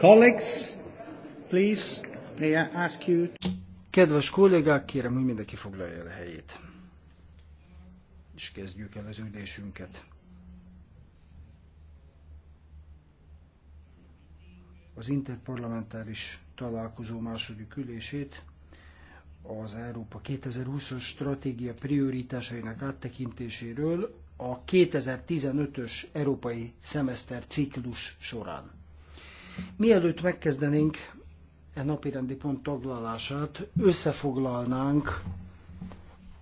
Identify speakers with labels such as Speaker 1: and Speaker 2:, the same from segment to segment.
Speaker 1: Colleagues, please, may I ask you... Kedves kollégák, kérem, hogy mindenki foglalja el a helyét. És kezdjük el az ülésünket. Az interparlamentáris találkozó második ülését az Európa 2020-as stratégia prioritásainak áttekintéséről a 2015-ös európai szemeszter ciklus során. Mielőtt megkezdenénk e rendi pont taglalását, összefoglalnánk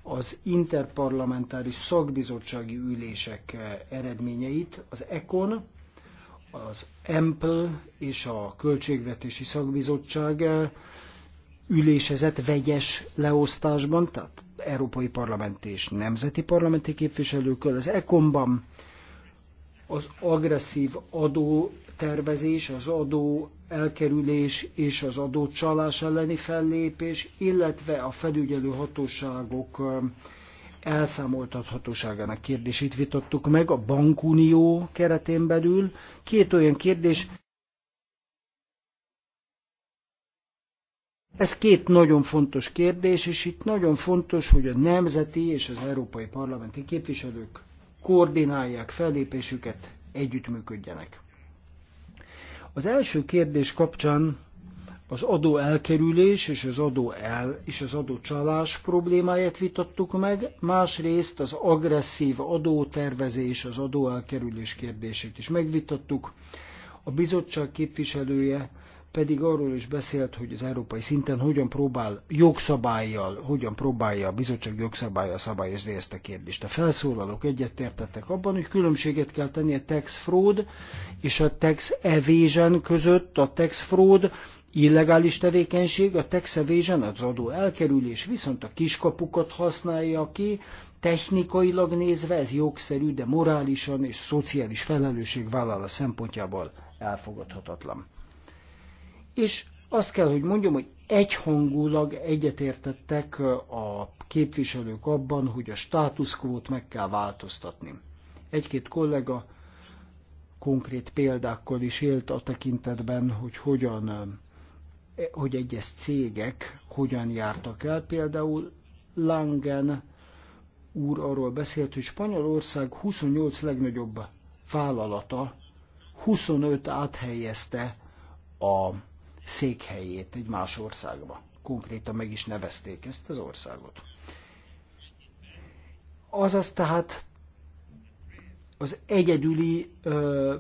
Speaker 1: az interparlamentáris szakbizottsági ülések eredményeit, az ECON, az EMPL és a Költségvetési Szakbizottság ülésezett vegyes leosztásban, tehát Európai Parlament és Nemzeti Parlamenti képviselőkkel, az econ ban az agresszív adó tervezés, az adó elkerülés és az adócsalás elleni fellépés, illetve a felügyelő hatóságok eh, elszámoltathatóságának kérdését vitattuk meg a bankunió keretén belül. Két olyan kérdés, Ez két nagyon fontos kérdés, és itt nagyon fontos, hogy a nemzeti és az európai parlamenti képviselők koordinálják fellépésüket, együttműködjenek. Az első kérdés kapcsán az adó elkerülés és az adó el és az adócsalás problémáját vitattuk meg, másrészt az agresszív adótervezés, az adó elkerülés kérdését is megvitattuk. A bizottság képviselője pedig arról is beszélt, hogy az európai szinten hogyan próbál jogszabályjal, hogyan próbálja a bizottság jogszabályjal szabályozni ezt a kérdést. A felszólalók egyetértettek abban, hogy különbséget kell tenni a tax fraud és a tax evasion között. A tax fraud illegális tevékenység, a tax evasion az adó elkerülés, viszont a kiskapukat használja ki, technikailag nézve ez jogszerű, de morálisan és szociális a szempontjából elfogadhatatlan és azt kell, hogy mondjam, hogy egyhangulag egyetértettek a képviselők abban, hogy a státuszkvót meg kell változtatni. Egy-két kollega konkrét példákkal is élt a tekintetben, hogy hogyan, hogy egyes cégek hogyan jártak el. Például Langen úr arról beszélt, hogy Spanyolország 28 legnagyobb vállalata 25 áthelyezte a székhelyét egy más országba. Konkrétan meg is nevezték ezt az országot. Azaz tehát az egyedüli ö,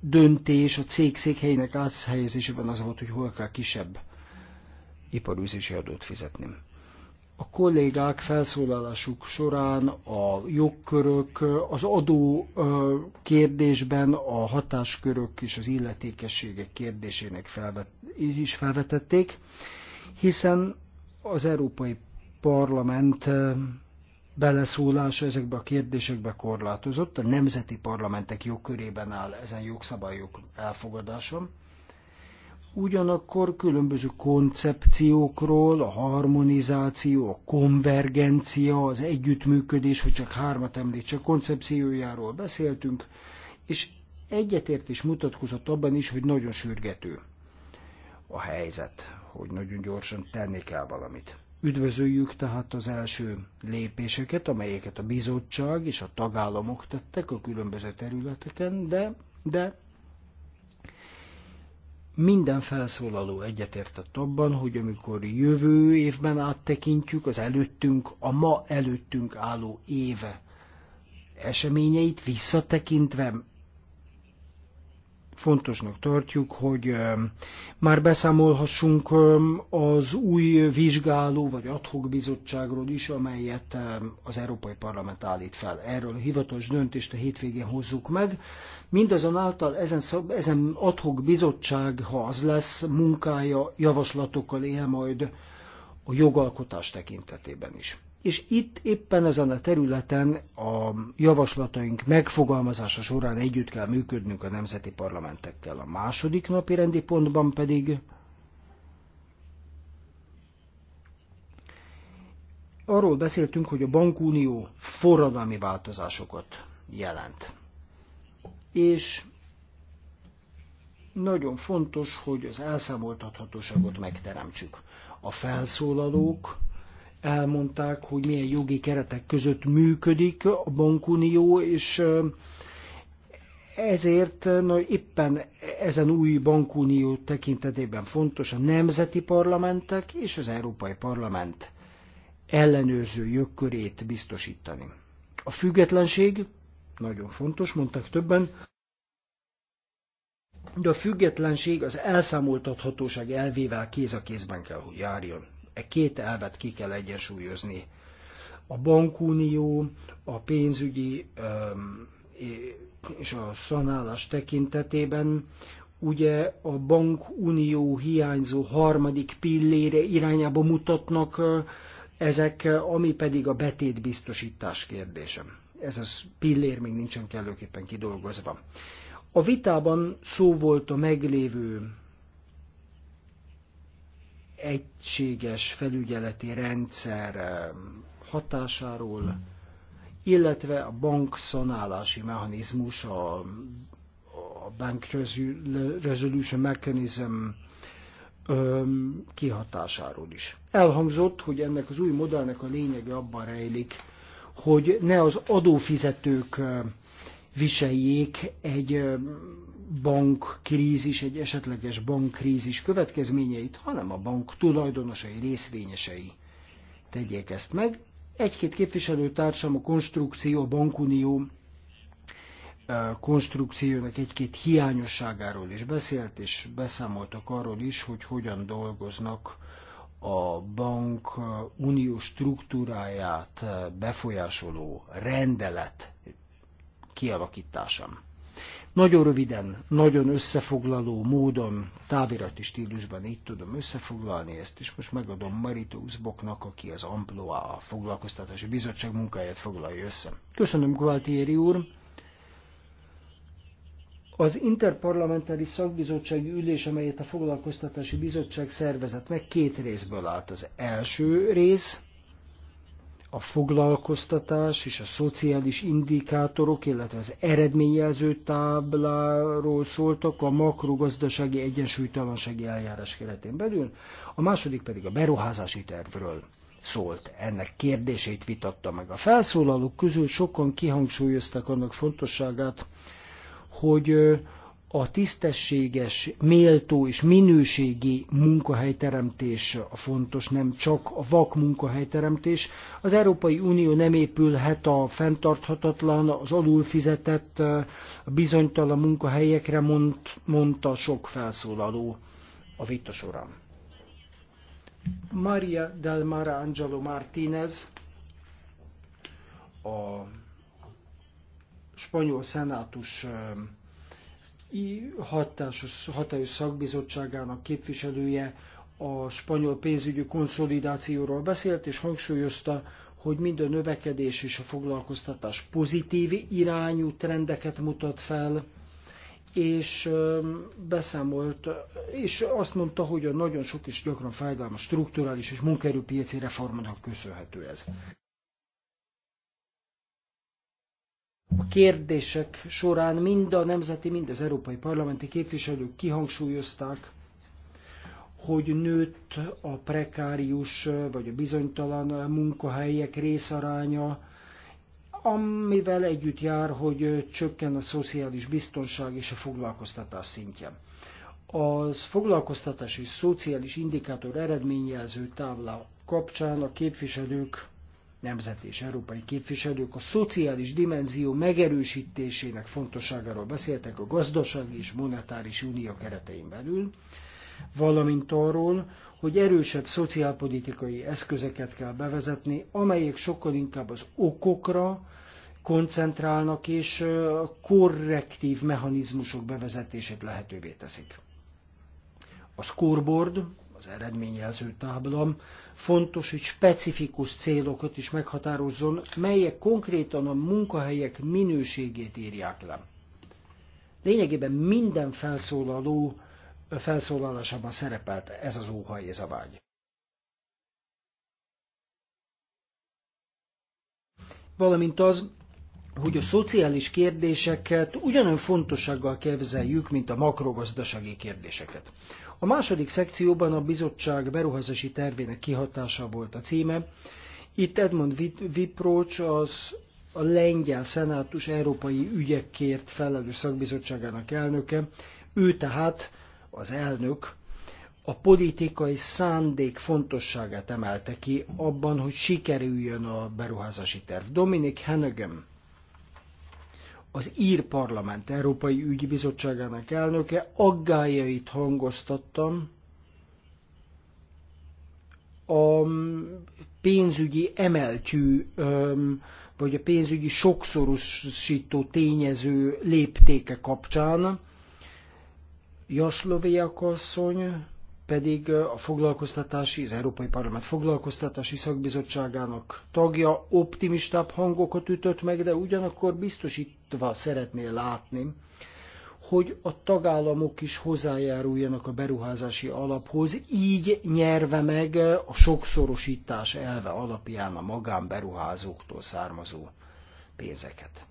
Speaker 1: döntés a cég székhelyének áthelyezésében az volt, hogy hol kell kisebb iparűzési adót fizetni a kollégák felszólalásuk során a jogkörök, az adó kérdésben a hatáskörök és az illetékességek kérdésének felvet, is felvetették, hiszen az Európai Parlament beleszólása ezekbe a kérdésekbe korlátozott, a nemzeti parlamentek jogkörében áll ezen jogszabályok elfogadása. Ugyanakkor különböző koncepciókról, a harmonizáció, a konvergencia, az együttműködés, hogy csak hármat említsek, koncepciójáról beszéltünk, és egyetértés mutatkozott abban is, hogy nagyon sürgető a helyzet, hogy nagyon gyorsan tenni kell valamit. Üdvözöljük tehát az első lépéseket, amelyeket a bizottság és a tagállamok tettek a különböző területeken, de, de minden felszólaló egyetértett abban, hogy amikor jövő évben áttekintjük az előttünk, a ma előttünk álló éve eseményeit, visszatekintve fontosnak tartjuk, hogy már beszámolhassunk az új vizsgáló vagy adhok bizottságról is, amelyet az Európai Parlament állít fel. Erről hivatalos döntést a hétvégén hozzuk meg. Mindazonáltal ezen, ezen adhok bizottság, ha az lesz, munkája javaslatokkal él majd a jogalkotás tekintetében is és itt éppen ezen a területen a javaslataink megfogalmazása során együtt kell működnünk a nemzeti parlamentekkel. A második napi rendi pontban pedig arról beszéltünk, hogy a bankunió forradalmi változásokat jelent. És nagyon fontos, hogy az elszámoltathatóságot megteremtsük. A felszólalók elmondták, hogy milyen jogi keretek között működik a bankunió, és ezért na, éppen ezen új bankunió tekintetében fontos a nemzeti parlamentek és az Európai Parlament ellenőrző jogkörét biztosítani. A függetlenség nagyon fontos, mondtak többen, de a függetlenség az elszámoltathatóság elvével kéz a kézben kell, hogy járjon. E két elvet ki kell egyensúlyozni. A bankunió, a pénzügyi és a szanálás tekintetében ugye a bankunió hiányzó harmadik pillére irányába mutatnak ezek, ami pedig a betétbiztosítás kérdése. Ez a pillér még nincsen kellőképpen kidolgozva. A vitában szó volt a meglévő egységes felügyeleti rendszer hatásáról, illetve a bank szanálási mechanizmus, a, a Bank Resolution Mechanism kihatásáról is. Elhangzott, hogy ennek az új modellnek a lényege abban rejlik, hogy ne az adófizetők viseljék egy bankkrízis, egy esetleges bankkrízis következményeit, hanem a bank tulajdonosai, részvényesei tegyék ezt meg. Egy-két képviselőtársam a konstrukció, a bankunió e, konstrukciónak egy-két hiányosságáról is beszélt, és beszámoltak arról is, hogy hogyan dolgoznak a bank unió struktúráját befolyásoló rendelet kialakításán. Nagyon röviden, nagyon összefoglaló módon, távirati stílusban így tudom összefoglalni ezt, és most megadom Marito Uzboknak, aki az Amploa a Foglalkoztatási Bizottság munkáját foglalja össze. Köszönöm, Gualtieri úr! Az interparlamentári szakbizottsági ülés, amelyet a Foglalkoztatási Bizottság szervezett meg, két részből állt. Az első rész a foglalkoztatás és a szociális indikátorok, illetve az eredményjelző tábláról szóltak a makrogazdasági egyensúlytalansági eljárás keretén belül, a második pedig a beruházási tervről szólt. Ennek kérdését vitatta meg. A felszólalók közül sokan kihangsúlyozták annak fontosságát, hogy a tisztességes, méltó és minőségi munkahelyteremtés a fontos, nem csak a vak munkahelyteremtés. Az Európai Unió nem épülhet a fenntarthatatlan, az alulfizetett, a bizonytalan munkahelyekre, mond, mondta sok felszólaló a vita során. Maria del Mara Angelo Martínez, a spanyol szenátus hatásos, hatályos szakbizottságának képviselője a spanyol pénzügyi konszolidációról beszélt, és hangsúlyozta, hogy mind a növekedés és a foglalkoztatás pozitív irányú trendeket mutat fel, és beszámolt, és azt mondta, hogy a nagyon sok és gyakran fájdalmas strukturális és munkaerőpiaci reformnak köszönhető ez. a kérdések során mind a nemzeti, mind az európai parlamenti képviselők kihangsúlyozták, hogy nőtt a prekárius vagy a bizonytalan munkahelyek részaránya, amivel együtt jár, hogy csökken a szociális biztonság és a foglalkoztatás szintje. Az foglalkoztatás és szociális indikátor eredményjelző tábla kapcsán a képviselők nemzeti és európai képviselők a szociális dimenzió megerősítésének fontosságáról beszéltek a gazdasági és monetáris unió keretein belül, valamint arról, hogy erősebb szociálpolitikai eszközeket kell bevezetni, amelyek sokkal inkább az okokra koncentrálnak és korrektív mechanizmusok bevezetését lehetővé teszik. A scoreboard, az eredményjelző tábla, fontos, hogy specifikus célokat is meghatározzon, melyek konkrétan a munkahelyek minőségét írják le. Lényegében minden felszólaló felszólalásában szerepelt ez az óhaj, ez a vágy. Valamint az, hogy a szociális kérdéseket ugyanolyan fontossággal kezeljük, mint a makrogazdasági kérdéseket. A második szekcióban a bizottság beruházási tervének kihatása volt a címe. Itt Edmond Viprócs az a lengyel szenátus európai ügyekért felelős szakbizottságának elnöke, ő tehát az elnök a politikai szándék fontosságát emelte ki abban, hogy sikerüljön a beruházási terv. Dominik Hennegem az Ír Parlament Európai Ügyi Bizottságának elnöke aggájait hangoztattam a pénzügyi emeltyű, vagy a pénzügyi sokszorosító tényező léptéke kapcsán. Jaslovéjak asszony pedig a foglalkoztatási, az Európai Parlament foglalkoztatási szakbizottságának tagja optimistább hangokat ütött meg, de ugyanakkor biztosítva szeretné látni, hogy a tagállamok is hozzájáruljanak a beruházási alaphoz, így nyerve meg a sokszorosítás elve alapján a magánberuházóktól származó pénzeket.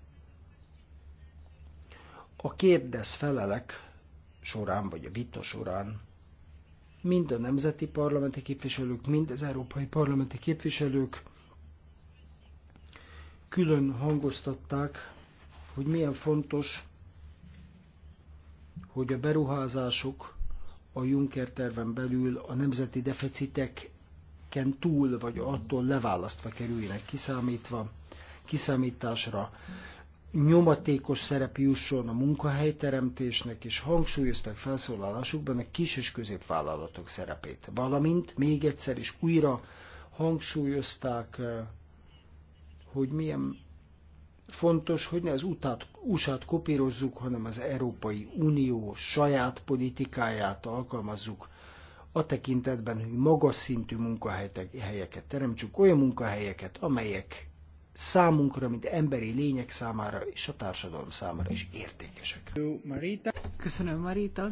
Speaker 1: A kérdez felelek során, vagy a vita során mind a nemzeti parlamenti képviselők, mind az európai parlamenti képviselők külön hangoztatták, hogy milyen fontos, hogy a beruházások a Juncker terven belül a nemzeti deficiteken túl vagy attól leválasztva kerüljenek kiszámítva, kiszámításra nyomatékos szerep jusson a munkahelyteremtésnek, és hangsúlyozták felszólalásukban a kis és középvállalatok szerepét. Valamint még egyszer is újra hangsúlyozták, eh, hogy milyen fontos, hogy ne az utát, USA-t kopírozzuk, hanem az Európai Unió saját politikáját alkalmazzuk, a tekintetben, hogy magas szintű munkahelyeket teremtsük, olyan munkahelyeket, amelyek számunkra, mint emberi lények számára és a társadalom számára is
Speaker 2: értékesek. Marita. Köszönöm, Marita.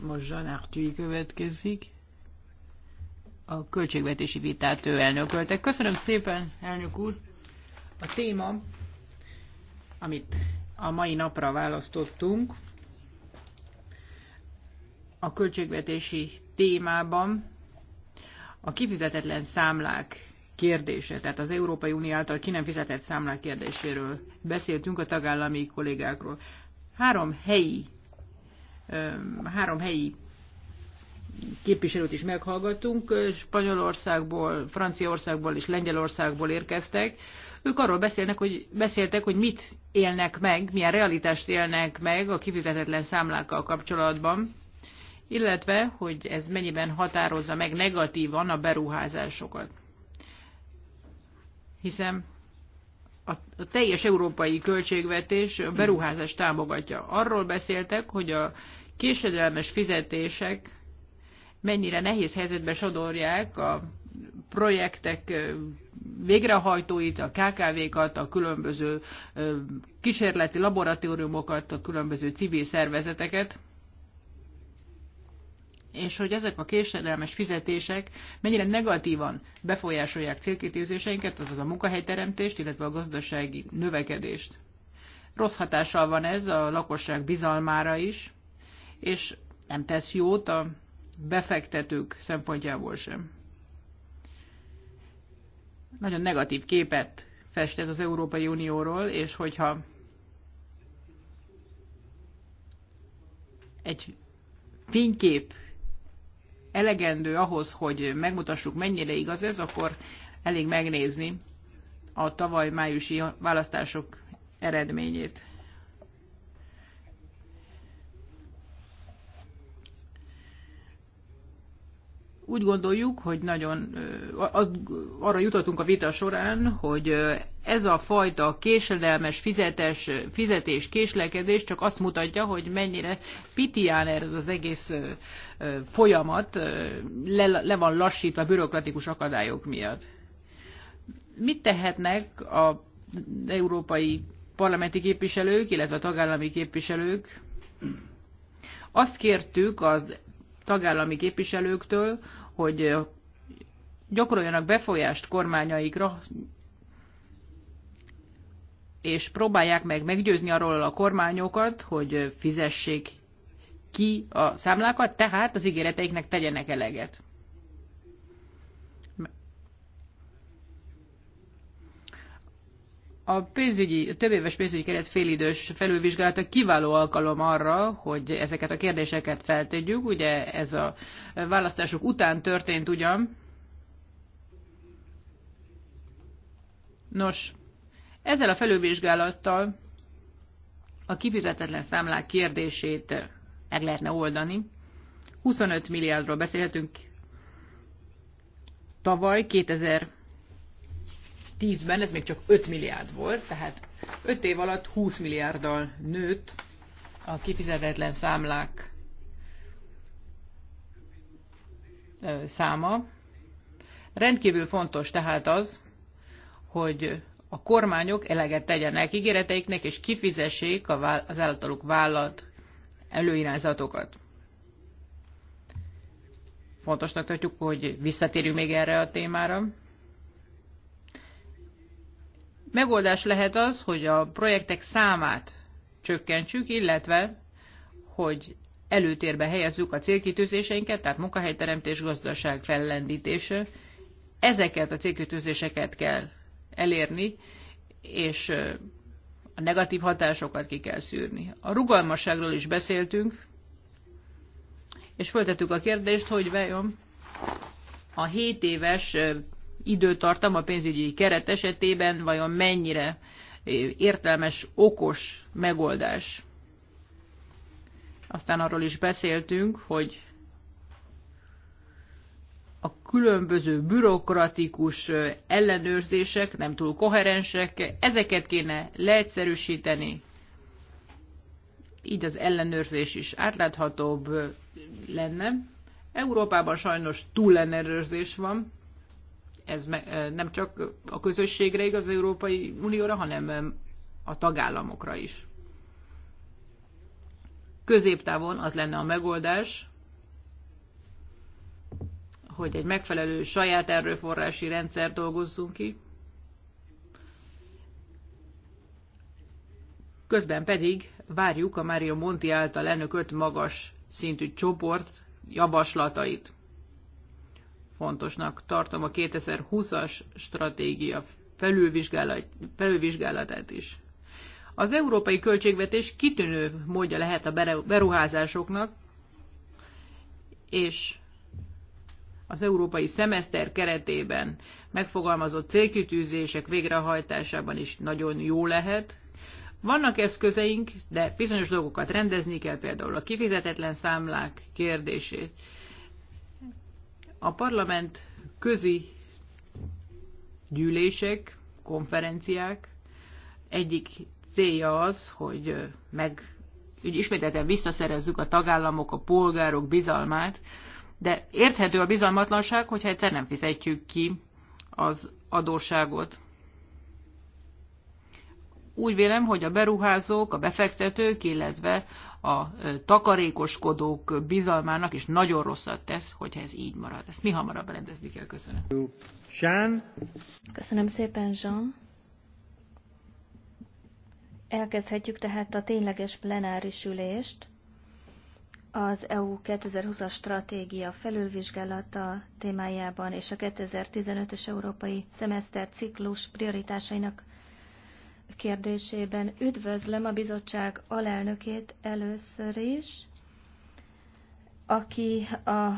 Speaker 2: Most Jean Arthuy következik. A költségvetési vitát ő elnökölte. Köszönöm szépen, elnök úr. A téma, amit a mai napra választottunk, a költségvetési témában a kifizetetlen számlák kérdése, tehát az Európai Unió által ki nem fizetett számlák kérdéséről beszéltünk a tagállami kollégákról. Három helyi, három helyi képviselőt is meghallgattunk, Spanyolországból, Franciaországból és Lengyelországból érkeztek. Ők arról beszélnek, hogy, beszéltek, hogy mit élnek meg, milyen realitást élnek meg a kifizetetlen számlákkal kapcsolatban, illetve, hogy ez mennyiben határozza meg negatívan a beruházásokat hiszen a, a teljes európai költségvetés beruházást támogatja. Arról beszéltek, hogy a késedelmes fizetések mennyire nehéz helyzetbe sodorják a projektek végrehajtóit, a KKV-kat, a különböző kísérleti laboratóriumokat, a különböző civil szervezeteket és hogy ezek a késedelmes fizetések mennyire negatívan befolyásolják célkitűzéseinket, azaz a munkahelyteremtést, illetve a gazdasági növekedést. Rossz hatással van ez a lakosság bizalmára is, és nem tesz jót a befektetők szempontjából sem. Nagyon negatív képet fest ez az Európai Unióról, és hogyha egy fénykép elegendő ahhoz, hogy megmutassuk, mennyire igaz ez, akkor elég megnézni a tavaly májusi választások eredményét. Úgy gondoljuk, hogy nagyon, az, arra jutottunk a vita során, hogy ez a fajta késedelmes fizetés, fizetés késlekedés csak azt mutatja, hogy mennyire pitián ez az egész folyamat le, le van lassítva bürokratikus akadályok miatt. Mit tehetnek az európai parlamenti képviselők, illetve a tagállami képviselők? Azt kértük az tagállami képviselőktől, hogy gyakoroljanak befolyást kormányaikra, és próbálják meg meggyőzni arról a kormányokat, hogy fizessék ki a számlákat, tehát az ígéreteiknek tegyenek eleget. A pénzügyi, a több éves pénzügyi keret félidős felülvizsgálata kiváló alkalom arra, hogy ezeket a kérdéseket feltegyük. Ugye ez a választások után történt ugyan. Nos, ezzel a felővizsgálattal a kifizetetlen számlák kérdését meg lehetne oldani. 25 milliárdról beszélhetünk tavaly, 2010-ben, ez még csak 5 milliárd volt, tehát 5 év alatt 20 milliárddal nőtt a kifizetetlen számlák száma. Rendkívül fontos tehát az, hogy a kormányok eleget tegyenek ígéreteiknek, és kifizessék az általuk vállalt előirányzatokat. Fontosnak tartjuk, hogy visszatérjünk még erre a témára. Megoldás lehet az, hogy a projektek számát csökkentsük, illetve, hogy előtérbe helyezzük a célkitűzéseinket, tehát munkahelyteremtés, gazdaság fellendítése. Ezeket a célkitűzéseket kell elérni, és a negatív hatásokat ki kell szűrni. A rugalmasságról is beszéltünk, és föltettük a kérdést, hogy vajon a 7 éves időtartam a pénzügyi keret esetében vajon mennyire értelmes, okos megoldás. Aztán arról is beszéltünk, hogy a különböző bürokratikus ellenőrzések nem túl koherensek, ezeket kéne leegyszerűsíteni, így az ellenőrzés is átláthatóbb lenne. Európában sajnos túl ellenőrzés van, ez nem csak a közösségre igaz, az Európai Unióra, hanem a tagállamokra is. Középtávon az lenne a megoldás, hogy egy megfelelő saját erőforrási rendszer dolgozzunk ki. Közben pedig várjuk a Mário Monti által elnököt magas szintű csoport javaslatait. Fontosnak tartom a 2020-as stratégia felülvizsgálatát is. Az európai költségvetés kitűnő módja lehet a beruházásoknak, és az európai szemeszter keretében megfogalmazott célkitűzések végrehajtásában is nagyon jó lehet. Vannak eszközeink, de bizonyos dolgokat rendezni kell, például a kifizetetlen számlák kérdését. A parlament közi gyűlések, konferenciák egyik célja az, hogy meg ismételten visszaszerezzük a tagállamok, a polgárok bizalmát, de érthető a bizalmatlanság, hogyha egyszer nem fizetjük ki az adósságot. Úgy vélem, hogy a beruházók, a befektetők, illetve a takarékoskodók bizalmának is nagyon rosszat tesz, hogyha ez így marad. Ezt mi hamarabb rendezni kell. Köszönöm.
Speaker 3: Jean.
Speaker 4: Köszönöm szépen, Jean. Elkezdhetjük tehát a tényleges plenáris ülést az EU 2020-as stratégia felülvizsgálata témájában és a 2015 es európai szemeszter ciklus prioritásainak kérdésében üdvözlöm a bizottság alelnökét először is, aki a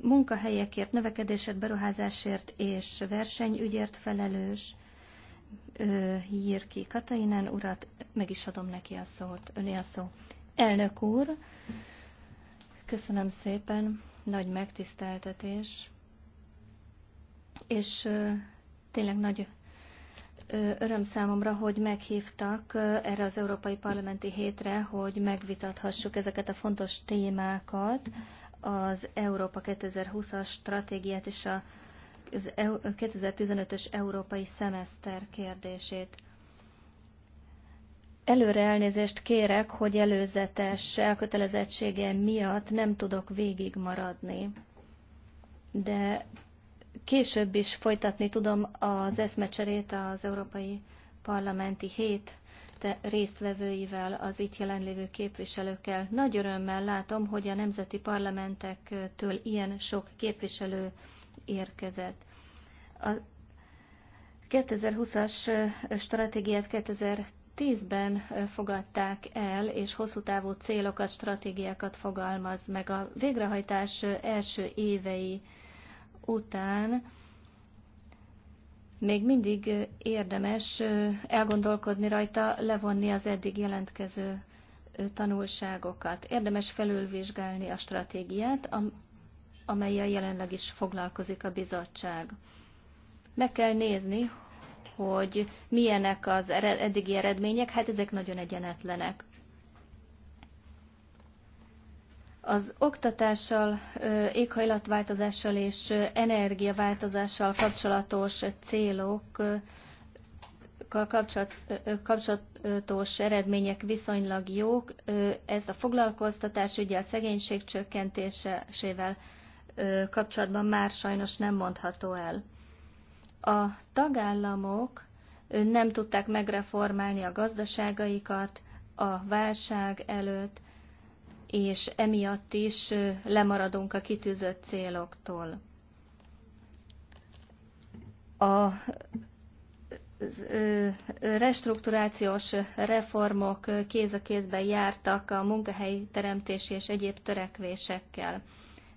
Speaker 4: munkahelyekért, növekedésért, beruházásért és versenyügyért felelős Jirki Katainen urat, meg is adom neki a szót, öné a szó. Elnök úr, köszönöm szépen, nagy megtiszteltetés, és tényleg nagy öröm számomra, hogy meghívtak erre az Európai Parlamenti hétre, hogy megvitathassuk ezeket a fontos témákat, az Európa 2020-as stratégiát és a 2015-ös e európai szemeszter kérdését. Előre elnézést kérek, hogy előzetes elkötelezettsége miatt nem tudok végigmaradni, de később is folytatni tudom az eszmecserét az Európai Parlamenti Hét résztvevőivel, az itt jelenlévő képviselőkkel. Nagy örömmel látom, hogy a nemzeti parlamentektől ilyen sok képviselő érkezett. A 2020-as stratégiát 2010 2010-ben fogadták el, és hosszú távú célokat, stratégiákat fogalmaz meg a végrehajtás első évei után még mindig érdemes elgondolkodni rajta, levonni az eddig jelentkező tanulságokat. Érdemes felülvizsgálni a stratégiát, amelyel jelenleg is foglalkozik a bizottság. Meg kell nézni, hogy milyenek az eddigi eredmények, hát ezek nagyon egyenetlenek. Az oktatással, éghajlatváltozással és energiaváltozással kapcsolatos célok kapcsolatos eredmények viszonylag jók. Ez a foglalkoztatás a szegénység csökkentésével kapcsolatban már sajnos nem mondható el. A tagállamok nem tudták megreformálni a gazdaságaikat a válság előtt, és emiatt is lemaradunk a kitűzött céloktól. A restrukturációs reformok kéz a kézben jártak a munkahelyi teremtési és egyéb törekvésekkel.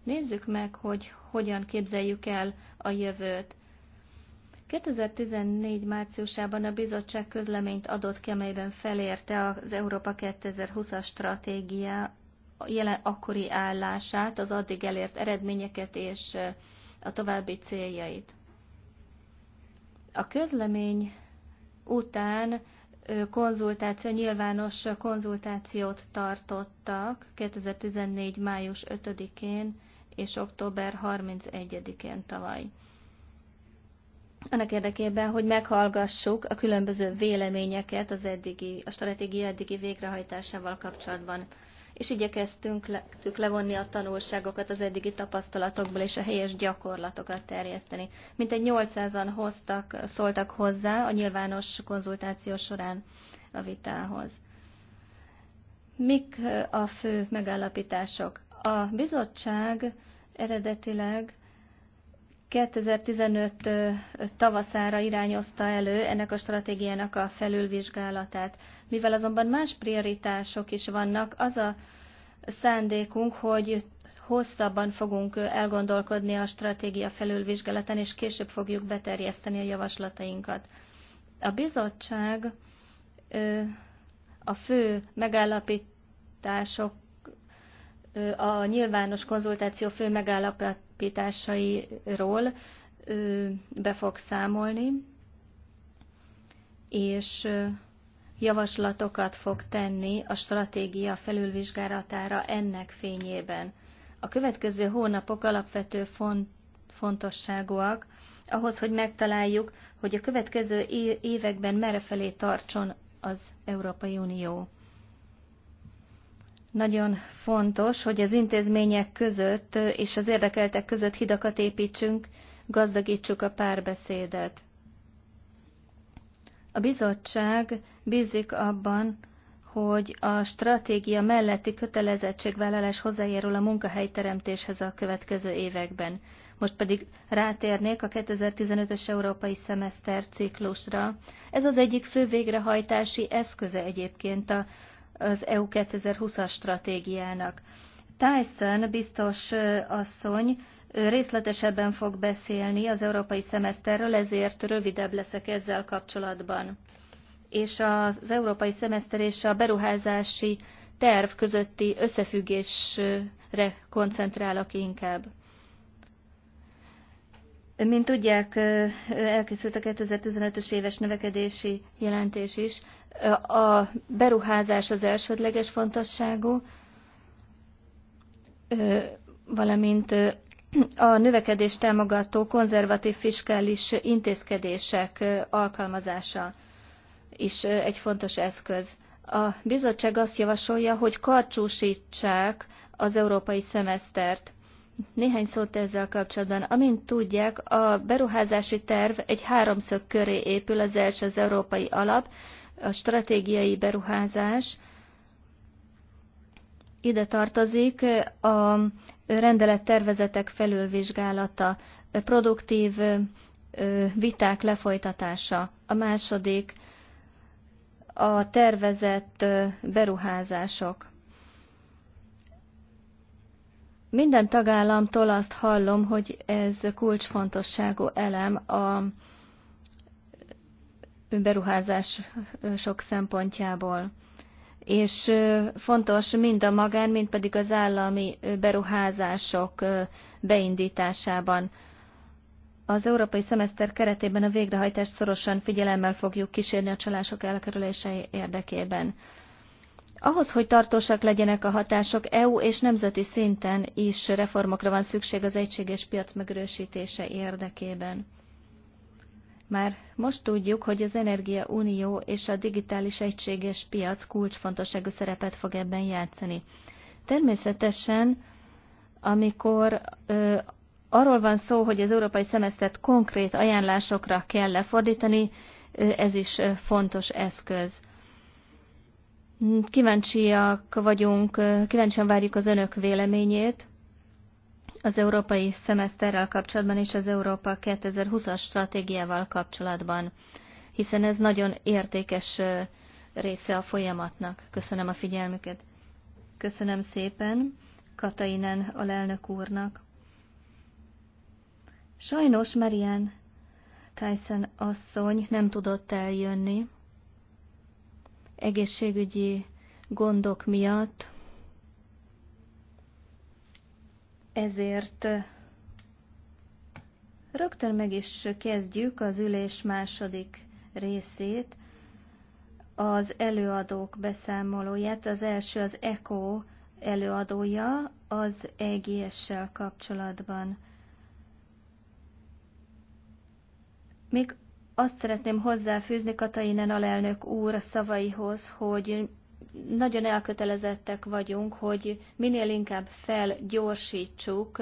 Speaker 4: Nézzük meg, hogy hogyan képzeljük el a jövőt. 2014 márciusában a bizottság közleményt adott ki, amelyben felérte az Európa 2020-as stratégia jelen akkori állását, az addig elért eredményeket és a további céljait. A közlemény után konzultáció, nyilvános konzultációt tartottak 2014. május 5-én és október 31-én tavaly annak érdekében, hogy meghallgassuk a különböző véleményeket az eddigi, a stratégia eddigi végrehajtásával kapcsolatban. És igyekeztünk le, levonni a tanulságokat az eddigi tapasztalatokból és a helyes gyakorlatokat terjeszteni. Mintegy 800-an hoztak, szóltak hozzá a nyilvános konzultáció során a vitához. Mik a fő megállapítások? A bizottság eredetileg 2015 tavaszára irányozta elő ennek a stratégiának a felülvizsgálatát. Mivel azonban más prioritások is vannak, az a szándékunk, hogy hosszabban fogunk elgondolkodni a stratégia felülvizsgálatán, és később fogjuk beterjeszteni a javaslatainkat. A bizottság a fő megállapítások a nyilvános konzultáció fő megállapításairól be fog számolni, és javaslatokat fog tenni a stratégia felülvizsgálatára ennek fényében. A következő hónapok alapvető fontosságúak ahhoz, hogy megtaláljuk, hogy a következő években merre felé tartson az Európai Unió. Nagyon fontos, hogy az intézmények között és az érdekeltek között hidakat építsünk, gazdagítsuk a párbeszédet. A bizottság bízik abban, hogy a stratégia melletti kötelezettségvállalás hozzájárul a munkahelyteremtéshez a következő években. Most pedig rátérnék a 2015-ös európai szemeszter ciklusra. Ez az egyik fő végrehajtási eszköze egyébként a az EU 2020-as stratégiának. Tyson biztos asszony részletesebben fog beszélni az európai szemeszterről, ezért rövidebb leszek ezzel kapcsolatban. És az európai szemeszter és a beruházási terv közötti összefüggésre koncentrálok inkább. Mint tudják, elkészült a 2015-ös éves növekedési jelentés is, a beruházás az elsődleges fontosságú, valamint a növekedés támogató konzervatív fiskális intézkedések alkalmazása is egy fontos eszköz. A bizottság azt javasolja, hogy karcsúsítsák az európai szemesztert. Néhány szót ezzel kapcsolatban. Amint tudják, a beruházási terv egy háromszög köré épül, az első az európai alap, a stratégiai beruházás ide tartozik a rendelettervezetek felülvizsgálata, produktív viták lefolytatása. A második a tervezett beruházások. Minden tagállamtól azt hallom, hogy ez kulcsfontosságú elem a beruházás sok szempontjából. És fontos mind a magán, mind pedig az állami beruházások beindításában. Az európai szemeszter keretében a végrehajtást szorosan figyelemmel fogjuk kísérni a csalások elkerülése érdekében. Ahhoz, hogy tartósak legyenek a hatások, EU és nemzeti szinten is reformokra van szükség az egységes piac megerősítése érdekében. Már most tudjuk, hogy az Energia Unió és a digitális egységes piac kulcsfontosságú szerepet fog ebben játszani. Természetesen, amikor ö, arról van szó, hogy az európai szemesztert konkrét ajánlásokra kell lefordítani, ö, ez is fontos eszköz. Kíváncsiak vagyunk, kíváncsian várjuk az önök véleményét az európai szemeszterrel kapcsolatban és az Európa 2020-as stratégiával kapcsolatban, hiszen ez nagyon értékes része a folyamatnak. Köszönöm a figyelmüket. Köszönöm szépen Katainen alelnök úrnak. Sajnos Marian Tyson asszony nem tudott eljönni egészségügyi gondok miatt, Ezért rögtön meg is kezdjük az ülés második részét, az előadók beszámolóját. Az első az ECO előadója az EGS-sel kapcsolatban. Még azt szeretném hozzáfűzni Katainen alelnök úr szavaihoz, hogy nagyon elkötelezettek vagyunk, hogy minél inkább felgyorsítsuk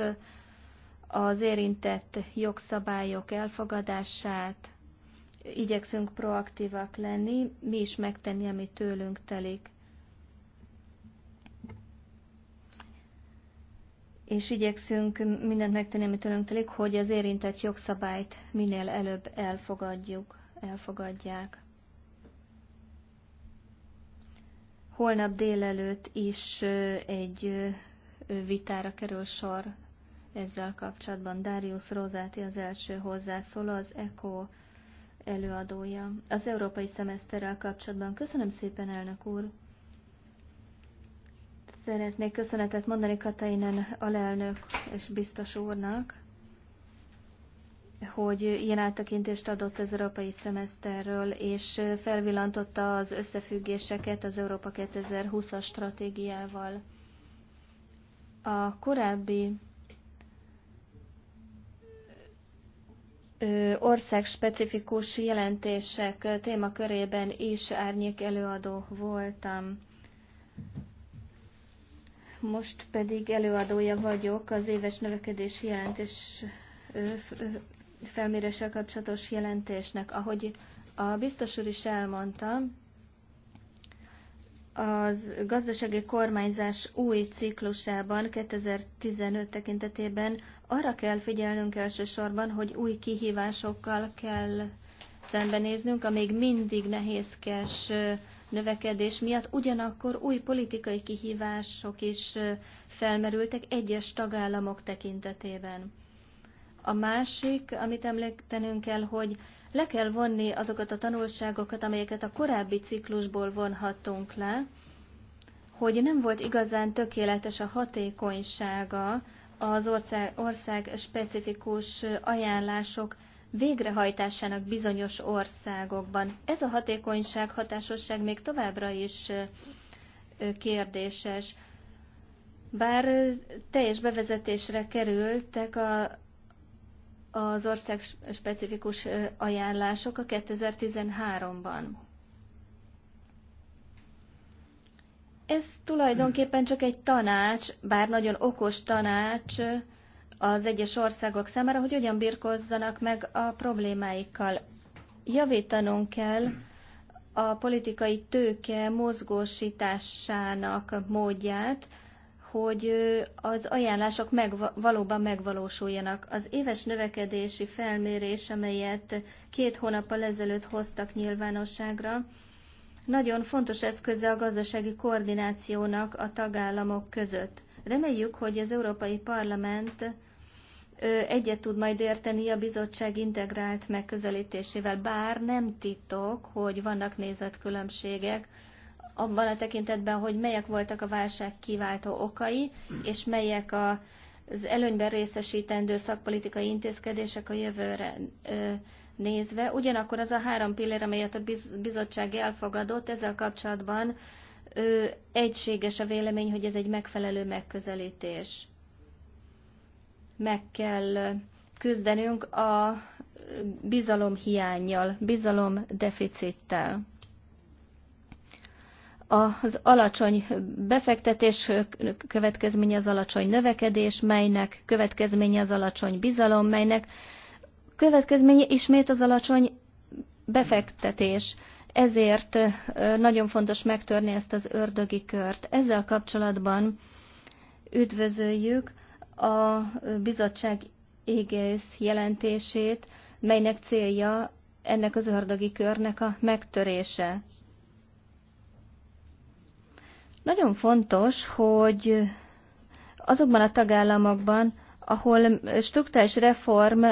Speaker 4: az érintett jogszabályok elfogadását, igyekszünk proaktívak lenni, mi is megtenni, ami tőlünk telik. És igyekszünk mindent megtenni, ami tőlünk telik, hogy az érintett jogszabályt minél előbb elfogadjuk, elfogadják. Holnap délelőtt is egy vitára kerül sor ezzel kapcsolatban. Darius Rozáti az első hozzászóló, az ECO előadója. Az európai szemeszterrel kapcsolatban köszönöm szépen, elnök úr! Szeretnék köszönetet mondani Katainen alelnök és biztos úrnak hogy ilyen áttekintést adott az európai szemeszterről, és felvillantotta az összefüggéseket az Európa 2020-as stratégiával. A korábbi országspecifikus jelentések témakörében is árnyék előadó voltam. Most pedig előadója vagyok az éves növekedési jelentés felméréssel kapcsolatos jelentésnek. Ahogy a biztos úr is elmondta, az gazdasági kormányzás új ciklusában 2015 tekintetében arra kell figyelnünk elsősorban, hogy új kihívásokkal kell szembenéznünk a még mindig nehézkes növekedés miatt, ugyanakkor új politikai kihívások is felmerültek egyes tagállamok tekintetében. A másik, amit említenünk kell, hogy le kell vonni azokat a tanulságokat, amelyeket a korábbi ciklusból vonhattunk le, hogy nem volt igazán tökéletes a hatékonysága az ország, ország specifikus ajánlások végrehajtásának bizonyos országokban. Ez a hatékonyság, hatásosság még továbbra is kérdéses. Bár teljes bevezetésre kerültek a az ország specifikus ajánlások a 2013-ban. Ez tulajdonképpen csak egy tanács, bár nagyon okos tanács az egyes országok számára, hogy hogyan birkozzanak meg a problémáikkal. Javítanunk kell a politikai tőke mozgósításának módját, hogy az ajánlások meg, valóban megvalósuljanak. Az éves növekedési felmérés, amelyet két hónappal ezelőtt hoztak nyilvánosságra, nagyon fontos eszköze a gazdasági koordinációnak a tagállamok között. Reméljük, hogy az Európai Parlament egyet tud majd érteni a bizottság integrált megközelítésével, bár nem titok, hogy vannak nézetkülönbségek, abban a tekintetben, hogy melyek voltak a válság kiváltó okai, és melyek a, az előnyben részesítendő szakpolitikai intézkedések a jövőre nézve. Ugyanakkor az a három pillér, amelyet a bizottság elfogadott, ezzel kapcsolatban ö, egységes a vélemény, hogy ez egy megfelelő megközelítés. Meg kell küzdenünk a bizalom hiányjal, bizalom deficittel az alacsony befektetés következménye az alacsony növekedés, melynek következménye az alacsony bizalom, melynek következménye ismét az alacsony befektetés. Ezért nagyon fontos megtörni ezt az ördögi kört. Ezzel kapcsolatban üdvözöljük a bizottság égész jelentését, melynek célja ennek az ördögi körnek a megtörése. Nagyon fontos, hogy azokban a tagállamokban, ahol struktúrális reform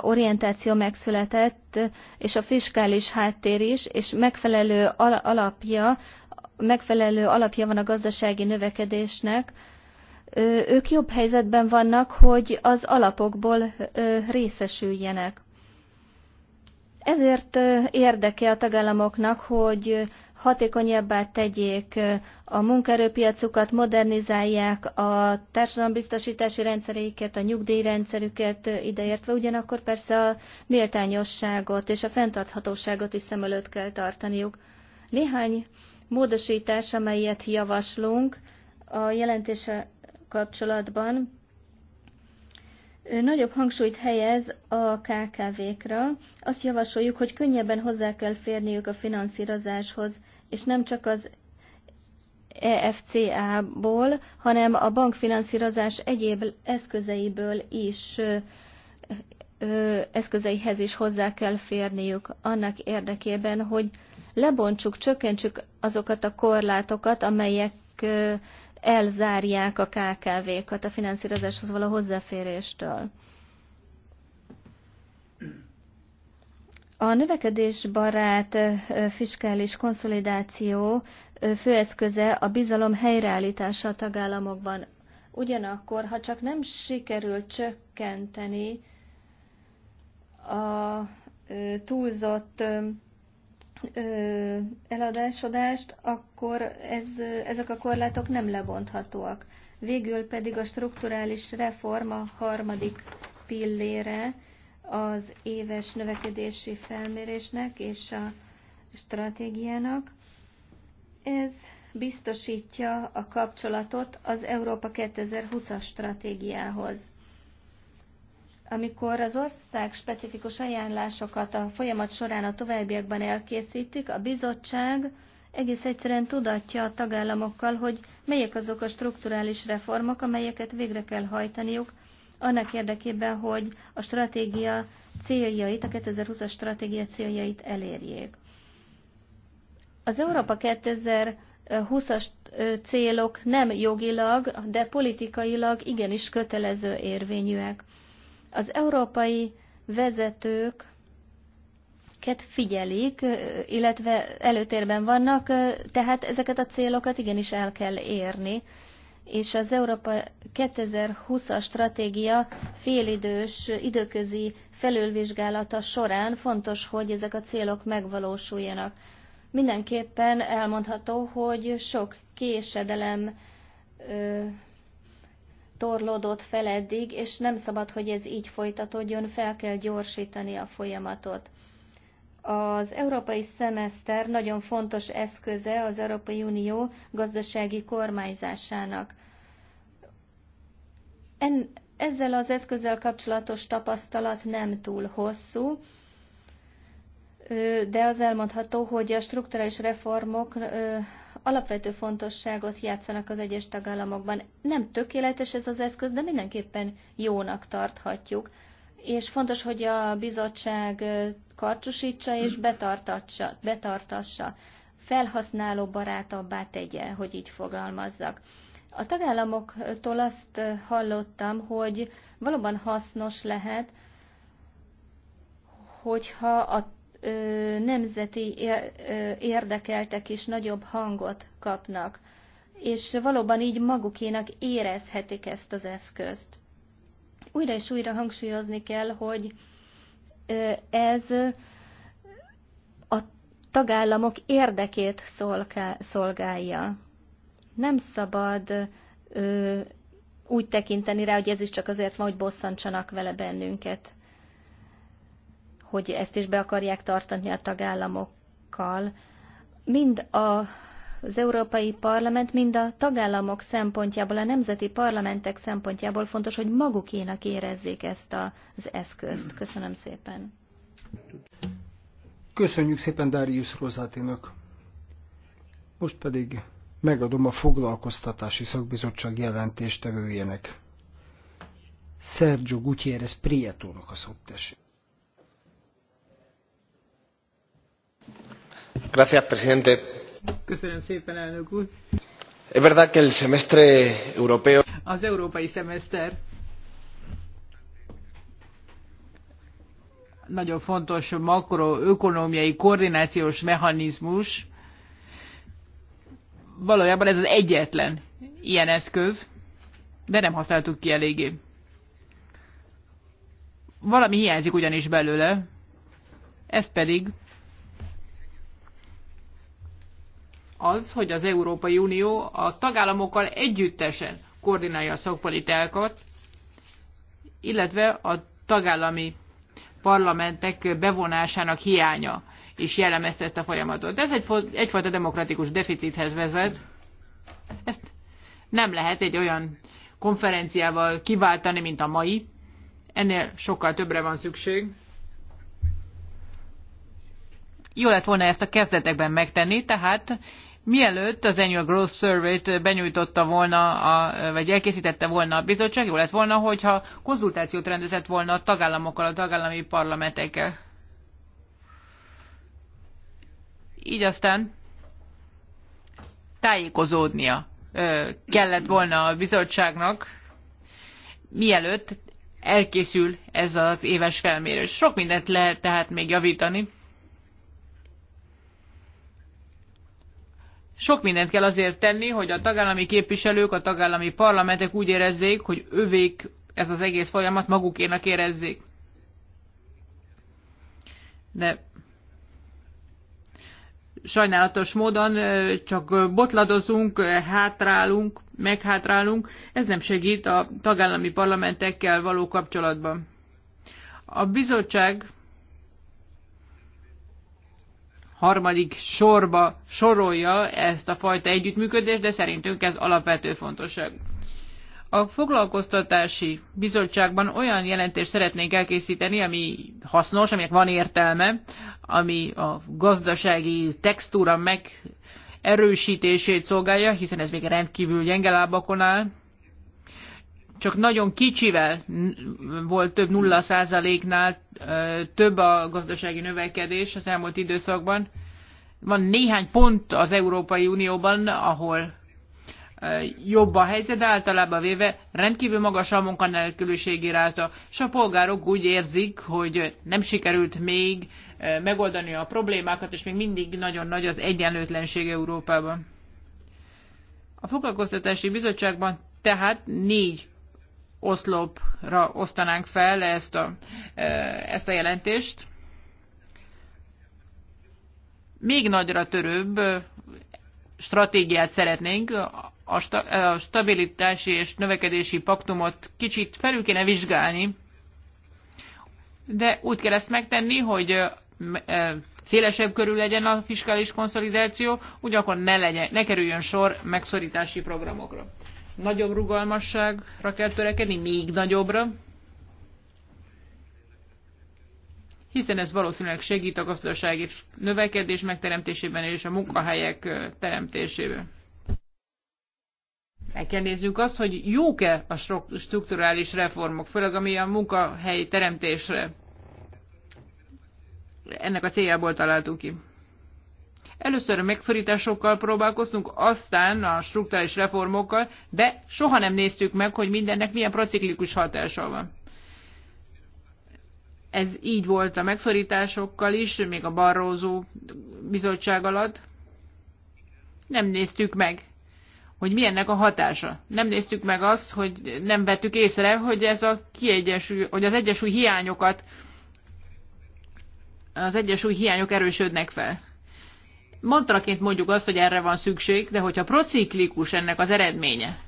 Speaker 4: orientáció megszületett, és a fiskális háttér is, és megfelelő alapja, megfelelő alapja van a gazdasági növekedésnek, ők jobb helyzetben vannak, hogy az alapokból részesüljenek. Ezért érdeke a tagállamoknak, hogy hatékonyabbá tegyék a munkaerőpiacukat, modernizálják a társadalombiztosítási rendszereiket, a nyugdíjrendszerüket ideértve, ugyanakkor persze a méltányosságot és a fenntarthatóságot is szem előtt kell tartaniuk. Néhány módosítás, amelyet javaslunk a jelentése kapcsolatban, nagyobb hangsúlyt helyez a KKV-kra. Azt javasoljuk, hogy könnyebben hozzá kell férniük a finanszírozáshoz és nem csak az EFCA-ból, hanem a bankfinanszírozás egyéb eszközeiből is eszközeihez is hozzá kell férniük annak érdekében, hogy lebontsuk, csökkentsük azokat a korlátokat, amelyek elzárják a KKV-kat a finanszírozáshoz való hozzáféréstől. A növekedésbarát fiskális konszolidáció főeszköze a bizalom helyreállítása a tagállamokban. Ugyanakkor, ha csak nem sikerül csökkenteni a túlzott eladásodást, akkor ez, ezek a korlátok nem lebonthatóak. Végül pedig a strukturális reform a harmadik pillére az éves növekedési felmérésnek és a stratégiának. Ez biztosítja a kapcsolatot az Európa 2020-as stratégiához. Amikor az ország specifikus ajánlásokat a folyamat során a továbbiakban elkészítik, a bizottság egész egyszerűen tudatja a tagállamokkal, hogy melyek azok a strukturális reformok, amelyeket végre kell hajtaniuk annak érdekében, hogy a stratégia céljait, a 2020-as stratégia céljait elérjék. Az Európa 2020-as célok nem jogilag, de politikailag igenis kötelező érvényűek. Az európai vezetők figyelik, illetve előtérben vannak, tehát ezeket a célokat igenis el kell érni és az Európa 2020-as stratégia félidős időközi felülvizsgálata során fontos, hogy ezek a célok megvalósuljanak. Mindenképpen elmondható, hogy sok késedelem ö, torlódott fel eddig, és nem szabad, hogy ez így folytatódjon, fel kell gyorsítani a folyamatot. Az európai szemeszter nagyon fontos eszköze az Európai Unió gazdasági kormányzásának. En, ezzel az eszközzel kapcsolatos tapasztalat nem túl hosszú, de az elmondható, hogy a strukturális reformok alapvető fontosságot játszanak az egyes tagállamokban. Nem tökéletes ez az eszköz, de mindenképpen jónak tarthatjuk és fontos, hogy a bizottság karcsúsítsa és betartassa, betartassa felhasználó barátabbá tegye, hogy így fogalmazzak. A tagállamoktól azt hallottam, hogy valóban hasznos lehet, hogyha a nemzeti érdekeltek is nagyobb hangot kapnak, és valóban így magukénak érezhetik ezt az eszközt újra és újra hangsúlyozni kell, hogy ez a tagállamok érdekét szolgálja. Nem szabad úgy tekinteni rá, hogy ez is csak azért van, hogy bosszantsanak vele bennünket, hogy ezt is be akarják tartani a tagállamokkal. Mind a az Európai Parlament mind a tagállamok szempontjából, a nemzeti parlamentek szempontjából fontos, hogy magukénak érezzék ezt az eszközt. Köszönöm szépen.
Speaker 1: Köszönjük szépen Dárius Rozátinak. Most pedig megadom a foglalkoztatási szakbizottság jelentéstevőjének. Sergio Gutierrez Prietónak a szót tessék. Gracias, presidente.
Speaker 2: Köszönöm szépen, elnök úr.
Speaker 1: Es verdad que el semestre europeo...
Speaker 2: Az európai szemeszter nagyon fontos makroökonomiai koordinációs mechanizmus. Valójában ez az egyetlen ilyen eszköz, de nem használtuk ki eléggé. Valami hiányzik ugyanis belőle, ez pedig az, hogy az Európai Unió a tagállamokkal együttesen koordinálja a szakpolitikákat, illetve a tagállami parlamentek bevonásának hiánya is jellemezte ezt a folyamatot. Ez egy, egyfajta demokratikus deficithez vezet. Ezt nem lehet egy olyan konferenciával kiváltani, mint a mai. Ennél sokkal többre van szükség. Jó lett volna ezt a kezdetekben megtenni, tehát mielőtt az Annual Growth Survey-t benyújtotta volna, a, vagy elkészítette volna a bizottság, jó lett volna, hogyha konzultációt rendezett volna a tagállamokkal, a tagállami parlamentekkel. Így aztán tájékozódnia kellett volna a bizottságnak, mielőtt elkészül ez az éves felmérés. Sok mindent lehet tehát még javítani. Sok mindent kell azért tenni, hogy a tagállami képviselők, a tagállami parlamentek úgy érezzék, hogy övék ez az egész folyamat magukénak érezzék. De sajnálatos módon csak botladozunk, hátrálunk, meghátrálunk, ez nem segít a tagállami parlamentekkel való kapcsolatban. A bizottság harmadik sorba sorolja ezt a fajta együttműködést, de szerintünk ez alapvető fontosság. A foglalkoztatási bizottságban olyan jelentést szeretnénk elkészíteni, ami hasznos, aminek van értelme, ami a gazdasági textúra meg erősítését szolgálja, hiszen ez még rendkívül gyenge lábakon áll, csak nagyon kicsivel volt több nulla százaléknál több a gazdasági növekedés az elmúlt időszakban. Van néhány pont az Európai Unióban, ahol jobb a helyzet, de általában véve rendkívül magas a munkanélküliség iráta, és a polgárok úgy érzik, hogy nem sikerült még megoldani a problémákat, és még mindig nagyon nagy az egyenlőtlenség Európában. A foglalkoztatási bizottságban tehát négy oszlopra osztanánk fel ezt a, e, ezt a jelentést. Még nagyra törőbb e, stratégiát szeretnénk, a, sta, e, a stabilitási és növekedési paktumot kicsit felül kéne vizsgálni, de úgy kell ezt megtenni, hogy szélesebb körül legyen a fiskális konszolidáció, ugyanakkor ne, legyen, ne kerüljön sor megszorítási programokra nagyobb rugalmasságra kell törekedni, még nagyobbra, hiszen ez valószínűleg segít a gazdasági növekedés megteremtésében és a munkahelyek teremtésében. Meg kell néznünk azt, hogy jók-e a strukturális reformok, főleg ami a munkahelyi teremtésre. Ennek a céljából találtuk ki. Először a megszorításokkal próbálkoztunk, aztán a struktúrális reformokkal, de soha nem néztük meg, hogy mindennek milyen prociklikus hatása van. Ez így volt a megszorításokkal is, még a Barrózó bizottság alatt. Nem néztük meg, hogy milyennek a hatása. Nem néztük meg azt, hogy nem vettük észre, hogy, ez a kiegyensúly, hogy az egyesúly hiányokat az egyesúly hiányok erősödnek fel mantraként mondjuk azt, hogy erre van szükség, de hogyha prociklikus ennek az eredménye,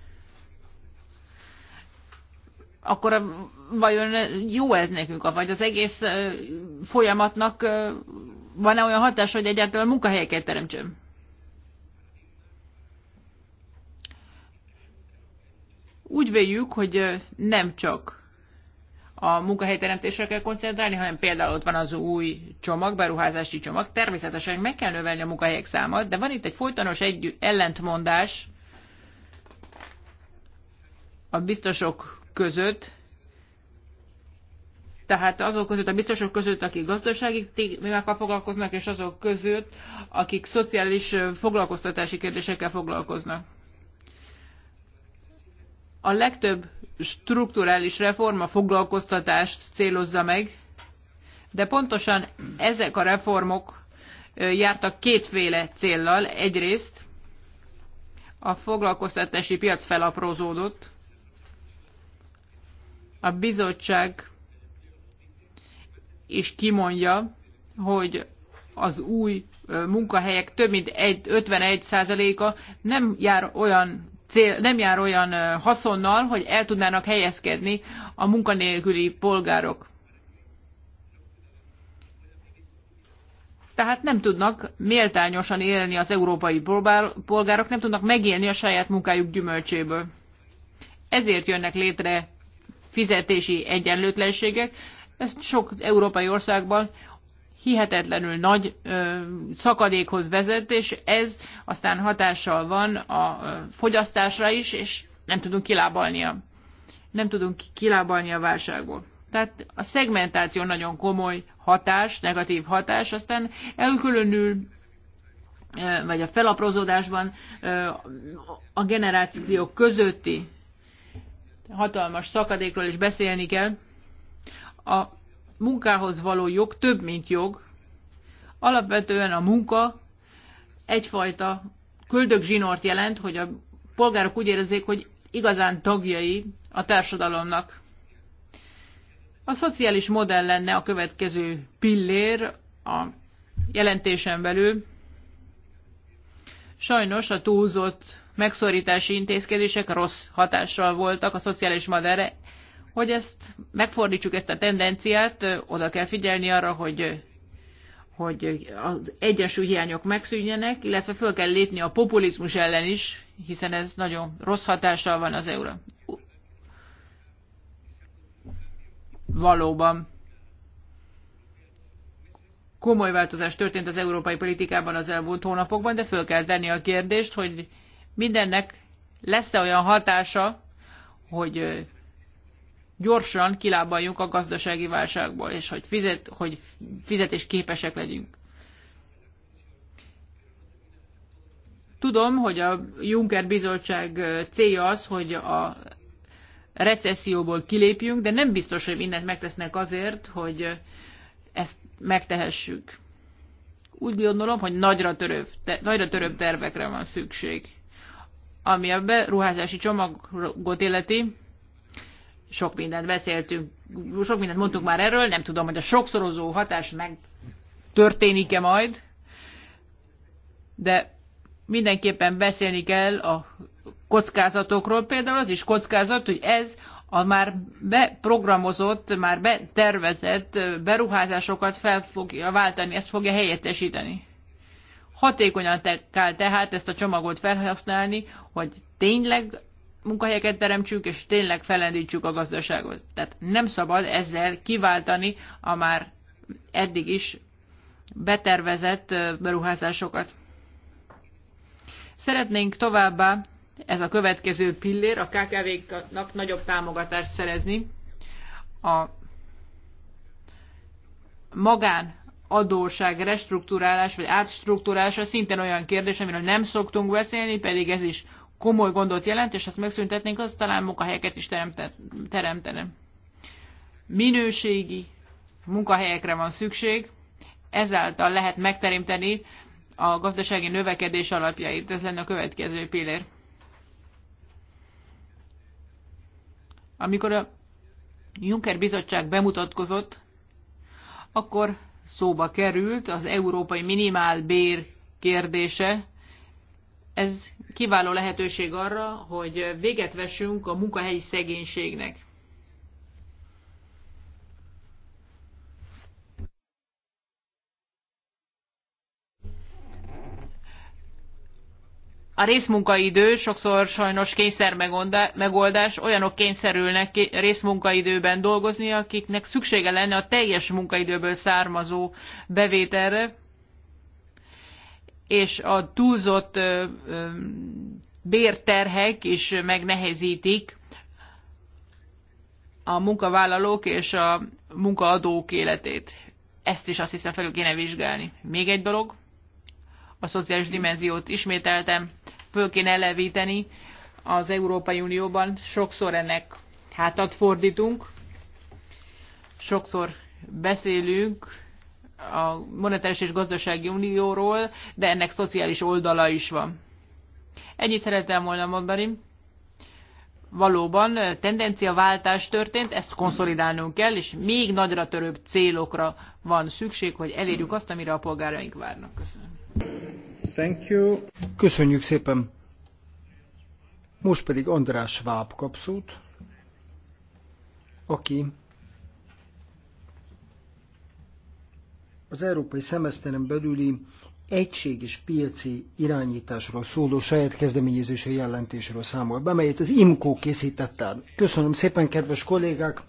Speaker 2: akkor vajon jó ez nekünk, vagy az egész folyamatnak van-e olyan hatás, hogy egyáltalán munkahelyeket teremtsön? Úgy véljük, hogy nem csak a munkahelyteremtésre kell koncentrálni, hanem például ott van az új csomag, beruházási csomag. Természetesen meg kell növelni a munkahelyek számát, de van itt egy folytonos egy ellentmondás a biztosok között, tehát azok között, a biztosok között, akik gazdasági témákkal foglalkoznak, és azok között, akik szociális foglalkoztatási kérdésekkel foglalkoznak. A legtöbb strukturális reforma foglalkoztatást célozza meg, de pontosan ezek a reformok jártak kétféle céllal. Egyrészt a foglalkoztatási piac felaprózódott, a bizottság is kimondja, hogy az új munkahelyek több mint 51%-a nem jár olyan cél, nem jár olyan haszonnal, hogy el tudnának helyezkedni a munkanélküli polgárok. Tehát nem tudnak méltányosan élni az európai polgárok, nem tudnak megélni a saját munkájuk gyümölcséből. Ezért jönnek létre fizetési egyenlőtlenségek, ezt sok európai országban hihetetlenül nagy ö, szakadékhoz vezet, és ez aztán hatással van a fogyasztásra is, és nem tudunk kilábalni a, nem tudunk kilábalni a válságból. Tehát a szegmentáció nagyon komoly hatás, negatív hatás, aztán elkülönül vagy a felaprozódásban a generációk közötti hatalmas szakadékról is beszélni kell. A munkához való jog több, mint jog. Alapvetően a munka egyfajta köldögzsinort jelent, hogy a polgárok úgy érezzék, hogy igazán tagjai a társadalomnak. A szociális modell lenne a következő pillér a jelentésen belül. Sajnos a túlzott megszorítási intézkedések rossz hatással voltak a szociális modellre, hogy ezt megfordítsuk ezt a tendenciát, oda kell figyelni arra, hogy hogy az hiányok megszűnjenek, illetve föl kell lépni a populizmus ellen is, hiszen ez nagyon rossz hatással van az euró. Valóban komoly változás történt az európai politikában az elmúlt hónapokban, de föl kell tenni a kérdést, hogy mindennek lesz-e olyan hatása, hogy gyorsan kilábaljunk a gazdasági válságból, és hogy, fizet, hogy fizetésképesek legyünk. Tudom, hogy a Juncker bizottság célja az, hogy a recesszióból kilépjünk, de nem biztos, hogy mindent megtesznek azért, hogy ezt megtehessük. Úgy gondolom, hogy nagyra törőbb, te, nagyra törőbb tervekre van szükség. Ami a beruházási csomagot illeti, sok mindent beszéltünk, sok mindent mondtunk már erről, nem tudom, hogy a sokszorozó hatás meg történik-e majd, de mindenképpen beszélni kell a kockázatokról. Például az is kockázat, hogy ez a már beprogramozott, már betervezett beruházásokat fel fogja váltani, ezt fogja helyettesíteni. Hatékonyan te kell tehát ezt a csomagot felhasználni, hogy tényleg munkahelyeket teremtsünk, és tényleg felendítsük a gazdaságot. Tehát nem szabad ezzel kiváltani a már eddig is betervezett beruházásokat. Szeretnénk továbbá, ez a következő pillér, a KKV-knak nagyobb támogatást szerezni a magán adóság restruktúrálás vagy átstruktúrálása szintén olyan kérdés, amiről nem szoktunk beszélni, pedig ez is komoly gondot jelent, és azt megszüntetnénk, az talán munkahelyeket is teremtene. Minőségi munkahelyekre van szükség, ezáltal lehet megteremteni a gazdasági növekedés alapjait. Ez lenne a következő pillér. Amikor a Juncker bizottság bemutatkozott, akkor szóba került az európai minimálbér kérdése, ez kiváló lehetőség arra, hogy véget vessünk a munkahelyi szegénységnek. A részmunkaidő sokszor sajnos kényszer megoldás, olyanok kényszerülnek részmunkaidőben dolgozni, akiknek szüksége lenne a teljes munkaidőből származó bevételre és a túlzott bérterhek is megnehezítik a munkavállalók és a munkaadók életét. Ezt is azt hiszem felül kéne vizsgálni. Még egy dolog, a szociális dimenziót ismételtem, föl kéne elevíteni az Európai Unióban. Sokszor ennek hátat fordítunk, sokszor beszélünk a monetáris és gazdasági unióról, de ennek szociális oldala is van. Ennyit szerettem volna mondani. Valóban tendenciaváltás történt, ezt konszolidálnunk kell, és még nagyra törőbb célokra van szükség, hogy elérjük azt, amire a polgáraink várnak. Köszönöm.
Speaker 1: Thank you. Köszönjük szépen. Most pedig András Váb kapszót, aki az európai szemeszteren belüli és piaci irányításról szóló saját kezdeményezési jelentésről számol be, melyet az IMCO készített el. Köszönöm szépen, kedves kollégák!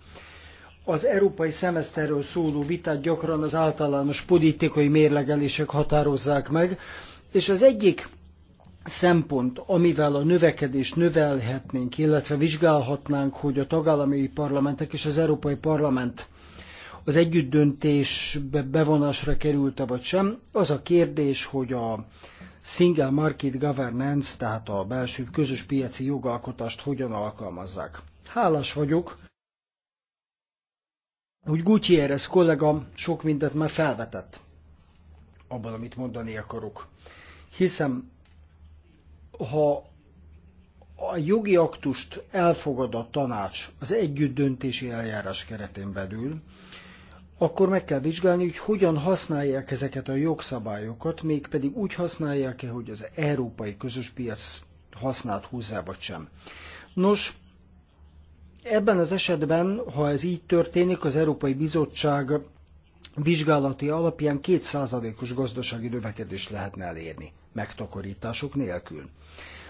Speaker 1: Az európai szemeszterről szóló vitát gyakran az általános politikai mérlegelések határozzák meg, és az egyik szempont, amivel a növekedést növelhetnénk, illetve vizsgálhatnánk, hogy a tagállami parlamentek és az Európai Parlament az együttdöntésbe bevonásra került-e vagy sem. Az a kérdés, hogy a single market governance, tehát a belső közös piaci jogalkotást hogyan alkalmazzák. Hálás vagyok, hogy Gutierrez kollega sok mindent már felvetett abban, amit mondani akarok. Hiszem, ha a jogi aktust elfogad a tanács az együttdöntési eljárás keretén belül, akkor meg kell vizsgálni, hogy hogyan használják ezeket a jogszabályokat, mégpedig úgy használják-e, hogy az európai közös piac használt hozzá vagy sem. Nos, ebben az esetben, ha ez így történik, az Európai Bizottság vizsgálati alapján kétszázalékos gazdasági növekedést lehetne elérni, megtakarítások nélkül.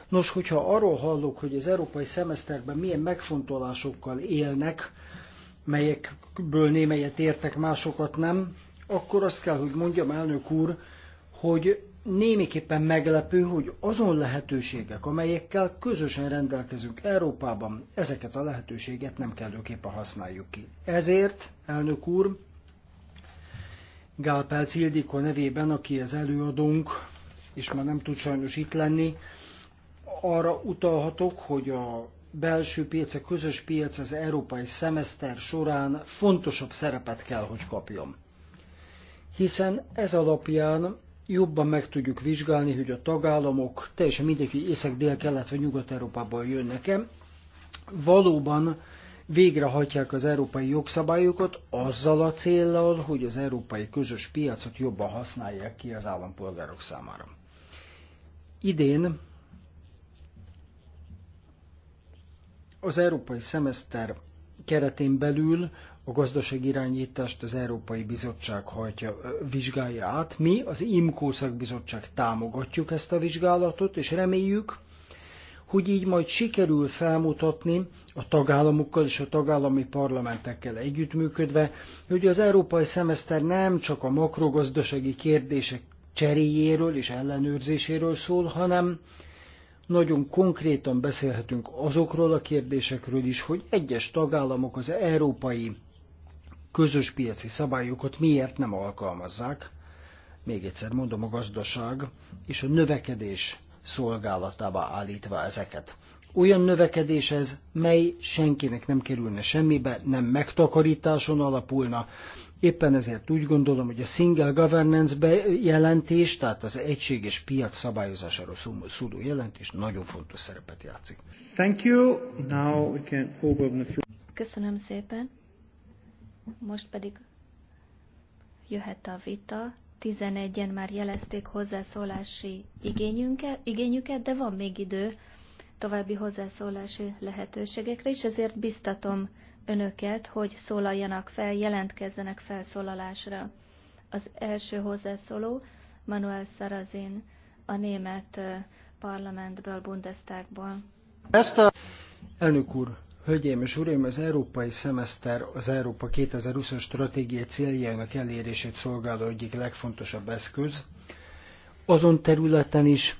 Speaker 1: Nos, hogyha arról hallok, hogy az európai szemeszterben milyen megfontolásokkal élnek, melyekből némelyet értek, másokat nem, akkor azt kell, hogy mondjam, elnök úr, hogy némiképpen meglepő, hogy azon lehetőségek, amelyekkel közösen rendelkezünk Európában, ezeket a lehetőséget nem kellőképpen használjuk ki. Ezért, elnök úr, Gál Pelc Ildikó nevében, aki az előadónk, és már nem tud sajnos itt lenni, arra utalhatok, hogy a belső piac, a közös piac az európai szemeszter során fontosabb szerepet kell, hogy kapjon. Hiszen ez alapján jobban meg tudjuk vizsgálni, hogy a tagállamok, teljesen mindegy, hogy észak, dél, kelet vagy nyugat-európából jönnek-e, valóban végrehajtják az európai jogszabályokat azzal a céllal, hogy az európai közös piacot jobban használják ki az állampolgárok számára. Idén Az európai szemeszter keretén belül a gazdaság irányítást az Európai Bizottság hajtja, vizsgálja át. Mi, az IMKO szakbizottság támogatjuk ezt a vizsgálatot, és reméljük, hogy így majd sikerül felmutatni a tagállamokkal és a tagállami parlamentekkel együttműködve, hogy az európai szemeszter nem csak a makrogazdasági kérdések cseréjéről és ellenőrzéséről szól, hanem nagyon konkrétan beszélhetünk azokról a kérdésekről is, hogy egyes tagállamok az európai közös piaci szabályokat miért nem alkalmazzák. Még egyszer mondom, a gazdaság és a növekedés szolgálatába állítva ezeket. Olyan növekedés ez, mely senkinek nem kerülne semmibe, nem megtakarításon alapulna, Éppen ezért úgy gondolom, hogy a Single Governance bejelentés, tehát az egységes piac szabályozásáról szóló jelentés nagyon fontos szerepet játszik. Thank you. Now we can open the floor.
Speaker 4: Köszönöm szépen. Most pedig jöhet a vita. 11-en már jelezték hozzászólási igényüket, de van még idő további hozzászólási lehetőségekre, és ezért biztatom önöket, hogy szólaljanak fel, jelentkezzenek felszólalásra. Az első hozzászóló Manuel Sarazin a német parlamentből, Bundestagból.
Speaker 1: Ezt a... Elnök úr, Hölgyeim és Uraim, az európai szemeszter az Európa 2020 stratégia céljainak elérését szolgáló egyik legfontosabb eszköz, azon területen is,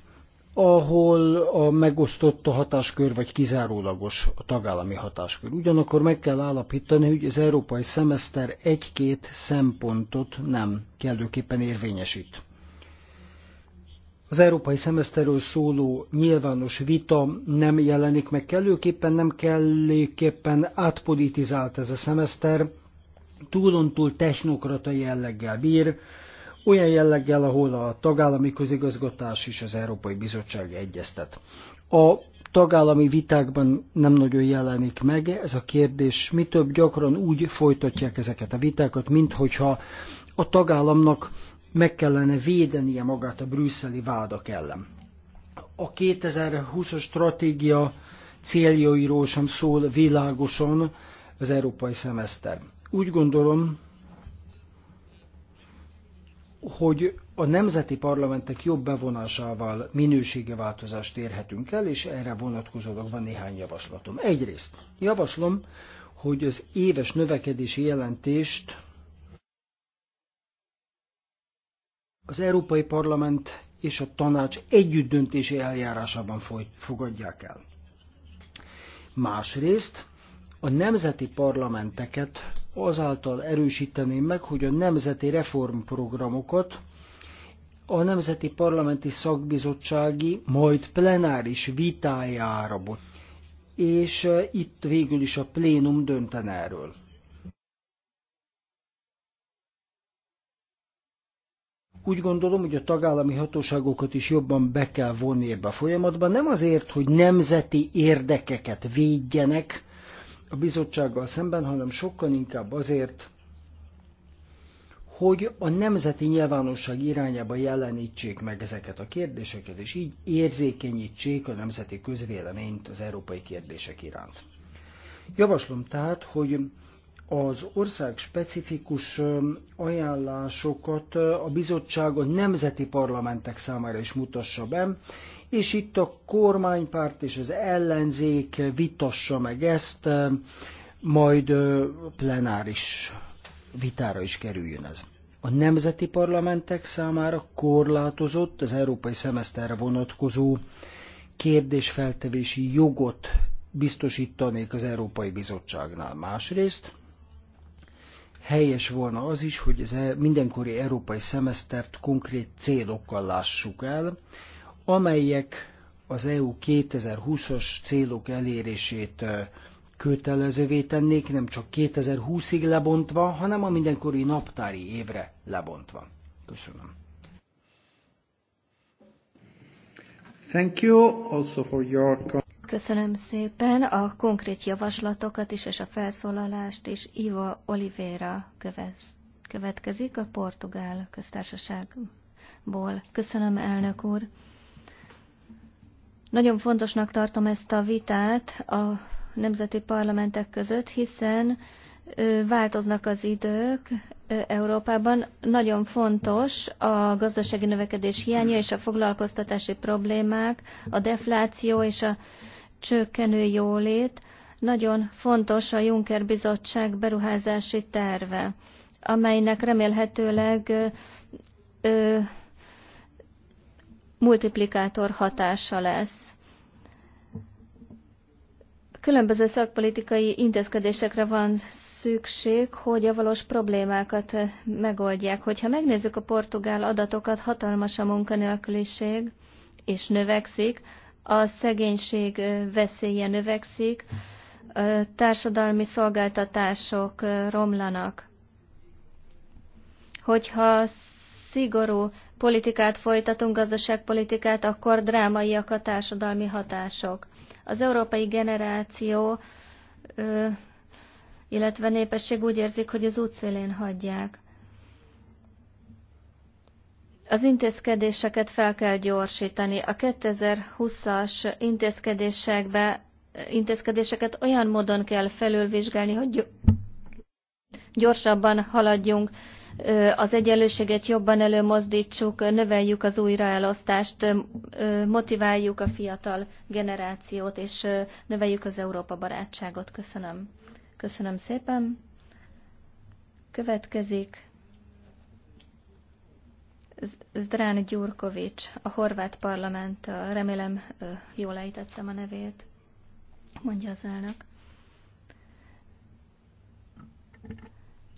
Speaker 1: ahol a megosztott a hatáskör, vagy kizárólagos a tagállami hatáskör. Ugyanakkor meg kell állapítani, hogy az európai szemeszter egy-két szempontot nem kellőképpen érvényesít. Az európai szemeszterről szóló nyilvános vita nem jelenik meg kellőképpen, nem kellőképpen átpolitizált ez a szemeszter, túlontúl technokrata jelleggel bír, olyan jelleggel, ahol a tagállami közigazgatás és az Európai Bizottság egyeztet. A tagállami vitákban nem nagyon jelenik meg ez a kérdés, mi több gyakran úgy folytatják ezeket a vitákat, mint hogyha a tagállamnak meg kellene védenie magát a brüsszeli vádak ellen. A 2020-as stratégia céljairól sem szól világosan az európai szemeszter. Úgy gondolom, hogy a nemzeti parlamentek jobb bevonásával minőségi változást érhetünk el, és erre vonatkozólag van néhány javaslatom. Egyrészt javaslom, hogy az éves növekedési jelentést az Európai Parlament és a tanács együtt döntési eljárásában fogadják el. Másrészt a nemzeti parlamenteket azáltal erősíteném meg, hogy a nemzeti reformprogramokat a nemzeti parlamenti szakbizottsági, majd plenáris vitájára bot. És e, itt végül is a plénum dönten erről. úgy gondolom, hogy a tagállami hatóságokat is jobban be kell vonni ebbe a folyamatba, nem azért, hogy nemzeti érdekeket védjenek, a bizottsággal szemben, hanem sokkal inkább azért, hogy a nemzeti nyilvánosság irányába jelenítsék meg ezeket a kérdéseket, és így érzékenyítsék a nemzeti közvéleményt az európai kérdések iránt. Javaslom tehát, hogy az ország specifikus ajánlásokat a bizottság a nemzeti parlamentek számára is mutassa be, és itt a kormánypárt és az ellenzék vitassa meg ezt, majd plenáris vitára is kerüljön ez. A nemzeti parlamentek számára korlátozott az európai szemeszterre vonatkozó kérdésfeltevési jogot biztosítanék az Európai Bizottságnál. Másrészt helyes volna az is, hogy az e- mindenkori európai szemesztert konkrét célokkal lássuk el, amelyek az EU 2020-as célok elérését kötelezővé tennék, nem csak 2020-ig lebontva, hanem a mindenkori naptári évre lebontva. Köszönöm.
Speaker 3: Thank you also for your... Köszönöm
Speaker 4: szépen a konkrét javaslatokat is, és a felszólalást is. Ivo Oliveira következik a Portugál köztársaságból. Köszönöm, elnök úr. Nagyon fontosnak tartom ezt a vitát a nemzeti parlamentek között, hiszen változnak az idők Európában. Nagyon fontos a gazdasági növekedés hiánya és a foglalkoztatási problémák, a defláció és a csökkenő jólét. Nagyon fontos a Juncker Bizottság beruházási terve, amelynek remélhetőleg ö, multiplikátor hatása lesz. Különböző szakpolitikai intézkedésekre van szükség, hogy a valós problémákat megoldják. Hogyha megnézzük a portugál adatokat, hatalmas a munkanélküliség, és növekszik, a szegénység veszélye növekszik, társadalmi szolgáltatások romlanak. Hogyha szigorú politikát folytatunk, gazdaságpolitikát, akkor drámaiak a társadalmi hatások. Az európai generáció, illetve népesség úgy érzik, hogy az útszélén hagyják. Az intézkedéseket fel kell gyorsítani. A 2020-as intézkedésekbe, intézkedéseket olyan módon kell felülvizsgálni, hogy gyorsabban haladjunk az egyenlőséget jobban előmozdítsuk, növeljük az újraelosztást, motiváljuk a fiatal generációt, és növeljük az Európa barátságot. Köszönöm. Köszönöm szépen. Következik Zdrán Gyurkovics, a horvát parlament, remélem jól ejtettem a nevét, mondja az elnök.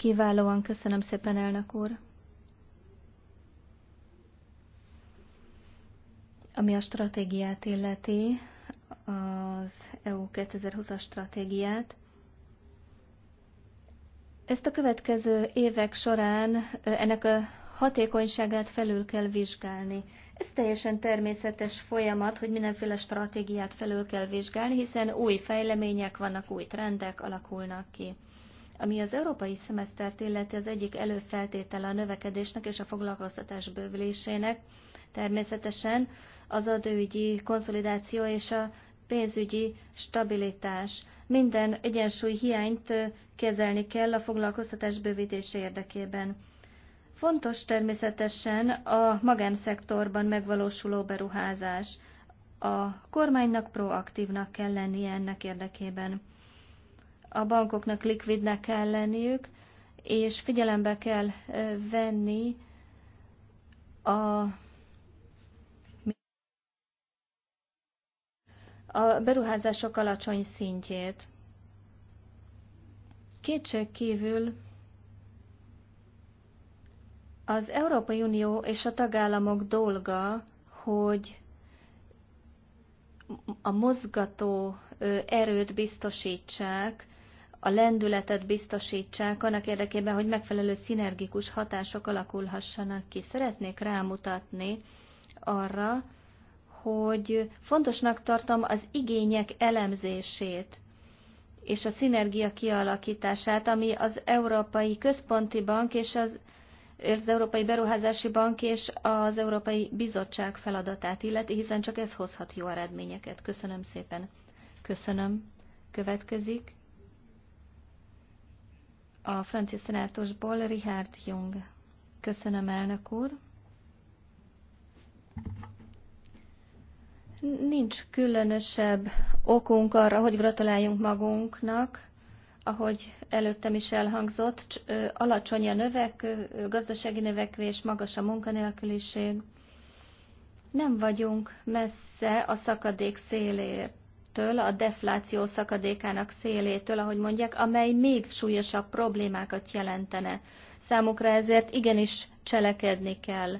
Speaker 4: Kiválóan köszönöm szépen, elnök úr. Ami a stratégiát illeti, az EU 2020-as stratégiát, ezt a következő évek során ennek a hatékonyságát felül kell vizsgálni. Ez teljesen természetes folyamat, hogy mindenféle stratégiát felül kell vizsgálni, hiszen új fejlemények vannak, új trendek alakulnak ki. Ami az európai szemesztert illeti, az egyik előfeltétele a növekedésnek és a foglalkoztatás bővülésének, természetesen az adóügyi konszolidáció és a pénzügyi stabilitás. Minden egyensúly hiányt kezelni kell a foglalkoztatás bővítése érdekében. Fontos természetesen a magánszektorban megvalósuló beruházás. A kormánynak proaktívnak kell lennie ennek érdekében a bankoknak likvidnek kell lenniük, és figyelembe kell venni a a beruházások alacsony szintjét. Kétség kívül az Európai Unió és a tagállamok dolga, hogy a mozgató erőt biztosítsák a lendületet biztosítsák annak érdekében, hogy megfelelő szinergikus hatások alakulhassanak ki. Szeretnék rámutatni arra, hogy fontosnak tartom az igények elemzését és a szinergia kialakítását, ami az Európai Központi Bank és az, az Európai Beruházási Bank és az Európai Bizottság feladatát illeti, hiszen csak ez hozhat jó eredményeket. Köszönöm szépen. Köszönöm. Következik a francia szenátusból Richard Jung. Köszönöm, elnök úr. Nincs különösebb okunk arra, hogy gratuláljunk magunknak, ahogy előttem is elhangzott, alacsony a növek, gazdasági növekvés, magas a munkanélküliség. Nem vagyunk messze a szakadék szélért szakadéktől, a defláció szakadékának szélétől, ahogy mondják, amely még súlyosabb problémákat jelentene. Számukra ezért igenis cselekedni kell.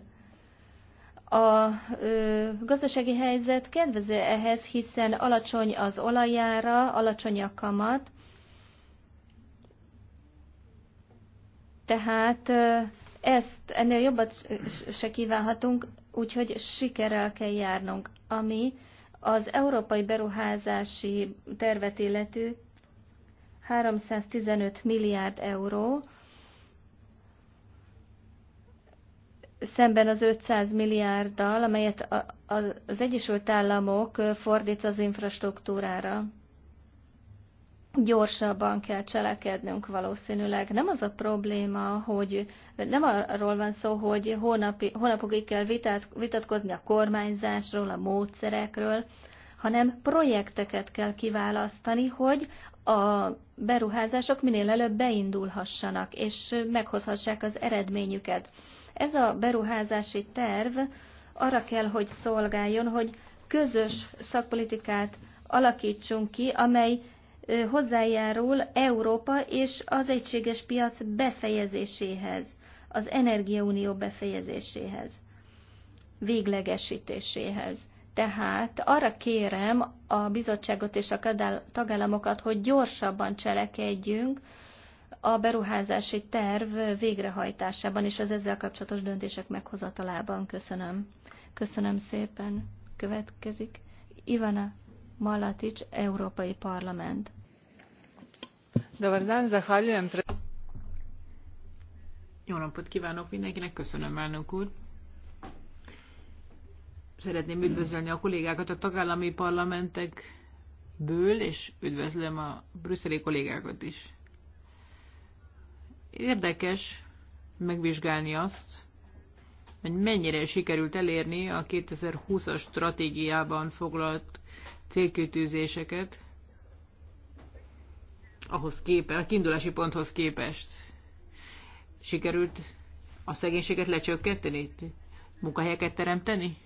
Speaker 4: A ö, gazdasági helyzet kedvező ehhez, hiszen alacsony az olajára, alacsony a kamat, tehát ö, ezt ennél jobbat se kívánhatunk, úgyhogy sikerrel kell járnunk, ami az európai beruházási tervet illető 315 milliárd euró, szemben az 500 milliárddal, amelyet az Egyesült Államok fordít az infrastruktúrára gyorsabban kell cselekednünk valószínűleg. Nem az a probléma, hogy nem arról van szó, hogy hónapi, hónapokig kell vitát, vitatkozni a kormányzásról, a módszerekről, hanem projekteket kell kiválasztani, hogy a beruházások minél előbb beindulhassanak, és meghozhassák az eredményüket. Ez a beruházási terv arra kell, hogy szolgáljon, hogy közös szakpolitikát alakítsunk ki, amely hozzájárul Európa és az egységes piac befejezéséhez, az energiaunió befejezéséhez, véglegesítéséhez. Tehát arra kérem a bizottságot és a tagállamokat, hogy gyorsabban cselekedjünk a beruházási terv végrehajtásában és az ezzel kapcsolatos döntések meghozatalában. Köszönöm. Köszönöm szépen. Következik Ivana Malatics, Európai Parlament.
Speaker 2: Dobar dan, zahvaljujem. Jó napot kívánok mindenkinek, köszönöm elnök úr. Szeretném üdvözölni a kollégákat a tagállami parlamentekből, és üdvözlöm a brüsszeli kollégákat is. Érdekes megvizsgálni azt, hogy mennyire sikerült elérni a 2020-as stratégiában foglalt célkötőzéseket ahhoz képest, a kiindulási ponthoz képest sikerült a szegénységet lecsökkenteni, munkahelyeket teremteni?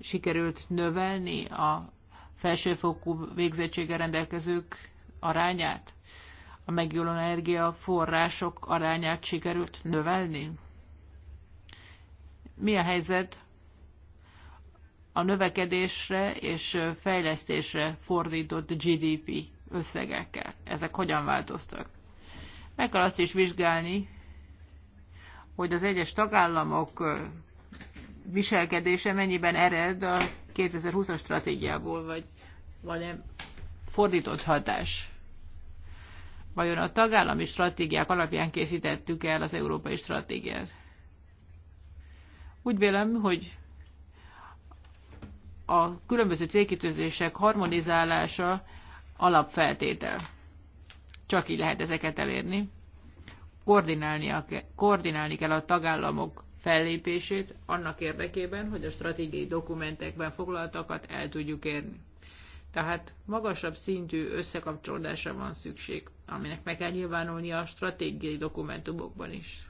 Speaker 2: Sikerült növelni a felsőfokú végzettséggel rendelkezők arányát? A megjóló energia források arányát sikerült növelni? Mi a helyzet a növekedésre és fejlesztésre fordított GDP összegekkel. Ezek hogyan változtak? Meg kell azt is vizsgálni, hogy az egyes tagállamok viselkedése mennyiben ered a 2020-as stratégiából, vagy van-e fordított hatás? Vajon a tagállami stratégiák alapján készítettük el az európai stratégiát? Úgy vélem, hogy a különböző célkitűzések harmonizálása alapfeltétel. Csak így lehet ezeket elérni. Koordinálni, koordinálni kell a tagállamok fellépését annak érdekében, hogy a stratégiai dokumentekben foglaltakat el tudjuk érni. Tehát magasabb szintű összekapcsolódásra van szükség, aminek meg kell nyilvánulni a stratégiai dokumentumokban is.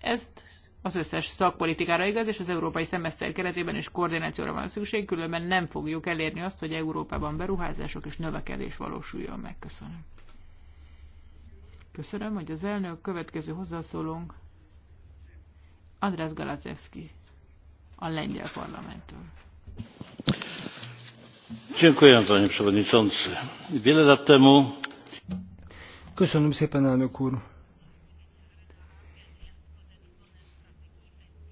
Speaker 2: Ezt az összes szakpolitikára igaz, és az európai szemeszter keretében is koordinációra van szükség, különben nem fogjuk elérni azt, hogy Európában beruházások és növekedés valósuljon meg. Köszönöm. Köszönöm, hogy az elnök következő hozzászólónk András Galacevski a lengyel parlamenttől.
Speaker 3: Dziękuję, panie przewodniczący. Wiele lat temu...
Speaker 1: Köszönöm szépen, elnök úr.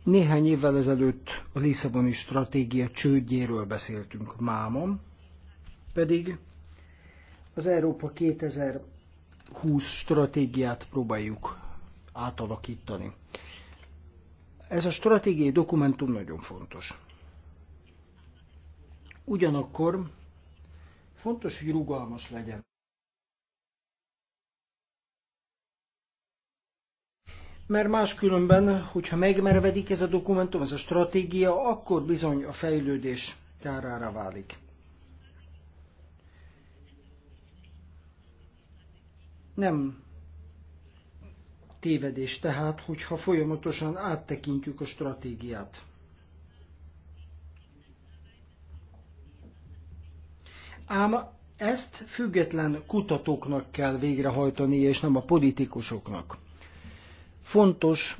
Speaker 1: Néhány évvel ezelőtt a Lisszaboni stratégia csődjéről beszéltünk mámon, pedig az Európa 2020 stratégiát próbáljuk átalakítani. Ez a stratégiai dokumentum nagyon fontos. Ugyanakkor fontos, hogy rugalmas legyen. Mert máskülönben, hogyha megmervedik ez a dokumentum, ez a stratégia, akkor bizony a fejlődés kárára válik. Nem tévedés tehát, hogyha folyamatosan áttekintjük a stratégiát. Ám ezt független kutatóknak kell végrehajtani, és nem a politikusoknak. Fontos,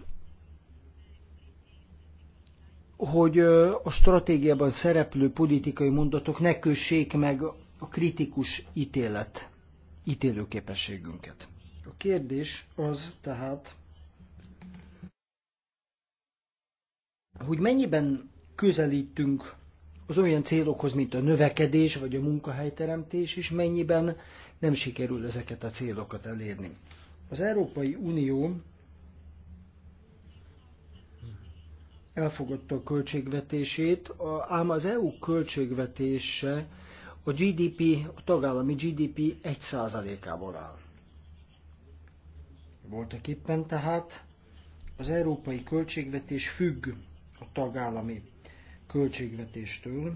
Speaker 1: hogy a stratégiában szereplő politikai mondatok ne kössék meg a kritikus ítélet, ítélőképességünket. A kérdés az tehát, hogy mennyiben közelítünk az olyan célokhoz, mint a növekedés vagy a munkahelyteremtés, és mennyiben nem sikerül ezeket a célokat elérni. Az Európai Unió elfogadta a költségvetését, ám az EU költségvetése a GDP, a tagállami GDP 1%-ából áll. Voltak éppen tehát az európai költségvetés függ a tagállami költségvetéstől,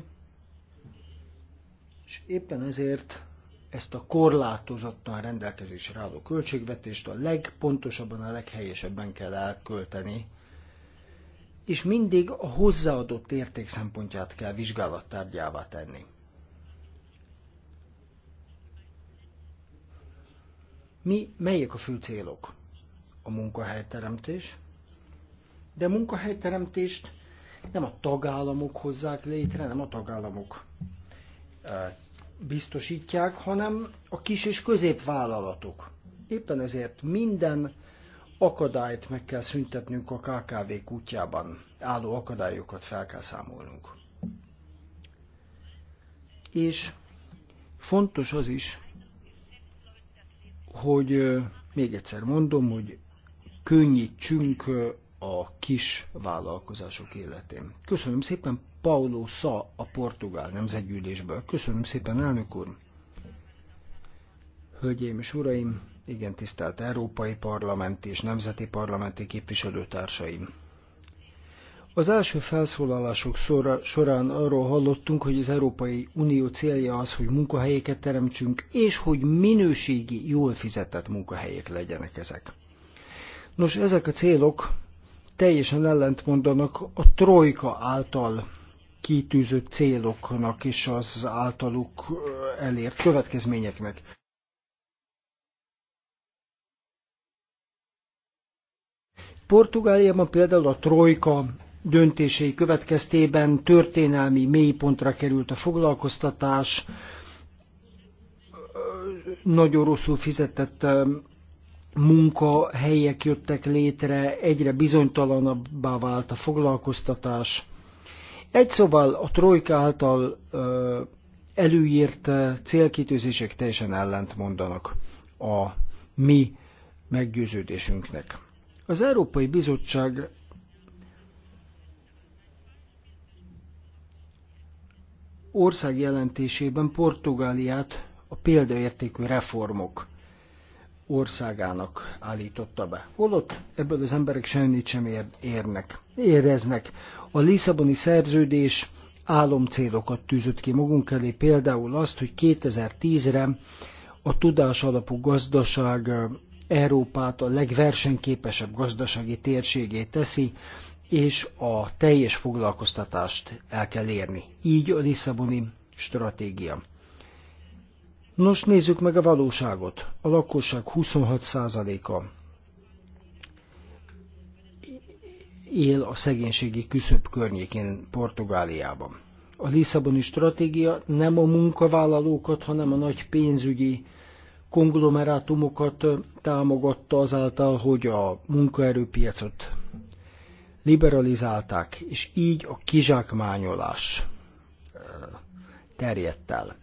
Speaker 1: és éppen ezért ezt a korlátozottan rendelkezésre álló költségvetést a legpontosabban, a leghelyesebben kell elkölteni, és mindig a hozzáadott érték szempontját kell vizsgálattárgyává tenni. Mi melyek a fő célok? A munkahelyteremtés, de munkahelyteremtést nem a tagállamok hozzák létre, nem a tagállamok e, biztosítják, hanem a kis és középvállalatok. Éppen ezért minden akadályt meg kell szüntetnünk a KKV kutyában Álló akadályokat fel kell számolnunk. És fontos az is, hogy még egyszer mondom, hogy könnyítsünk a kis vállalkozások életén. Köszönöm szépen Paulo Sa a Portugál Nemzetgyűlésből. Köszönöm szépen, elnök úr! Hölgyeim és uraim, igen tisztelt európai parlamenti és nemzeti parlamenti képviselőtársaim! Az első felszólalások során arról hallottunk, hogy az Európai Unió célja az, hogy munkahelyeket teremtsünk, és hogy minőségi, jól fizetett munkahelyek legyenek ezek. Nos, ezek a célok teljesen ellentmondanak a trojka által kitűzött céloknak és az általuk elért következményeknek. Portugáliában például a trojka döntései következtében történelmi mélypontra került a foglalkoztatás, nagyon rosszul fizetett munkahelyek jöttek létre, egyre bizonytalanabbá vált a foglalkoztatás. Egy szóval a trojka által előírt célkitűzések teljesen ellent mondanak a mi meggyőződésünknek. Az Európai Bizottság országjelentésében Portugáliát a példaértékű reformok országának állította be. Holott ebből az emberek semmit sem ér, érnek, éreznek. A Lisszaboni szerződés álomcélokat tűzött ki magunk elé, például azt, hogy 2010-re a tudás alapú gazdaság Európát a legversenyképesebb gazdasági térségé teszi, és a teljes foglalkoztatást el kell érni. Így a Lisszaboni stratégia. Nos, nézzük meg a valóságot. A lakosság 26%-a él a szegénységi küszöb környékén Portugáliában. A Lisszaboni stratégia nem a munkavállalókat, hanem a nagy pénzügyi konglomerátumokat támogatta azáltal, hogy a munkaerőpiacot liberalizálták, és így a kizsákmányolás terjedt el.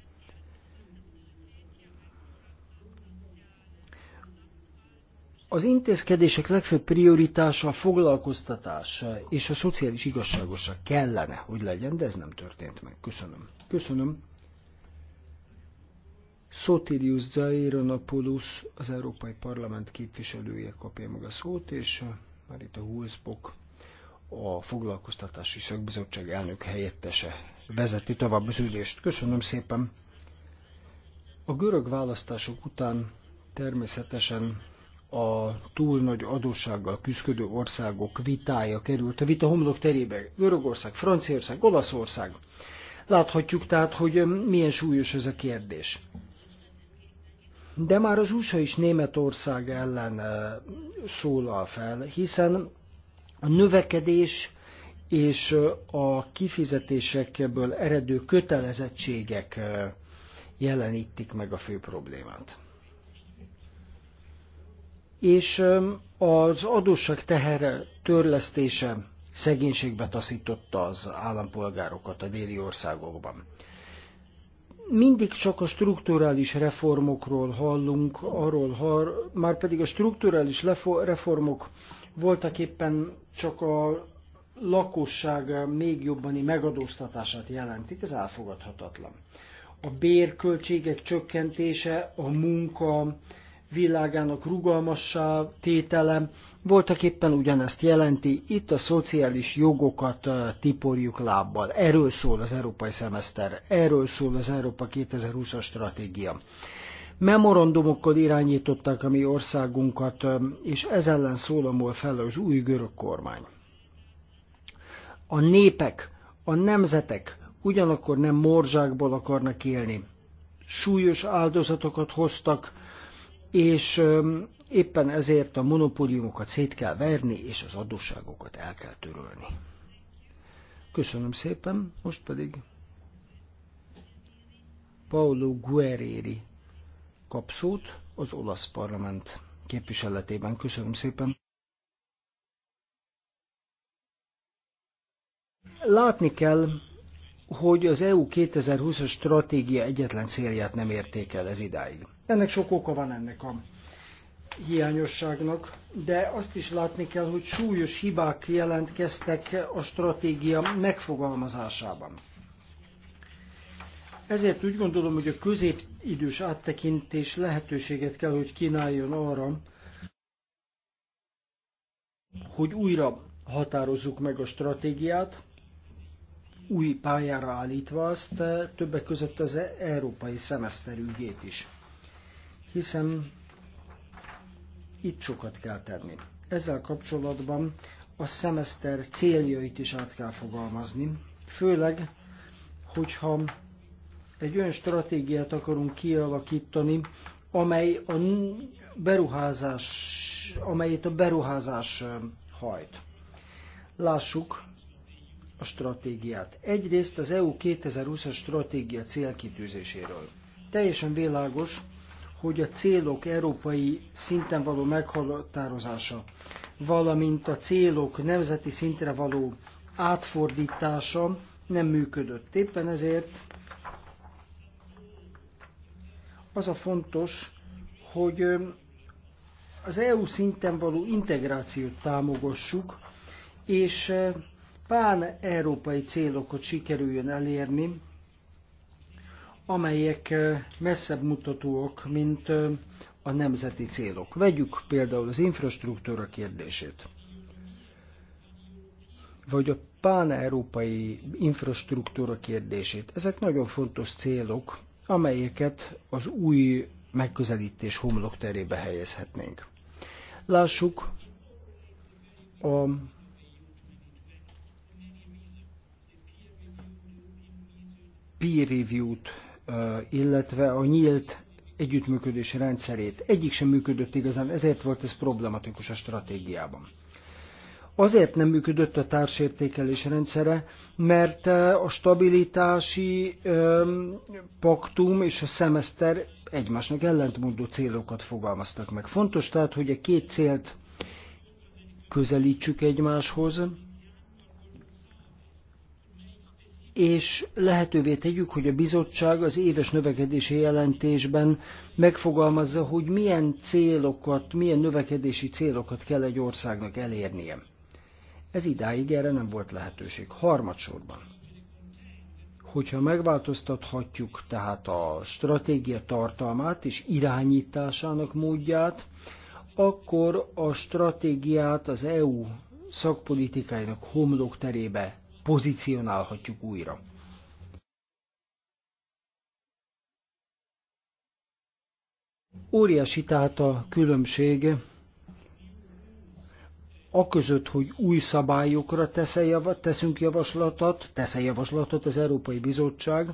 Speaker 1: Az intézkedések legfőbb prioritása a foglalkoztatás és a szociális igazságosság kellene, hogy legyen, de ez nem történt meg. Köszönöm. Köszönöm. Szotirius Zaironopoulos, az Európai Parlament képviselője kapja meg a szót, és uh, már itt a Hulszbok, a Foglalkoztatási Szakbizottság elnök helyettese vezeti tovább az ülést. Köszönöm szépen! A görög választások után természetesen a túl nagy adóssággal küzdő országok vitája került a vita homlok terébe. Görögország, Franciaország, Olaszország. Láthatjuk tehát, hogy um, milyen súlyos ez a kérdés. De már az USA is Németország ellen szólal fel, hiszen a növekedés és a kifizetésekből eredő kötelezettségek jelenítik meg a fő problémát. És az adósság teher törlesztése szegénységbe taszította az állampolgárokat a déli országokban mindig csak a strukturális reformokról hallunk, arról har, már pedig a strukturális reformok voltak éppen csak a lakosság még jobbani megadóztatását jelentik, ez elfogadhatatlan. A bérköltségek csökkentése, a munka, világának rugalmassá tétele voltak éppen ugyanezt jelenti, itt a szociális jogokat tiporjuk lábbal. Erről szól az európai szemeszter, erről szól az Európa 2020-as stratégia. Memorandumokkal irányították a mi országunkat, és ez ellen szólamol fel az új görög kormány. A népek, a nemzetek ugyanakkor nem morzsákból akarnak élni. Súlyos áldozatokat hoztak, és éppen ezért a monopóliumokat szét kell verni, és az adósságokat el kell törölni. Köszönöm szépen, most pedig Paolo Guerrieri kap szót az olasz parlament képviseletében. Köszönöm szépen. Látni kell, hogy az EU 2020-as stratégia egyetlen célját nem érték el ez idáig. Ennek sok oka van ennek a hiányosságnak, de azt is látni kell, hogy súlyos hibák jelentkeztek a stratégia megfogalmazásában. Ezért úgy gondolom, hogy a középidős áttekintés lehetőséget kell, hogy kínáljon arra, hogy újra határozzuk meg a stratégiát, új pályára állítva azt, eh, többek között az európai szemeszter is. Hiszen itt sokat kell tenni. Ezzel kapcsolatban a szemeszter céljait is át kell fogalmazni, főleg, hogyha egy olyan stratégiát akarunk kialakítani, amely a beruházás, amelyet a beruházás eh, hajt. Lássuk, a stratégiát. Egyrészt az EU 2020-as stratégia célkitűzéséről. Teljesen világos, hogy a célok európai szinten való meghatározása, valamint a célok nemzeti szintre való átfordítása nem működött. Éppen ezért az a fontos, hogy az EU szinten való integrációt támogassuk, és pán-európai célokat sikerüljön elérni, amelyek messzebb mutatóak, mint a nemzeti célok. Vegyük például az infrastruktúra kérdését, vagy a pán-európai infrastruktúra kérdését. Ezek nagyon fontos célok, amelyeket az új megközelítés homlokterébe helyezhetnénk. Lássuk a peer review-t, illetve a nyílt együttműködés rendszerét. Egyik sem működött igazán, ezért volt ez problematikus a stratégiában. Azért nem működött a társértékelés rendszere, mert a stabilitási öm, paktum és a szemeszter egymásnak ellentmondó célokat fogalmaztak meg. Fontos tehát, hogy a két célt közelítsük egymáshoz, és lehetővé tegyük, hogy a bizottság az éves növekedési jelentésben megfogalmazza, hogy milyen célokat, milyen növekedési célokat kell egy országnak elérnie. Ez idáig erre nem volt lehetőség. Harmadsorban, hogyha megváltoztathatjuk tehát a stratégia tartalmát és irányításának módját, akkor a stratégiát az EU szakpolitikájának homlok terébe pozícionálhatjuk újra. Óriási tehát a különbség aközött, hogy új szabályokra teszünk javaslatot, tesz-e javaslatot az Európai Bizottság,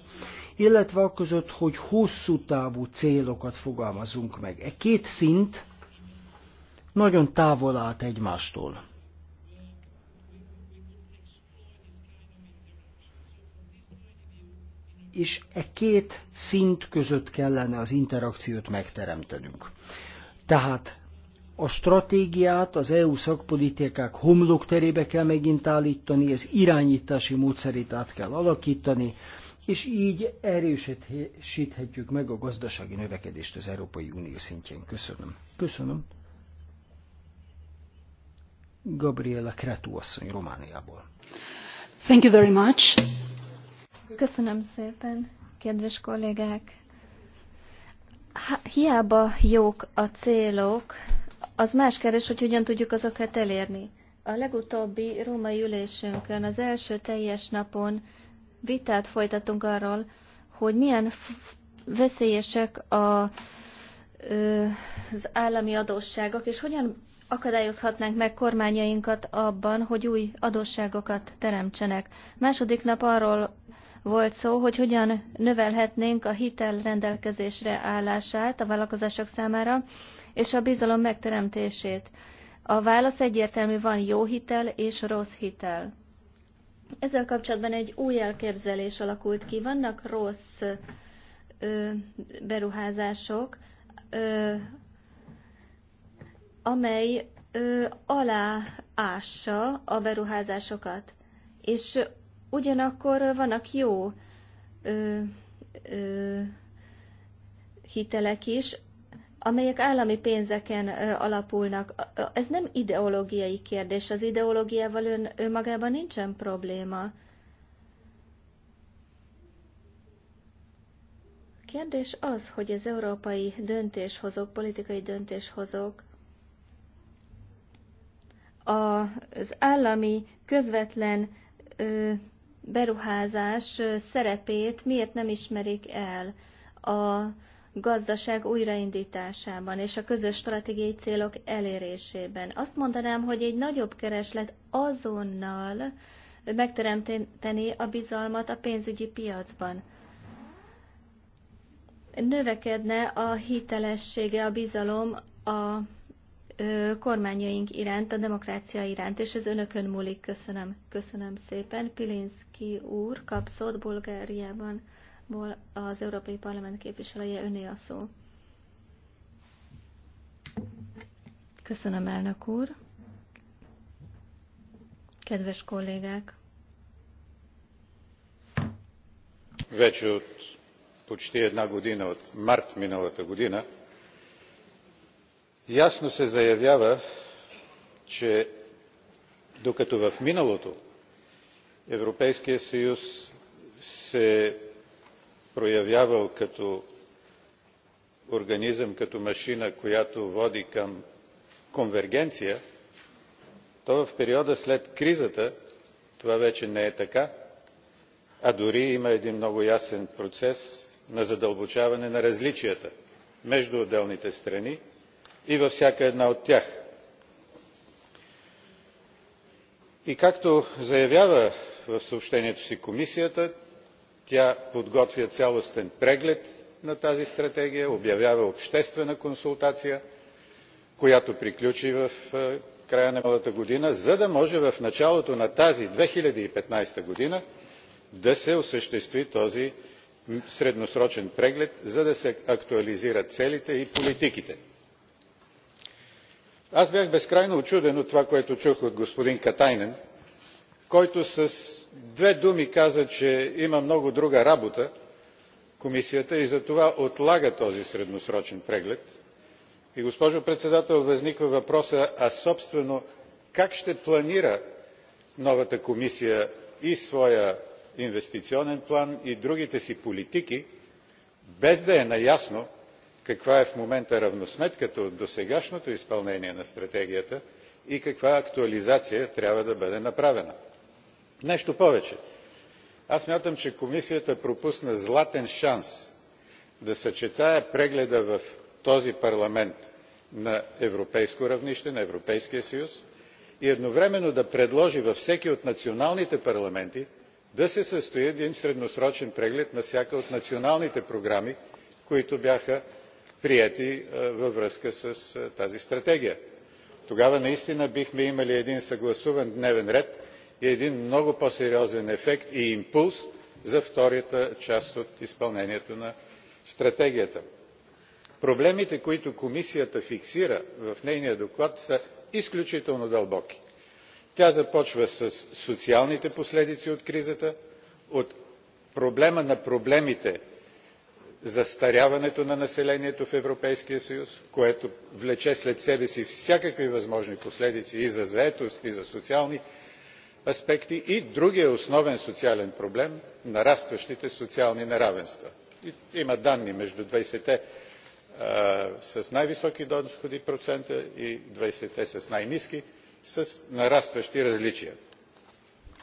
Speaker 1: illetve aközött, hogy hosszú távú célokat fogalmazunk meg. E két szint nagyon távol állt egymástól. és e két szint között kellene az interakciót megteremtenünk. Tehát a stratégiát az EU szakpolitikák homlok terébe kell megint állítani, ez irányítási módszerét át kell alakítani, és így erősíthetjük meg a gazdasági növekedést az Európai Unió szintjén. Köszönöm. Köszönöm. Gabriela Kretu asszony Romániából.
Speaker 3: Thank you very much.
Speaker 4: Köszönöm szépen, kedves kollégák! Hiába jók a célok, az más keres, hogy hogyan tudjuk azokat elérni. A legutóbbi római ülésünkön, az első teljes napon vitát folytatunk arról, hogy milyen veszélyesek a, az állami adósságok, és hogyan akadályozhatnánk meg kormányainkat abban, hogy új adósságokat teremtsenek. Második nap arról volt szó, hogy hogyan növelhetnénk a hitel rendelkezésre állását a vállalkozások számára, és a bizalom megteremtését. A válasz egyértelmű, van jó hitel és rossz hitel. Ezzel kapcsolatban egy új elképzelés alakult ki. Vannak rossz ö, beruházások, ö, amely ö, aláássa a beruházásokat. És Ugyanakkor vannak jó ö, ö, hitelek is, amelyek állami pénzeken ö, alapulnak. Ez nem ideológiai kérdés, az ideológiával ön, önmagában nincsen probléma. Kérdés az, hogy az európai döntéshozók, politikai döntéshozók az állami közvetlen ö, beruházás szerepét miért nem ismerik el a gazdaság újraindításában és a közös stratégiai célok elérésében. Azt mondanám, hogy egy nagyobb kereslet azonnal megteremteni a bizalmat a pénzügyi piacban. Növekedne a hitelessége, a bizalom a kormányaink iránt, a demokrácia iránt, és ez önökön múlik. Köszönöm. Köszönöm szépen. Pilinszki úr kap szót Bulgáriában, az Európai Parlament képviselője öné a szó. Köszönöm, elnök úr. Kedves kollégák!
Speaker 3: Vecsőt, od egy jedna mart minóta godina, ясно се заявява че докато в миналото европейският съюз се е проявявал като организъм като машина която води към конвергенция то в периода след кризата това вече не е така а дори има един много ясен процес на задълбочаване на различията между отделните страни и във всяка една от тях. и както заявява в съобщението си комисията тя подготвя цялостен преглед на тази стратегия обявява обществена консултация която приключи в края на миналата година за да може в началото на тази 2015 година да се осъществи този средносрочен преглед за да се актуализират целите и политиките аз бях безкрайно учуден от това което чух от господин катайнен който с две думи каза че има много друга работа комисията и затова отлага този средносрочен преглед. и госпожо председател възниква въпросът а собствено как ще планира новата комисия и своя инвестиционен план и другите си политики без да е наясно каква е в момента равносметката от досегашното изпълнение на стратегията и каква актуализация трябва да бъде направена. нещо повече аз смятам че комисията пропусна златен шанс да съчетае прегледа в този парламент на европейско равнище на европейския съюз и едновременно да предложи във всеки от националните парламенти да се състои един средносрочен преглед на всяка от националните програми които бяха приети във връзка с тази стратегия. тогава наистина бихме имали един съгласуван дневен ред и един много по сериозен ефект и импулс за втората част от изпълнението на стратегията. проблемите които комисията фиксира в нейния доклад са изключително дълбоки. тя започва със социалните последици от кризата от проблема на проблемите застаряването на населението в европейския съюз което влече след себе си всякакви възможни последици и за заетост и за социални аспекти и другият основен социален проблем нарастващите социални неравенства. има данни между двадесет те с най високи доходи процента и двадесет те с най ниски с нарастващи различия.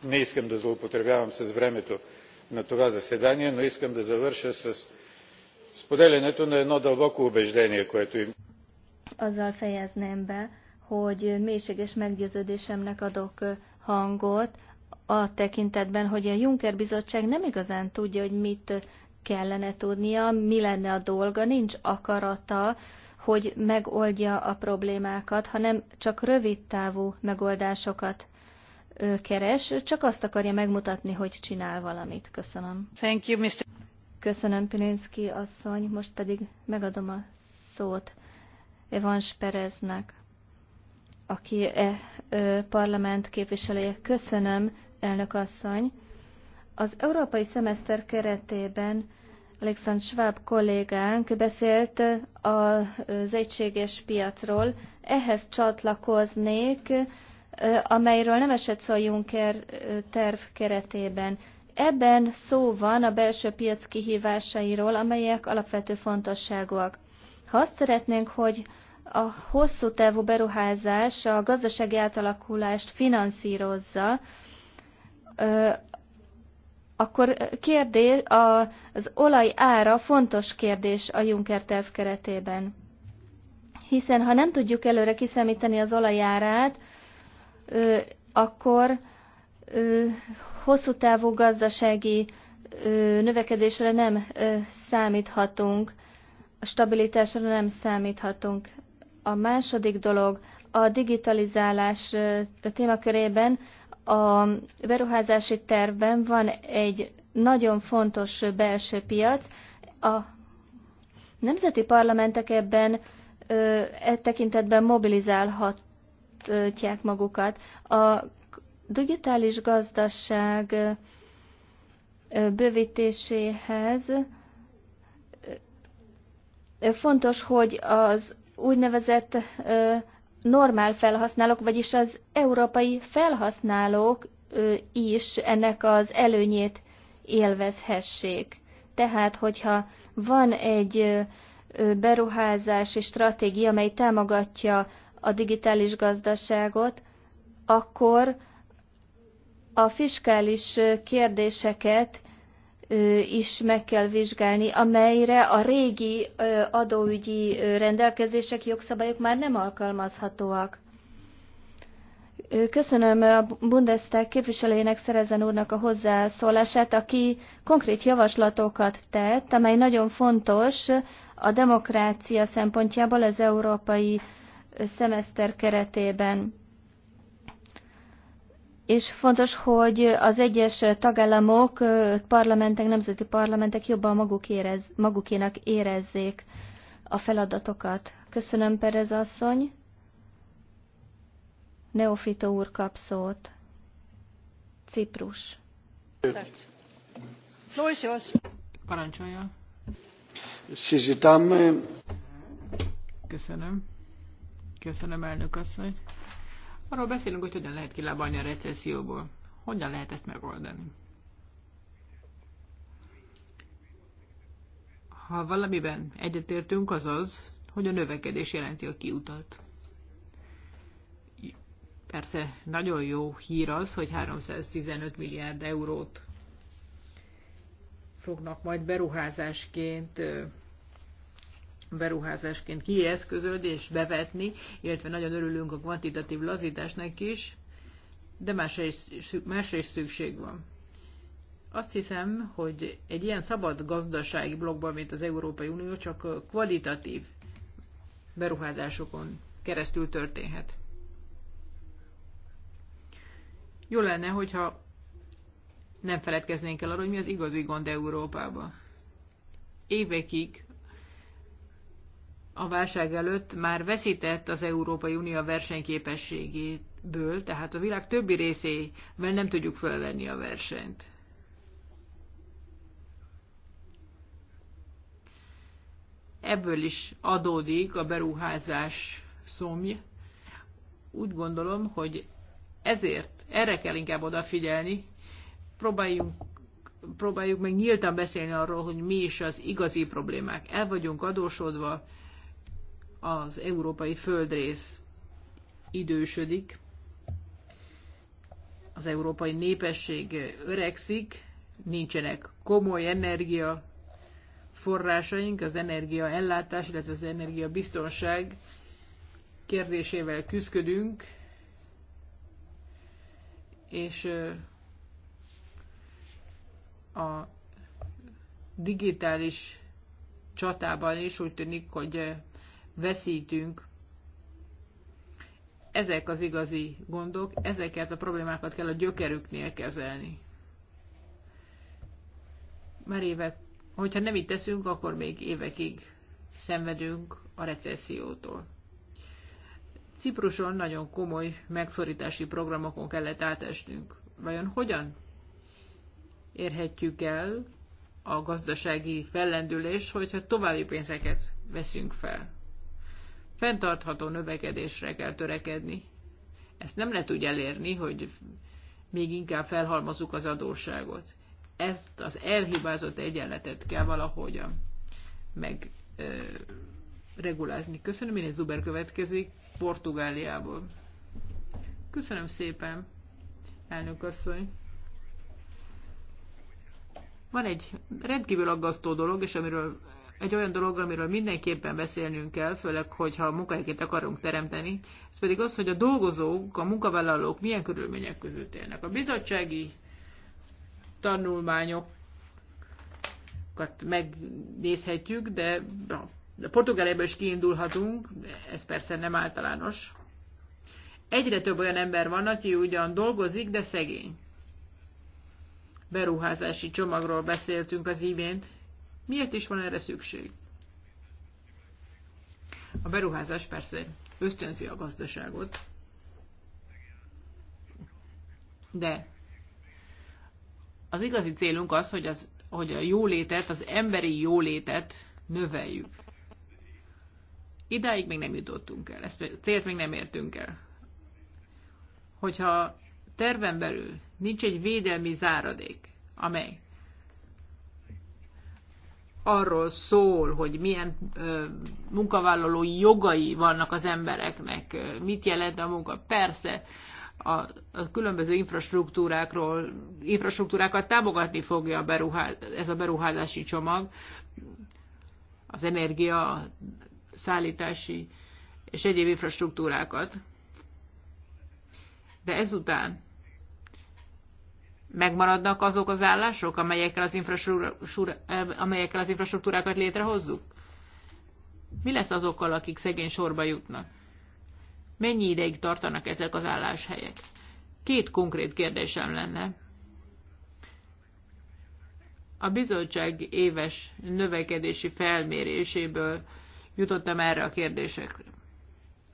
Speaker 3: не искам да злоупотребявам с времето на това заседание но искам да завърша с
Speaker 4: azzal fejezném be hogy mélységes meggyőződésemnek adok hangot a tekintetben hogy a juncker bizottság nem igazán tudja hogy mit kellene tudnia mi lenne a dolga nincs akarata hogy megoldja a problémákat hanem csak rövid távú megoldásokat keres csak azt akarja megmutatni hogy csinál valamit. köszönöm. Thank you, Mr. Köszönöm, Pilinszki asszony. Most pedig megadom a szót Evans Pereznek, aki e, parlament képviselője. Köszönöm, elnök asszony. Az európai szemeszter keretében Alexander Schwab kollégánk beszélt az egységes piacról. Ehhez csatlakoznék, amelyről nem esett szó Juncker terv keretében. Ebben szó van a belső piac kihívásairól, amelyek alapvető fontosságúak. Ha azt szeretnénk, hogy a hosszú távú beruházás a gazdasági átalakulást finanszírozza, akkor kérdés, az olaj ára fontos kérdés a Juncker terv keretében. Hiszen ha nem tudjuk előre kiszámítani az olajárát, akkor hosszú távú gazdasági növekedésre nem számíthatunk, a stabilitásra nem számíthatunk. A második dolog a digitalizálás témakörében a beruházási tervben van egy nagyon fontos belső piac. A nemzeti parlamentek ebben e tekintetben mobilizálhatják magukat. A digitális gazdaság bővítéséhez fontos, hogy az úgynevezett normál felhasználók, vagyis az európai felhasználók is ennek az előnyét élvezhessék. Tehát, hogyha van egy beruházási stratégia, amely támogatja a digitális gazdaságot, akkor a fiskális kérdéseket is meg kell vizsgálni, amelyre a régi adóügyi rendelkezések, jogszabályok már nem alkalmazhatóak. Köszönöm a Bundestag képviselőjének Szerezen úrnak a hozzászólását, aki konkrét javaslatokat tett, amely nagyon fontos a demokrácia szempontjából az európai szemeszter keretében és fontos, hogy az egyes tagállamok, parlamentek, nemzeti parlamentek jobban maguk érez, magukénak érezzék a feladatokat. Köszönöm, Perez asszony. Neofito úr kap szót. Ciprus.
Speaker 2: Parancsolja. Köszönöm. Köszönöm, elnök asszony. Arról beszélünk, hogy hogyan lehet kilábalni a recesszióból. Hogyan lehet ezt megoldani? Ha valamiben egyetértünk, az az, hogy a növekedés jelenti a kiutat. Persze nagyon jó hír az, hogy 315 milliárd eurót fognak majd beruházásként beruházásként kieszközölni és bevetni, illetve nagyon örülünk a kvantitatív lazításnak is, de másra is, másra is szükség van. Azt hiszem, hogy egy ilyen szabad gazdasági blogban, mint az Európai Unió, csak kvalitatív beruházásokon keresztül történhet. Jó lenne, hogyha nem feledkeznénk el arról, hogy mi az igazi gond Európában évekig a válság előtt már veszített az Európai Unió versenyképességéből, tehát a világ többi részével nem tudjuk felvenni a versenyt. Ebből is adódik a beruházás szomj. Úgy gondolom, hogy ezért erre kell inkább odafigyelni. Próbáljunk próbáljuk meg nyíltan beszélni arról, hogy mi is az igazi problémák. El vagyunk adósodva, az európai földrész idősödik, az európai népesség öregszik, nincsenek komoly energia forrásaink, az energia ellátás, illetve az energia biztonság kérdésével küzdködünk, és a digitális csatában is úgy tűnik, hogy veszítünk. Ezek az igazi gondok, ezeket a problémákat kell a gyökerüknél kezelni. Már évek, hogyha nem így teszünk, akkor még évekig szenvedünk a recessziótól. Cipruson nagyon komoly megszorítási programokon kellett átestünk. Vajon hogyan érhetjük el a gazdasági fellendülést, hogyha további pénzeket veszünk fel? fenntartható növekedésre kell törekedni. Ezt nem lehet úgy elérni, hogy még inkább felhalmozzuk az adósságot. Ezt az elhibázott egyenletet kell valahogyan megregulázni. Euh, Köszönöm, én Zuber következik Portugáliából. Köszönöm szépen, elnök asszony. Van egy rendkívül aggasztó dolog, és amiről egy olyan dolog, amiről mindenképpen beszélnünk kell, főleg, hogyha munkahelyeket akarunk teremteni, ez pedig az, hogy a dolgozók, a munkavállalók milyen körülmények között élnek. A bizottsági tanulmányokat megnézhetjük, de a Portugáliából is kiindulhatunk, ez persze nem általános. Egyre több olyan ember van, aki ugyan dolgozik, de szegény. Beruházási csomagról beszéltünk az imént, Miért is van erre szükség? A beruházás persze ösztönzi a gazdaságot, de az igazi célunk az, hogy, az, hogy a jólétet, az emberi jólétet növeljük. Idáig még nem jutottunk el, ezt a célt még nem értünk el. Hogyha terven belül nincs egy védelmi záradék, amely arról szól, hogy milyen munkavállalói jogai vannak az embereknek, mit jelent a munka. Persze, a, a különböző infrastruktúrákról, infrastruktúrákat támogatni fogja a beruház, ez a beruházási csomag, az energia, szállítási és egyéb infrastruktúrákat. De ezután megmaradnak azok az állások, amelyekkel az, amelyekkel az infrastruktúrákat létrehozzuk? Mi lesz azokkal, akik szegény sorba jutnak? Mennyi ideig tartanak ezek az álláshelyek? Két konkrét kérdésem lenne. A bizottság éves növekedési felméréséből jutottam erre a kérdésekre.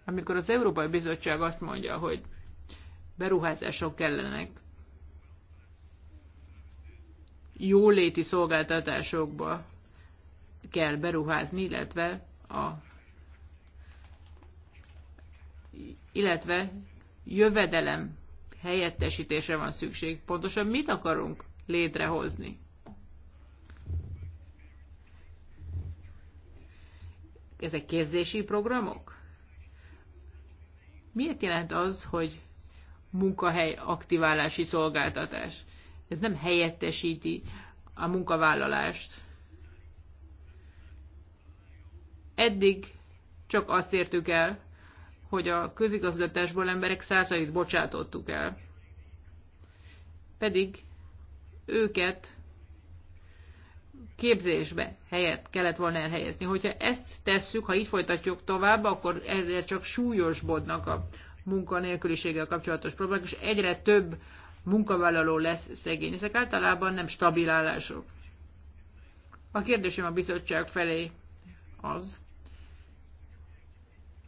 Speaker 2: Amikor az Európai Bizottság azt mondja, hogy beruházások kellenek jóléti szolgáltatásokba kell beruházni, illetve a illetve jövedelem helyettesítésre van szükség. Pontosan mit akarunk létrehozni? Ezek képzési programok? Miért jelent az, hogy munkahely aktiválási szolgáltatás? ez nem helyettesíti a munkavállalást. Eddig csak azt értük el, hogy a közigazgatásból emberek százait bocsátottuk el. Pedig őket képzésbe helyet kellett volna elhelyezni. Hogyha ezt tesszük, ha így folytatjuk tovább, akkor erre csak súlyosbodnak a munkanélküliséggel kapcsolatos problémák, és egyre több munkavállaló lesz szegény. Ezek általában nem stabil állások. A kérdésem a bizottság felé az,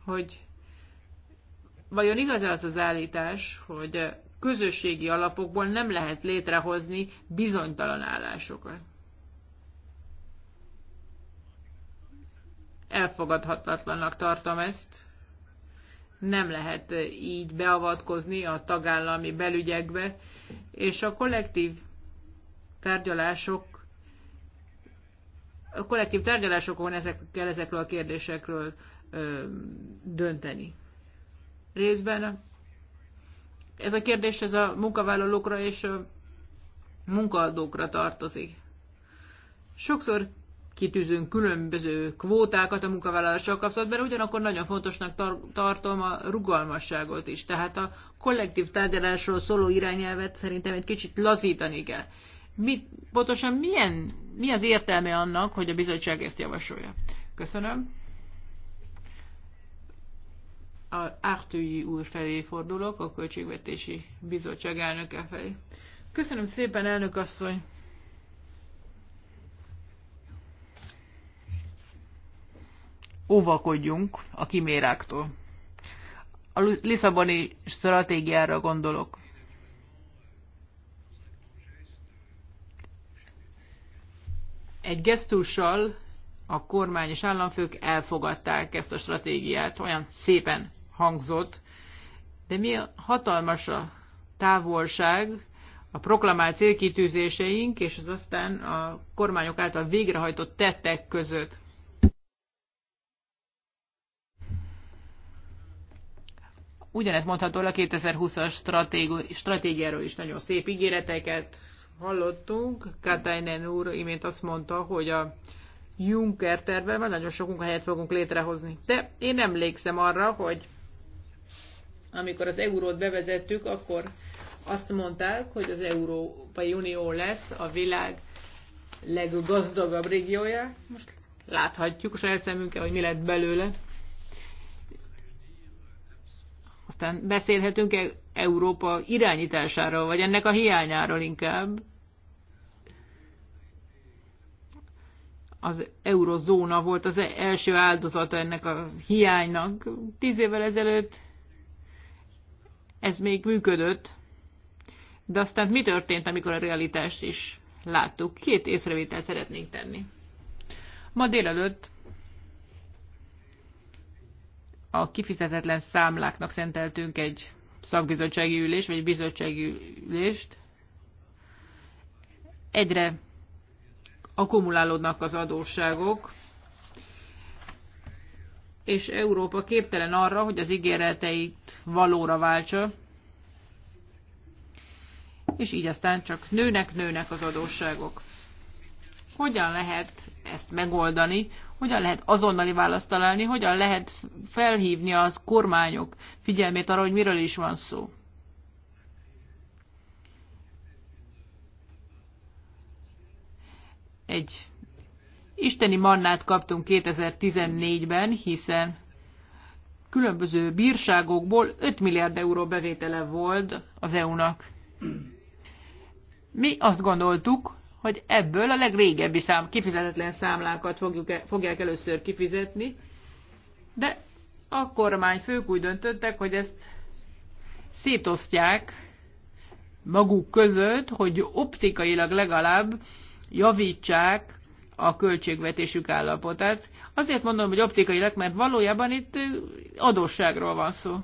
Speaker 2: hogy vajon igaz az az állítás, hogy közösségi alapokból nem lehet létrehozni bizonytalan állásokat. Elfogadhatatlannak tartom ezt nem lehet így beavatkozni a tagállami belügyekbe, és a kollektív tárgyalások a kollektív tárgyalásokon ezekkel, ezekről a kérdésekről ö, dönteni. Részben ez a kérdés ez a munkavállalókra és a munkaadókra tartozik. Sokszor kitűzünk különböző kvótákat a munkavállalással kapcsolatban, ugyanakkor nagyon fontosnak tar- tartom a rugalmasságot is. Tehát a kollektív tárgyalásról szóló irányelvet szerintem egy kicsit lazítani kell. Mit, pontosan milyen, mi az értelme annak, hogy a bizottság ezt javasolja? Köszönöm. A Ártői úr felé fordulok, a Költségvetési Bizottság elnöke felé. Köszönöm szépen, elnök asszony! óvakodjunk a kiméráktól. A Lisszaboni stratégiára gondolok. Egy gesztussal a kormány és államfők elfogadták ezt a stratégiát. Olyan szépen hangzott, de mi a hatalmas a távolság, a proklamált célkitűzéseink és az aztán a kormányok által végrehajtott tettek között. Ugyanez mondható a 2020-as stratégiáról is nagyon szép ígéreteket hallottunk. Katainen úr imént azt mondta, hogy a Juncker tervben nagyon sok munkahelyet fogunk létrehozni. De én emlékszem arra, hogy amikor az eurót bevezettük, akkor azt mondták, hogy az Európai Unió lesz a világ leggazdagabb régiója. Most láthatjuk a saját szemünkkel, hogy mi lett belőle. Aztán beszélhetünk -e Európa irányításáról, vagy ennek a hiányáról inkább. Az eurozóna volt az e- első áldozata ennek a hiánynak. Tíz évvel ezelőtt ez még működött, de aztán mi történt, amikor a realitást is láttuk? Két észrevételt szeretnénk tenni. Ma délelőtt a kifizetetlen számláknak szenteltünk egy szakbizottsági ülés, vagy bizottsági ülést. Egyre akkumulálódnak az adósságok, és Európa képtelen arra, hogy az ígéreteit valóra váltsa, és így aztán csak nőnek-nőnek az adósságok. Hogyan lehet ezt megoldani? hogyan lehet azonnali választ találni, hogyan lehet felhívni az kormányok figyelmét arra, hogy miről is van szó. Egy isteni mannát kaptunk 2014-ben, hiszen különböző bírságokból 5 milliárd euró bevétele volt az EU-nak. Mi azt gondoltuk, hogy ebből a legrégebbi szám, kifizetetlen számlákat fogjuk, fogják először kifizetni, de a kormányfők úgy döntöttek, hogy ezt szétosztják maguk között, hogy optikailag legalább javítsák a költségvetésük állapotát. Azért mondom, hogy optikailag, mert valójában itt adósságról van szó.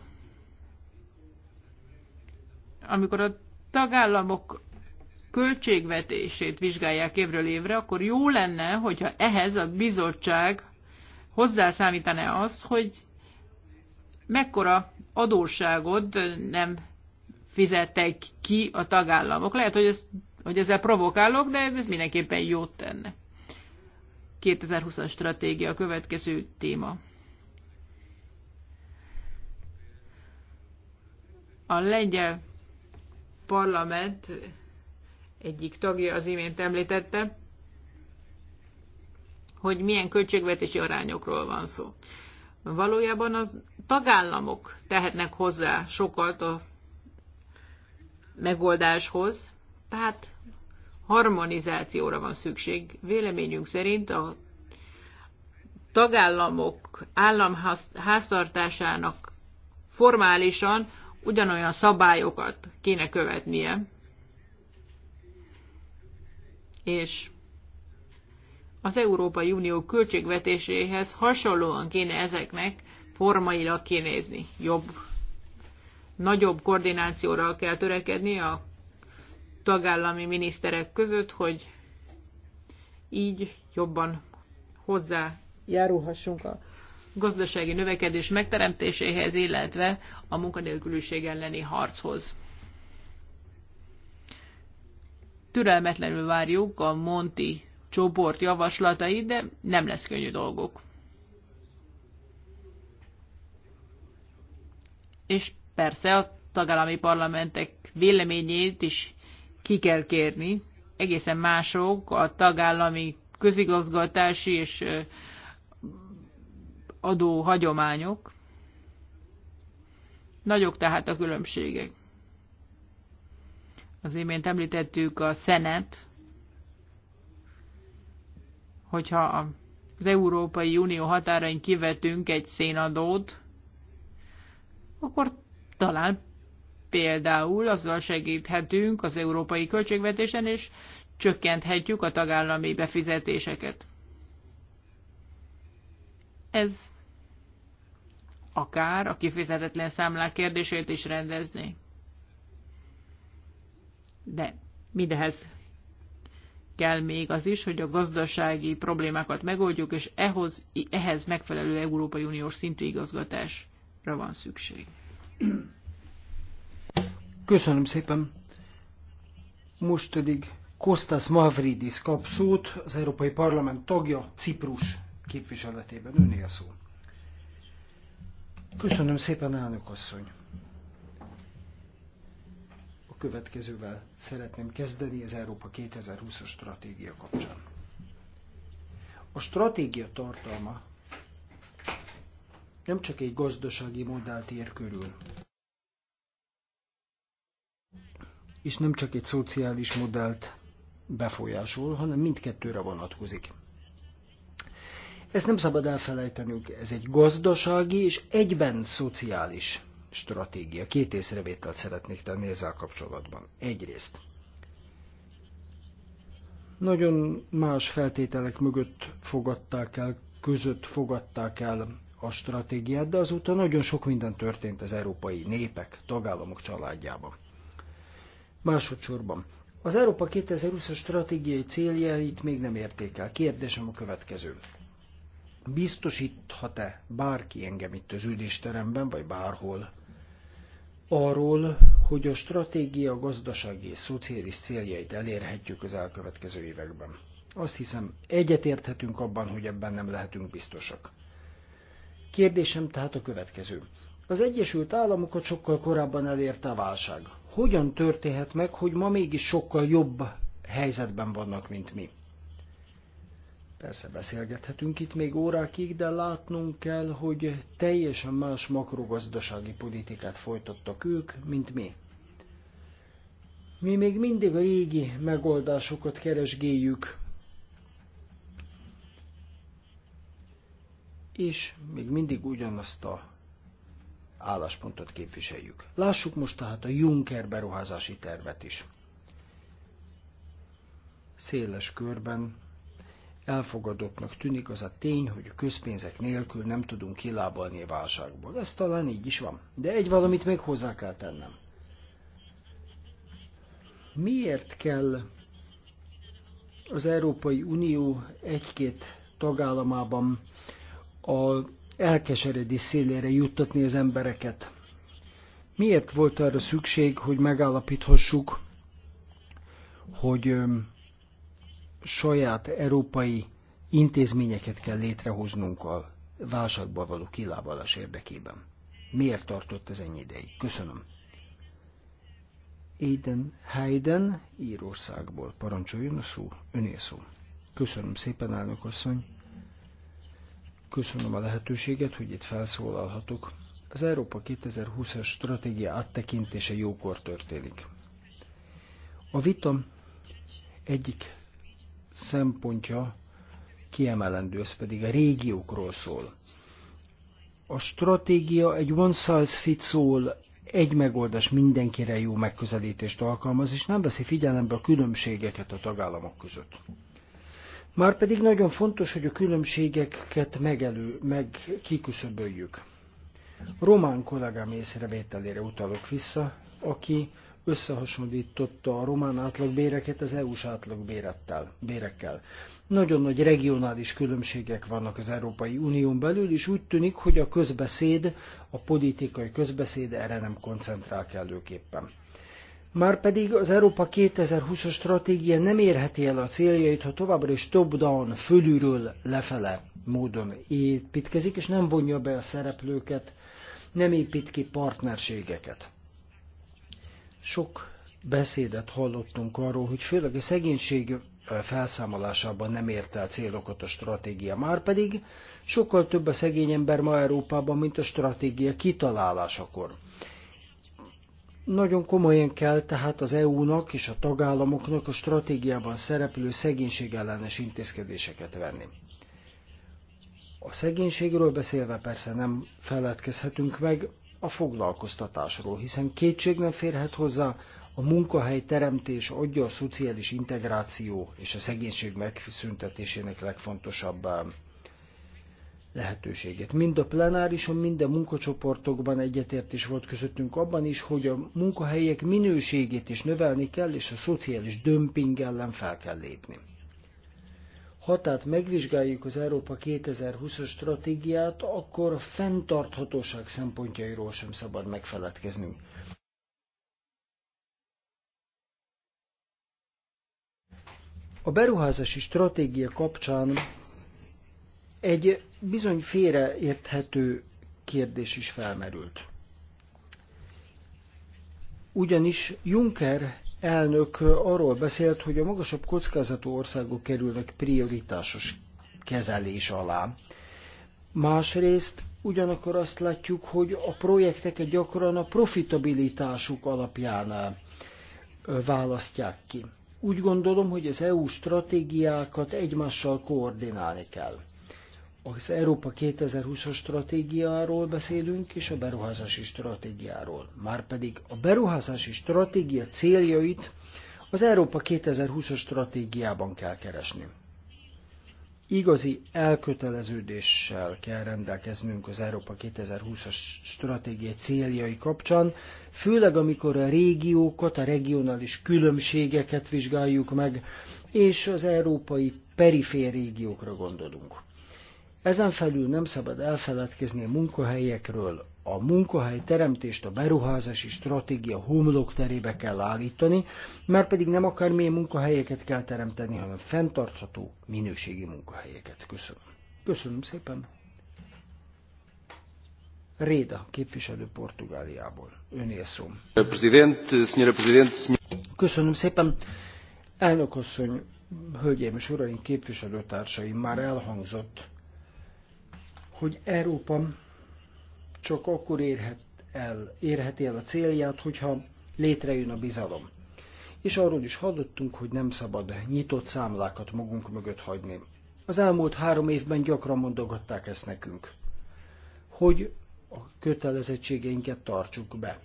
Speaker 2: Amikor a tagállamok költségvetését vizsgálják évről évre, akkor jó lenne, hogyha ehhez a bizottság hozzászámítaná azt, hogy mekkora adósságot nem fizettek ki a tagállamok. Lehet, hogy, ez, hogy ezzel provokálok, de ez mindenképpen jót tenne. 2020-as stratégia a következő téma. A lengyel parlament egyik tagja az imént említette, hogy milyen költségvetési arányokról van szó. Valójában az tagállamok tehetnek hozzá sokat a megoldáshoz, tehát harmonizációra van szükség. Véleményünk szerint a tagállamok államháztartásának formálisan ugyanolyan szabályokat kéne követnie, és az Európai Unió költségvetéséhez hasonlóan kéne ezeknek formailag kinézni. Jobb, nagyobb koordinációra kell törekedni a tagállami miniszterek között, hogy így jobban hozzájárulhassunk a gazdasági növekedés megteremtéséhez, illetve a munkanélküliség elleni harchoz. Türelmetlenül várjuk a Monti csoport javaslatait, de nem lesz könnyű dolgok. És persze a tagállami parlamentek véleményét is ki kell kérni. Egészen mások a tagállami közigazgatási és adó hagyományok. Nagyok tehát a különbségek. Az imént említettük a szenet, hogyha az Európai Unió határain kivetünk egy szénadót, akkor talán például azzal segíthetünk az európai költségvetésen, és csökkenthetjük a tagállami befizetéseket. Ez akár a kifizetetlen számlák kérdését is rendezni de mindehez kell még az is, hogy a gazdasági problémákat megoldjuk, és ehhoz, ehhez megfelelő Európai Uniós szintű igazgatásra van szükség.
Speaker 1: Köszönöm szépen. Most pedig Kostas Mavridis kap szót, az Európai Parlament tagja Ciprus képviseletében. Önnél szó. Köszönöm szépen, elnök asszony következővel szeretném kezdeni az Európa 2020-as stratégia kapcsán. A stratégia tartalma nem csak egy gazdasági modellt ér körül, és nem csak egy szociális modellt befolyásol, hanem mindkettőre vonatkozik. Ezt nem szabad elfelejtenünk, ez egy gazdasági és egyben szociális stratégia. Két észrevételt szeretnék tenni ezzel kapcsolatban. Egyrészt, nagyon más feltételek mögött fogadták el, között fogadták el a stratégiát, de azóta nagyon sok minden történt az európai népek, tagállamok családjában. Másodszorban, az Európa 2020-as stratégiai céljait még nem érték el. Kérdésem a következő. Biztosíthat-e bárki engem itt az ülésteremben, vagy bárhol arról, hogy a stratégia gazdasági és szociális céljait elérhetjük az elkövetkező években. Azt hiszem, egyetérthetünk abban, hogy ebben nem lehetünk biztosak. Kérdésem tehát a következő. Az Egyesült Államokat sokkal korábban elérte a válság. Hogyan történhet meg, hogy ma mégis sokkal jobb helyzetben vannak, mint mi? Persze beszélgethetünk itt még órákig, de látnunk kell, hogy teljesen más makrogazdasági politikát folytattak ők, mint mi. Mi még mindig a régi megoldásokat keresgéljük, és még mindig ugyanazt a álláspontot képviseljük. Lássuk most tehát a Juncker beruházási tervet is. Széles körben elfogadottnak tűnik az a tény, hogy a közpénzek nélkül nem tudunk kilábalni a válságból. Ez talán így is van. De egy valamit még hozzá kell tennem. Miért kell az Európai Unió egy-két tagállamában a elkeseredés szélére juttatni az embereket? Miért volt arra szükség, hogy megállapíthassuk, hogy saját európai intézményeket kell létrehoznunk a válságba való kilábalás érdekében. Miért tartott ez ennyi ideig? Köszönöm. Aiden Hayden Írországból parancsoljon a szó, öné szó. Köszönöm szépen, elnök asszony. Köszönöm a lehetőséget, hogy itt felszólalhatok. Az Európa 2020-as stratégia áttekintése jókor történik. A vita egyik szempontja kiemelendő, ez pedig a régiókról szól. A stratégia egy one size fits all, egy megoldás mindenkire jó megközelítést alkalmaz, és nem veszi figyelembe a különbségeket a tagállamok között. Márpedig nagyon fontos, hogy a különbségeket megelő, meg kiküszöböljük. Román kollégám észrevételére utalok vissza, aki összehasonlította a román átlagbéreket az EU-s átlagbérettel, bérekkel. Nagyon nagy regionális különbségek vannak az Európai Unión belül, és úgy tűnik, hogy a közbeszéd, a politikai közbeszéd erre nem koncentrál kellőképpen. Márpedig az Európa 2020-as stratégia nem érheti el a céljait, ha továbbra is top-down, fölülről lefele módon építkezik, és nem vonja be a szereplőket, nem épít ki partnerségeket. Sok beszédet hallottunk arról, hogy főleg a szegénység felszámolásában nem érte el célokat a stratégia. Márpedig sokkal több a szegény ember ma Európában, mint a stratégia kitalálásakor. Nagyon komolyan kell tehát az EU-nak és a tagállamoknak a stratégiában szereplő szegénység ellenes intézkedéseket venni. A szegénységről beszélve persze nem feledkezhetünk meg a foglalkoztatásról, hiszen kétség nem férhet hozzá, a munkahely teremtés adja a szociális integráció és a szegénység megszüntetésének legfontosabb eh, lehetőségét. Mind a plenárison, mind a munkacsoportokban egyetértés volt közöttünk abban is, hogy a munkahelyek minőségét is növelni kell, és a szociális dömping ellen fel kell lépni. Ha tehát megvizsgáljuk az Európa 2020-as stratégiát, akkor a fenntarthatóság szempontjairól sem szabad megfeledkeznünk. A beruházási stratégia kapcsán egy bizony félreérthető kérdés is felmerült. Ugyanis Juncker elnök arról beszélt, hogy a magasabb kockázatú országok kerülnek prioritásos kezelés alá. Másrészt ugyanakkor azt látjuk, hogy a projekteket gyakran a profitabilitásuk alapján választják ki. Úgy gondolom, hogy az EU stratégiákat egymással koordinálni kell az Európa 2020-as stratégiáról beszélünk, és a beruházási stratégiáról. Márpedig a beruházási stratégia céljait az Európa 2020-as stratégiában kell keresni. Igazi elköteleződéssel kell rendelkeznünk az Európa 2020-as stratégia céljai kapcsán, főleg amikor a régiókat, a regionális különbségeket vizsgáljuk meg, és az európai perifér régiókra gondolunk. Ezen felül nem szabad elfeledkezni a munkahelyekről. A munkahely teremtést a beruházási stratégia homlok terébe kell állítani, mert pedig nem akármilyen munkahelyeket kell teremteni, hanem fenntartható, minőségi munkahelyeket. Köszönöm. Köszönöm szépen. Réda, képviselő
Speaker 3: Portugáliából. Önél szó. Köszönöm szépen.
Speaker 1: Elnök asszony, hölgyeim és uraim, képviselőtársaim, már elhangzott hogy Európa csak akkor érhet el, érheti el a célját, hogyha létrejön a bizalom. És arról is hallottunk, hogy nem szabad nyitott számlákat magunk mögött hagyni. Az elmúlt három évben gyakran mondogatták ezt nekünk, hogy a kötelezettségeinket tartsuk be.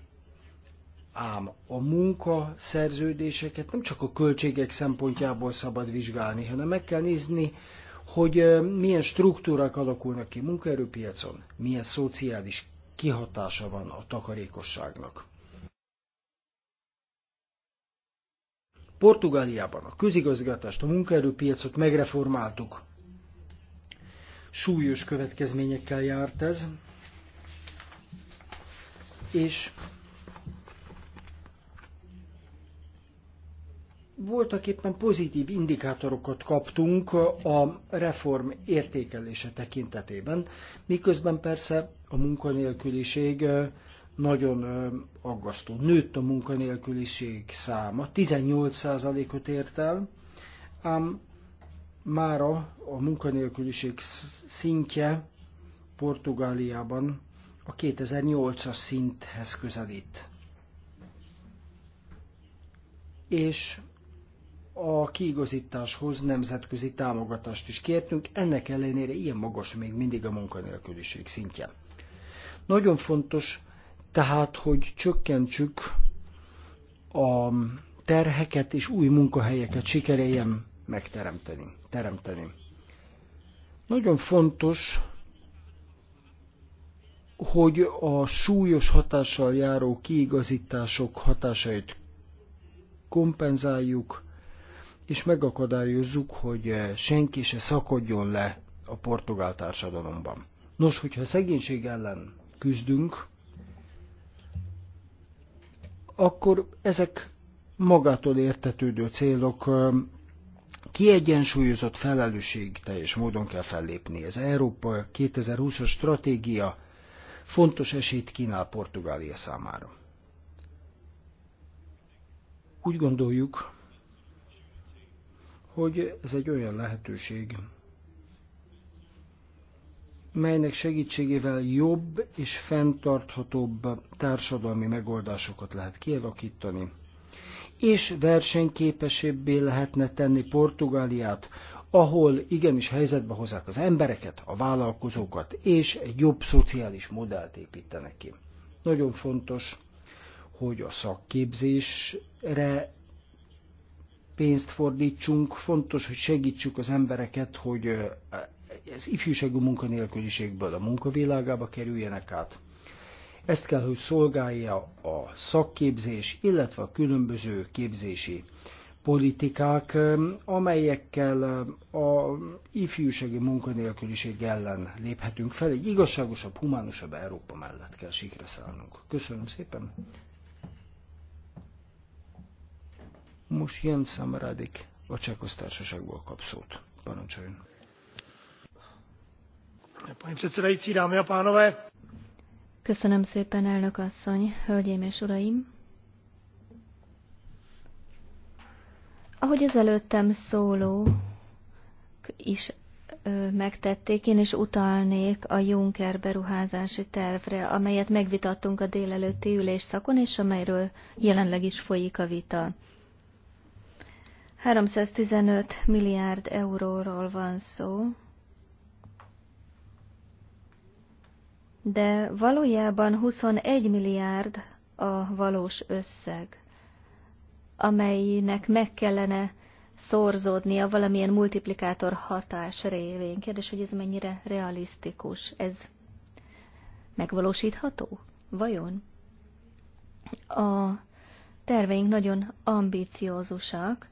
Speaker 1: Ám a munka szerződéseket nem csak a költségek szempontjából szabad vizsgálni, hanem meg kell nézni, hogy milyen struktúrák alakulnak ki munkaerőpiacon, milyen szociális kihatása van a takarékosságnak. Portugáliában a közigazgatást, a munkaerőpiacot megreformáltuk. Súlyos következményekkel járt ez, és voltak éppen pozitív indikátorokat kaptunk a reform értékelése tekintetében, miközben persze a munkanélküliség nagyon aggasztó. Nőtt a munkanélküliség száma, 18%-ot ért el, ám mára a munkanélküliség szintje Portugáliában a 2008-as szinthez közelít. És a kiigazításhoz nemzetközi támogatást is kértünk, ennek ellenére ilyen magas még mindig a munkanélküliség szintje. Nagyon fontos tehát, hogy csökkentsük a terheket és új munkahelyeket sikereljen megteremteni. Teremteni. Nagyon fontos, hogy a súlyos hatással járó kiigazítások hatásait kompenzáljuk, és megakadályozzuk, hogy eh, senki se szakadjon le a portugál társadalomban. Nos, hogyha szegénység ellen küzdünk, akkor ezek magától értetődő célok eh, kiegyensúlyozott felelősség teljes módon kell fellépni. Az Európa 2020-as stratégia fontos esélyt kínál Portugália számára. Úgy gondoljuk, hogy ez egy olyan lehetőség, melynek segítségével jobb és fenntarthatóbb társadalmi megoldásokat lehet kialakítani, és versenyképesebbé lehetne tenni Portugáliát, ahol igenis helyzetbe hozzák az embereket, a vállalkozókat, és egy jobb szociális modellt építenek ki. Nagyon fontos, hogy a szakképzésre pénzt fordítsunk, fontos, hogy segítsük az embereket, hogy az ifjúságú munkanélküliségből a munkavilágába kerüljenek át. Ezt kell, hogy szolgálja a szakképzés, illetve a különböző képzési politikák, amelyekkel a ifjúsági munkanélküliség ellen léphetünk fel. Egy igazságosabb, humánusabb Európa mellett kell sikre szállnunk. Köszönöm szépen! Most Jens Samaradik a Csehkosztársaságból kap szót. Parancsoljon.
Speaker 4: Köszönöm szépen, elnök asszony, hölgyeim és uraim. Ahogy az előttem szóló is ö, megtették, én is utalnék a Juncker beruházási tervre, amelyet megvitattunk a délelőtti ülésszakon, és amelyről jelenleg is folyik a vita. 315 milliárd euróról van szó, de valójában 21 milliárd a valós összeg, amelynek meg kellene szorzódnia valamilyen multiplikátor hatás révén. Kérdés, hogy ez mennyire realisztikus, ez megvalósítható? Vajon? A terveink nagyon ambíciózusak,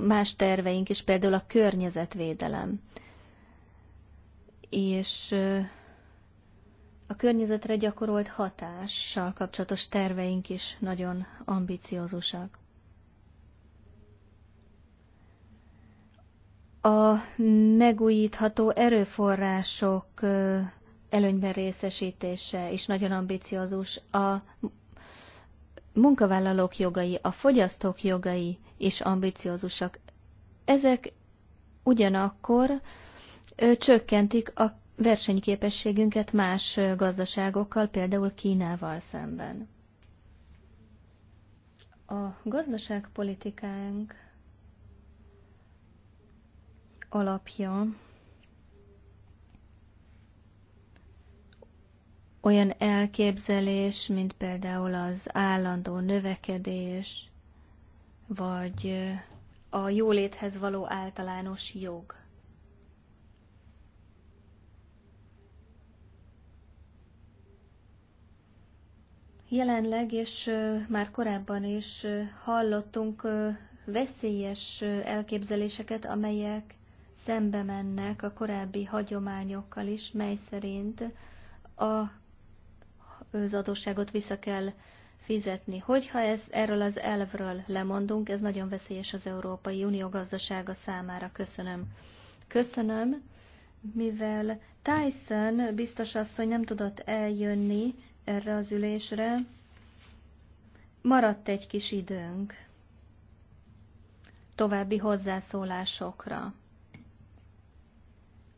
Speaker 4: más terveink is, például a környezetvédelem. És a környezetre gyakorolt hatással kapcsolatos terveink is nagyon ambiciózusak. A megújítható erőforrások előnyben részesítése is nagyon ambiciózus. A munkavállalók jogai, a fogyasztók jogai is ambiciózusak. Ezek ugyanakkor csökkentik a versenyképességünket más gazdaságokkal, például Kínával szemben. A gazdaságpolitikánk alapja olyan elképzelés, mint például az állandó növekedés, vagy a jóléthez való általános jog. Jelenleg és már korábban is hallottunk veszélyes elképzeléseket, amelyek szembe mennek a korábbi hagyományokkal is, mely szerint a az adósságot vissza kell fizetni. Hogyha ez, erről az elvről lemondunk, ez nagyon veszélyes az Európai Unió gazdasága számára. Köszönöm. Köszönöm, mivel Tyson biztos asszony nem tudott eljönni erre az ülésre, maradt egy kis időnk további hozzászólásokra.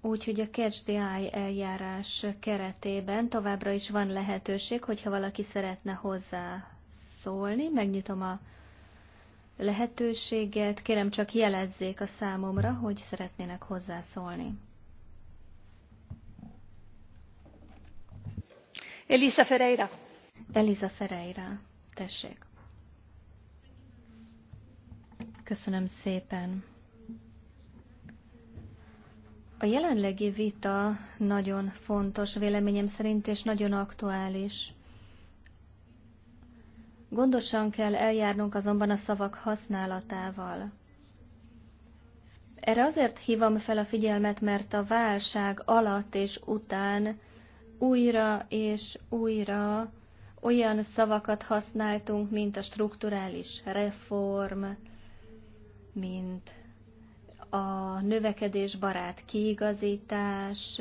Speaker 4: Úgyhogy a Catch the Eye eljárás keretében továbbra is van lehetőség, hogyha valaki szeretne hozzá szólni. Megnyitom a lehetőséget. Kérem csak jelezzék a számomra, hogy szeretnének hozzászólni. Elisa Ferreira. Elisa Ferreira, tessék. Köszönöm szépen. A jelenlegi vita nagyon fontos véleményem szerint, és nagyon aktuális. Gondosan kell eljárnunk azonban a szavak használatával. Erre azért hívom fel a figyelmet, mert a válság alatt és után újra és újra olyan szavakat használtunk, mint a strukturális reform, mint a növekedés barát kiigazítás,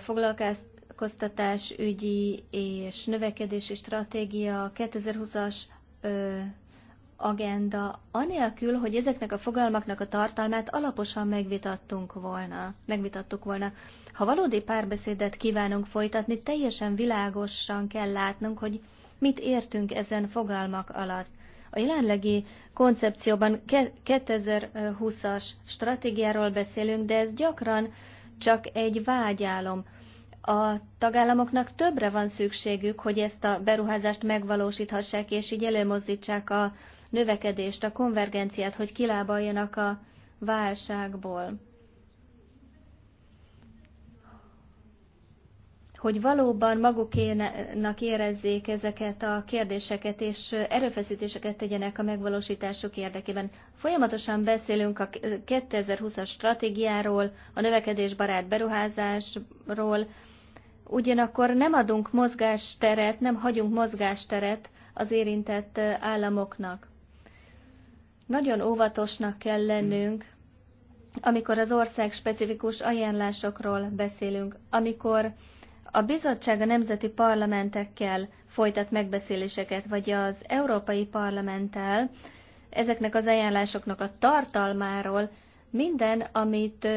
Speaker 4: foglalkoztatás ügyi és növekedési stratégia, 2020-as agenda, anélkül, hogy ezeknek a fogalmaknak a tartalmát alaposan megvitattunk volna, megvitattuk volna. Ha valódi párbeszédet kívánunk folytatni, teljesen világosan kell látnunk, hogy mit értünk ezen fogalmak alatt. A jelenlegi koncepcióban 2020-as stratégiáról beszélünk, de ez gyakran csak egy vágyálom. A tagállamoknak többre van szükségük, hogy ezt a beruházást megvalósíthassák, és így előmozdítsák a növekedést, a konvergenciát, hogy kilábaljanak a válságból. hogy valóban magukénak érezzék ezeket a kérdéseket, és erőfeszítéseket tegyenek a megvalósítások érdekében. Folyamatosan beszélünk a 2020-as stratégiáról, a növekedésbarát beruházásról, ugyanakkor nem adunk mozgásteret, nem hagyunk mozgásteret az érintett államoknak. Nagyon óvatosnak kell lennünk, amikor az ország specifikus ajánlásokról beszélünk, amikor a bizottság a nemzeti parlamentekkel folytat megbeszéléseket, vagy az Európai Parlamenttel ezeknek az ajánlásoknak a tartalmáról minden, amit,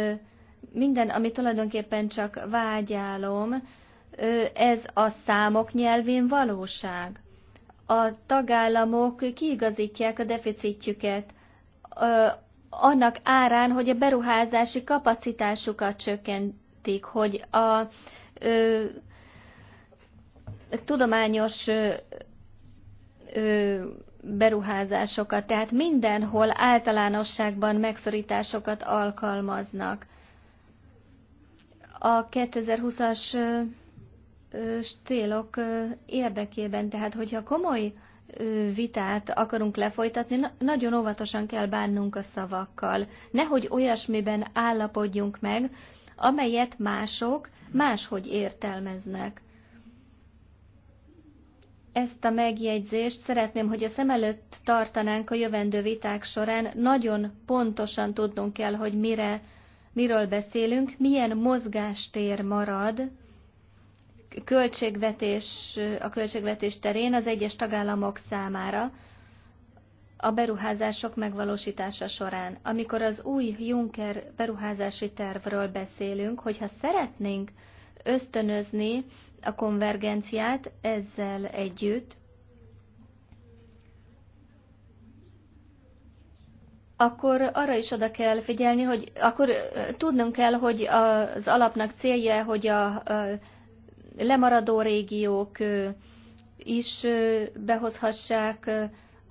Speaker 4: minden, amit tulajdonképpen csak vágyálom, ez a számok nyelvén valóság. A tagállamok kiigazítják a deficitjüket annak árán, hogy a beruházási kapacitásukat csökkentik, hogy a tudományos beruházásokat, tehát mindenhol általánosságban megszorításokat alkalmaznak. A 2020-as célok érdekében, tehát hogyha komoly vitát akarunk lefolytatni, nagyon óvatosan kell bánnunk a szavakkal. Nehogy olyasmiben állapodjunk meg, amelyet mások máshogy értelmeznek. Ezt a megjegyzést szeretném, hogy a szem előtt tartanánk a jövendő viták során. Nagyon pontosan tudnunk kell, hogy mire, miről beszélünk, milyen mozgástér marad költségvetés, a költségvetés terén az egyes tagállamok számára a beruházások megvalósítása során. Amikor az új Juncker beruházási tervről beszélünk, hogyha szeretnénk ösztönözni a konvergenciát ezzel együtt, akkor arra is oda kell figyelni, hogy akkor tudnunk kell, hogy az alapnak célja, hogy a lemaradó régiók is behozhassák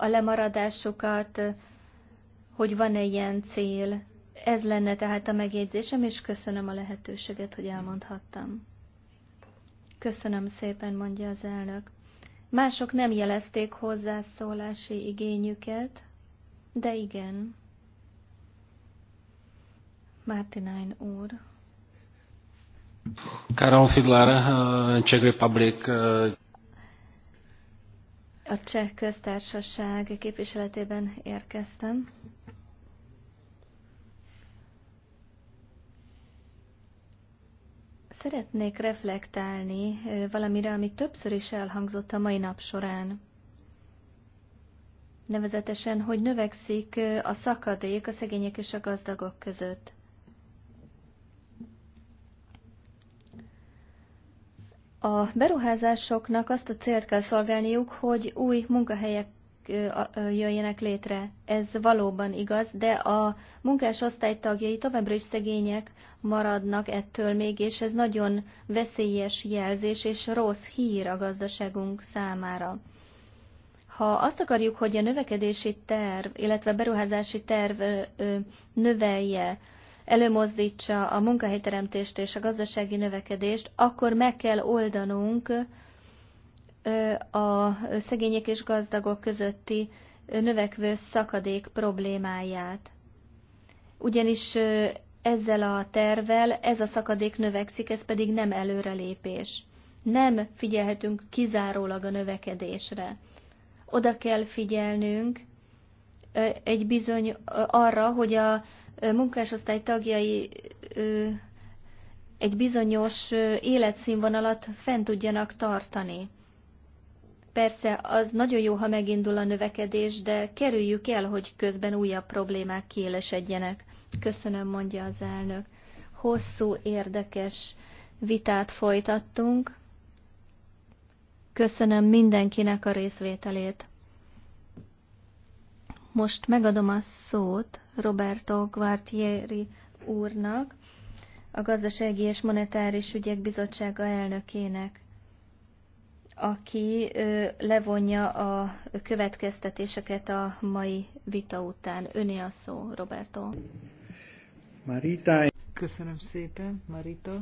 Speaker 4: a lemaradásokat, hogy van-e ilyen cél. Ez lenne tehát a megjegyzésem, és köszönöm a lehetőséget, hogy elmondhattam. Köszönöm szépen, mondja az elnök. Mások nem jelezték hozzászólási igényüket, de igen. Mártinány úr.
Speaker 1: Karol Fidler, Czech Republic
Speaker 4: a Cseh köztársaság képviseletében érkeztem. Szeretnék reflektálni valamire, ami többször is elhangzott a mai nap során. Nevezetesen, hogy növekszik a szakadék a szegények és a gazdagok között. A beruházásoknak azt a célt kell szolgálniuk, hogy új munkahelyek jöjjenek létre. Ez valóban igaz, de a munkás osztály tagjai továbbra is szegények maradnak ettől még, és ez nagyon veszélyes jelzés és rossz hír a gazdaságunk számára. Ha azt akarjuk, hogy a növekedési terv, illetve beruházási terv növelje előmozdítsa a munkahelyteremtést és a gazdasági növekedést, akkor meg kell oldanunk a szegények és gazdagok közötti növekvő szakadék problémáját. Ugyanis ezzel a tervel ez a szakadék növekszik, ez pedig nem előrelépés. Nem figyelhetünk kizárólag a növekedésre. Oda kell figyelnünk egy bizony arra, hogy a munkásosztály tagjai egy bizonyos életszínvonalat fent tudjanak tartani. Persze az nagyon jó, ha megindul a növekedés, de kerüljük el, hogy közben újabb problémák kiélesedjenek. Köszönöm, mondja az elnök. Hosszú, érdekes vitát folytattunk. Köszönöm mindenkinek a részvételét. Most megadom a szót Roberto Guartieri úrnak, a Gazdasági és Monetáris Ügyek Bizottsága elnökének, aki levonja a következtetéseket a mai vita után. Öné a szó, Roberto.
Speaker 1: Marita. Köszönöm
Speaker 2: szépen, Marita.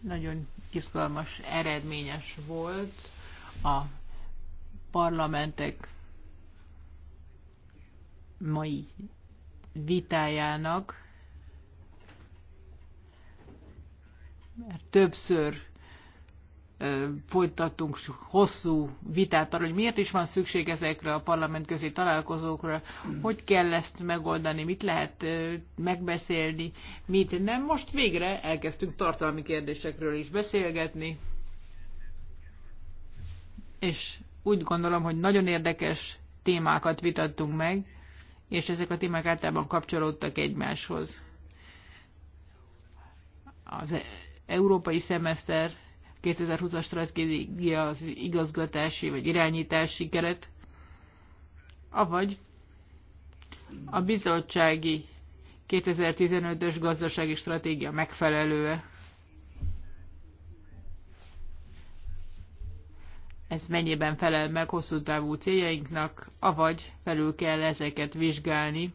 Speaker 2: Nagyon izgalmas, eredményes volt a parlamentek mai vitájának, mert többször folytattunk hosszú vitát arra, hogy miért is van szükség ezekre a parlamentközi találkozókra, hogy kell ezt megoldani, mit lehet megbeszélni, mit nem. Most végre elkezdtünk tartalmi kérdésekről is beszélgetni, és úgy gondolom, hogy nagyon érdekes témákat vitattunk meg, és ezek a témák általában kapcsolódtak egymáshoz. Az e- európai szemeszter 2020-as stratégia az igazgatási vagy irányítási keret, avagy a bizottsági 2015-ös gazdasági stratégia megfelelőe. ez mennyiben felel meg hosszú távú céljainknak, avagy felül kell ezeket vizsgálni,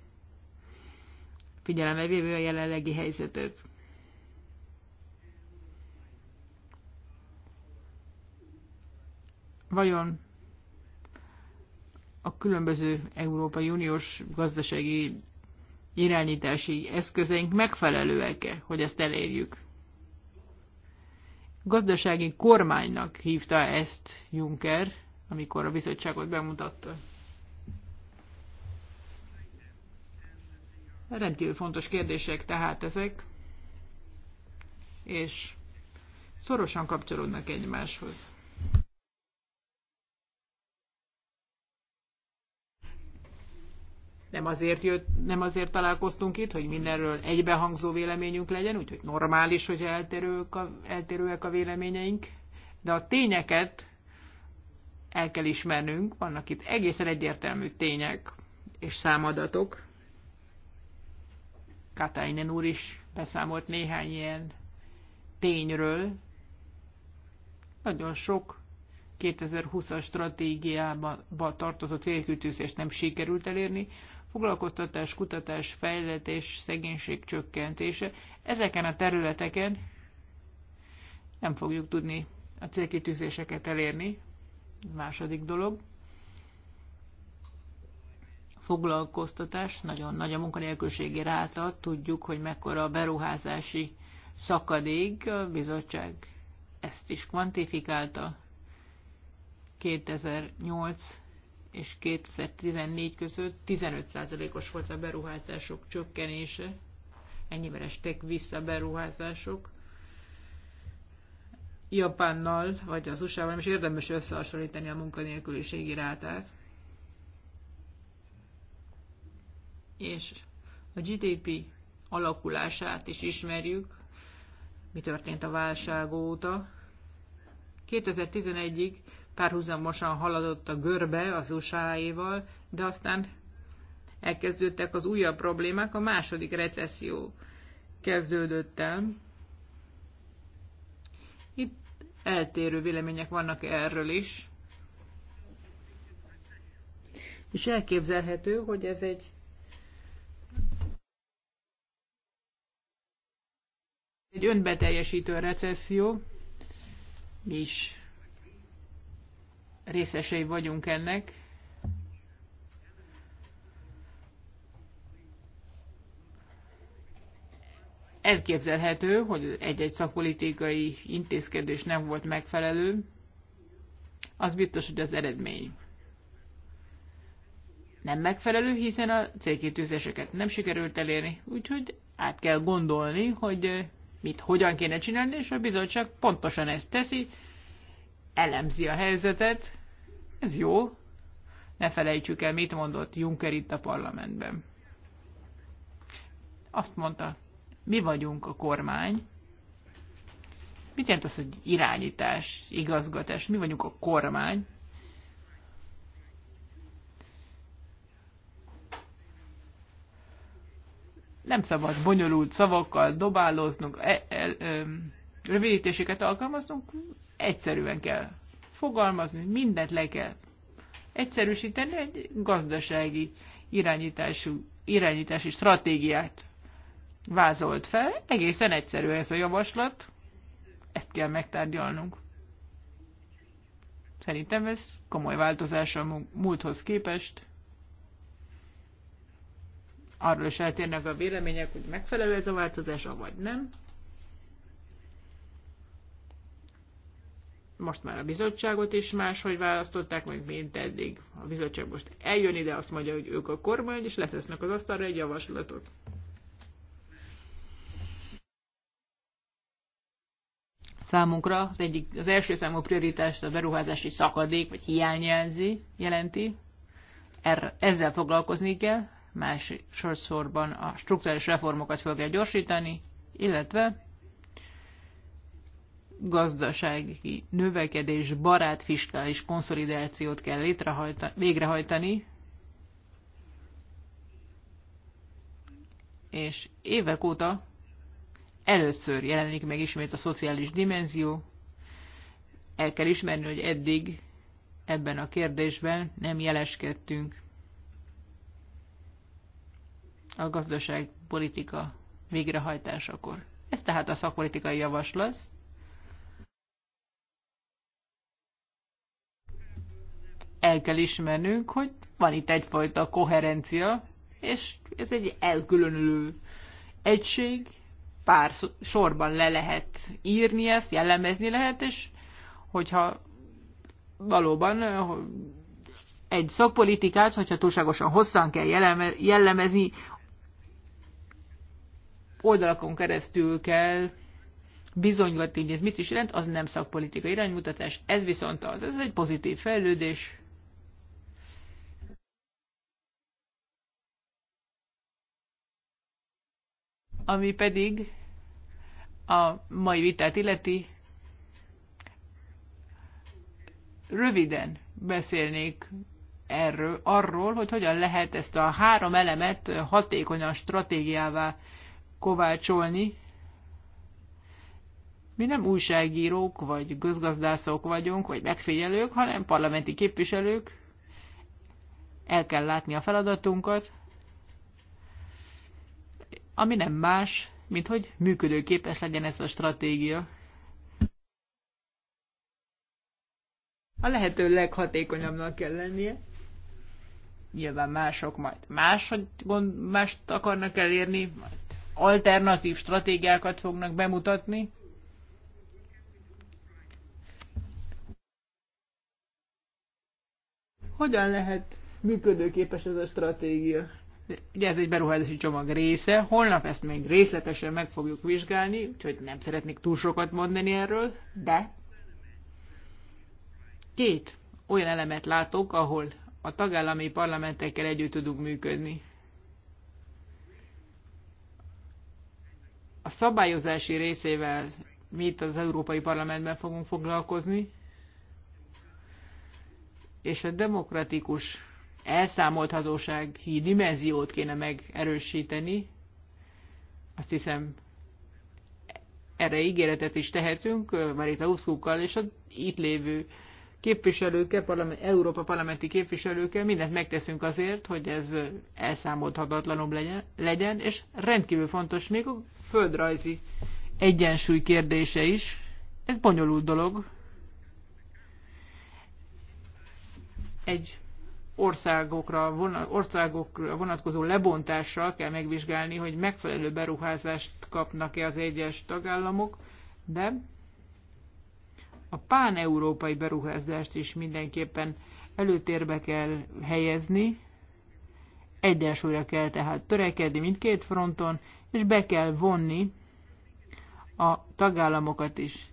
Speaker 2: figyelembe véve a jelenlegi helyzetet. Vajon a különböző Európai Uniós gazdasági irányítási eszközeink megfelelőek-e, hogy ezt elérjük? gazdasági kormánynak hívta ezt Juncker, amikor a bizottságot bemutatta. Rendkívül fontos kérdések tehát ezek, és szorosan kapcsolódnak egymáshoz. nem azért, jött, nem azért találkoztunk itt, hogy mindenről egybehangzó véleményünk legyen, úgyhogy normális, hogy eltérőek a, eltérőek a véleményeink, de a tényeket el kell ismernünk, vannak itt egészen egyértelmű tények és számadatok. Katainen úr is beszámolt néhány ilyen tényről. Nagyon sok 2020-as stratégiába tartozó célkütőzést nem sikerült elérni foglalkoztatás, kutatás, fejletés, szegénység csökkentése. Ezeken a területeken nem fogjuk tudni a célkitűzéseket elérni. Második dolog. Foglalkoztatás, nagyon nagy a munkanélküliségi ráta, tudjuk, hogy mekkora a beruházási szakadék, a bizottság ezt is kvantifikálta. 2008 és 2014 között 15%-os volt a beruházások csökkenése, ennyivel estek vissza beruházások. Japánnal, vagy az usa is érdemes összehasonlítani a munkanélküliségi rátát. És a GDP alakulását is ismerjük, mi történt a válság óta. 2011-ig párhuzamosan haladott a görbe az usa de aztán elkezdődtek az újabb problémák, a második recesszió kezdődött el. Itt eltérő vélemények vannak erről is. És elképzelhető, hogy ez egy egy önbeteljesítő recesszió is részesei vagyunk ennek. Elképzelhető, hogy egy-egy szakpolitikai intézkedés nem volt megfelelő, az biztos, hogy az eredmény nem megfelelő, hiszen a célkitűzéseket nem sikerült elérni. Úgyhogy át kell gondolni, hogy mit hogyan kéne csinálni, és a bizottság pontosan ezt teszi, elemzi a helyzetet, ez jó. Ne felejtsük el, mit mondott Juncker itt a parlamentben. Azt mondta, mi vagyunk a kormány. Mit jelent az, hogy irányítás, igazgatás? Mi vagyunk a kormány. Nem szabad bonyolult szavakkal dobáloznunk, e, e, e, rövidítéseket alkalmaznunk, egyszerűen kell fogalmazni, mindent le kell egyszerűsíteni egy gazdasági irányítású, irányítási stratégiát vázolt fel. Egészen egyszerű ez a javaslat, ezt kell megtárgyalnunk. Szerintem ez komoly változás a múlthoz képest. Arról is eltérnek a vélemények, hogy megfelelő ez a változás, vagy nem. most már a bizottságot is máshogy választották meg, mint eddig. A bizottság most eljön ide, azt mondja, hogy ők a kormány, és letesznek az asztalra egy javaslatot. Számunkra az, egyik, az első számú prioritást a beruházási szakadék, vagy hiány jelzi, jelenti. Erre, ezzel foglalkozni kell, más sorszorban a struktúrális reformokat fel kell gyorsítani, illetve gazdasági növekedés barát fiskális konszolidációt kell végrehajtani, és évek óta először jelenik meg ismét a szociális dimenzió. El kell ismerni, hogy eddig ebben a kérdésben nem jeleskedtünk a gazdaságpolitika végrehajtásakor. Ez tehát a szakpolitikai javaslat, el kell ismernünk, hogy van itt egyfajta koherencia, és ez egy elkülönülő egység, pár sorban le lehet írni ezt, jellemezni lehet, és hogyha valóban egy szakpolitikát, hogyha túlságosan hosszan kell jellemezni, oldalakon keresztül kell bizonygatni, hogy ez mit is jelent, az nem szakpolitikai iránymutatás, ez viszont az, ez egy pozitív fejlődés, Ami pedig a mai vitát illeti, röviden beszélnék erről, arról, hogy hogyan lehet ezt a három elemet hatékonyan stratégiává kovácsolni. Mi nem újságírók, vagy közgazdászok vagyunk, vagy megfigyelők, hanem parlamenti képviselők. El kell látni a feladatunkat, ami nem más, mint hogy működőképes legyen ez a stratégia. A lehető leghatékonyabbnak kell lennie. Nyilván mások majd más, gond, mást akarnak elérni, majd alternatív stratégiákat fognak bemutatni. Hogyan lehet működőképes ez a stratégia? Ugye ez egy beruházási csomag része, holnap ezt még részletesen meg fogjuk vizsgálni, úgyhogy nem szeretnék túl sokat mondani erről, de két olyan elemet látok, ahol a tagállami parlamentekkel együtt tudunk működni. A szabályozási részével mi itt az Európai Parlamentben fogunk foglalkozni, és a demokratikus elszámolthatósági dimenziót kéne megerősíteni. Azt hiszem, erre ígéretet is tehetünk itt a Uszkókkal és az itt lévő képviselőkkel, parlament, Európa parlamenti képviselőkkel mindent megteszünk azért, hogy ez elszámolthatatlanabb legyen, legyen, és rendkívül fontos még a földrajzi egyensúly kérdése is. Ez bonyolult dolog. Egy országokra, országokra vonatkozó lebontással kell megvizsgálni, hogy megfelelő beruházást kapnak-e az egyes tagállamok, de a pán-európai beruházást is mindenképpen előtérbe kell helyezni, egyensúlyra kell tehát törekedni mindkét fronton, és be kell vonni a tagállamokat is.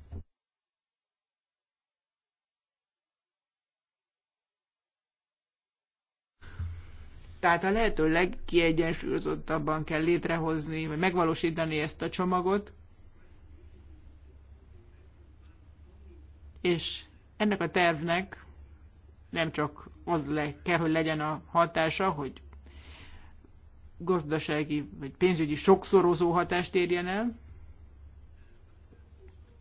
Speaker 2: Tehát a lehető legkiegyensúlyozottabban kell létrehozni, vagy megvalósítani ezt a csomagot, és ennek a tervnek nem csak az le, kell, hogy legyen a hatása, hogy gazdasági vagy pénzügyi sokszorozó hatást érjen el,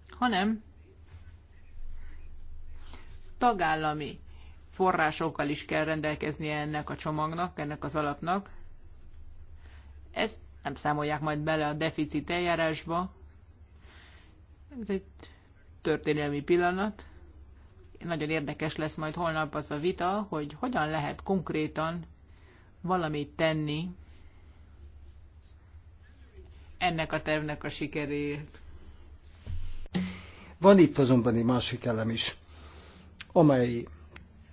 Speaker 2: hanem tagállami forrásokkal is kell rendelkeznie ennek a csomagnak, ennek az alapnak. Ezt nem számolják majd bele a deficit eljárásba. Ez egy történelmi pillanat. Nagyon érdekes lesz majd holnap az a vita, hogy hogyan lehet konkrétan valamit tenni ennek a tervnek a sikeréért.
Speaker 1: Van itt azonban egy másik elem is, amely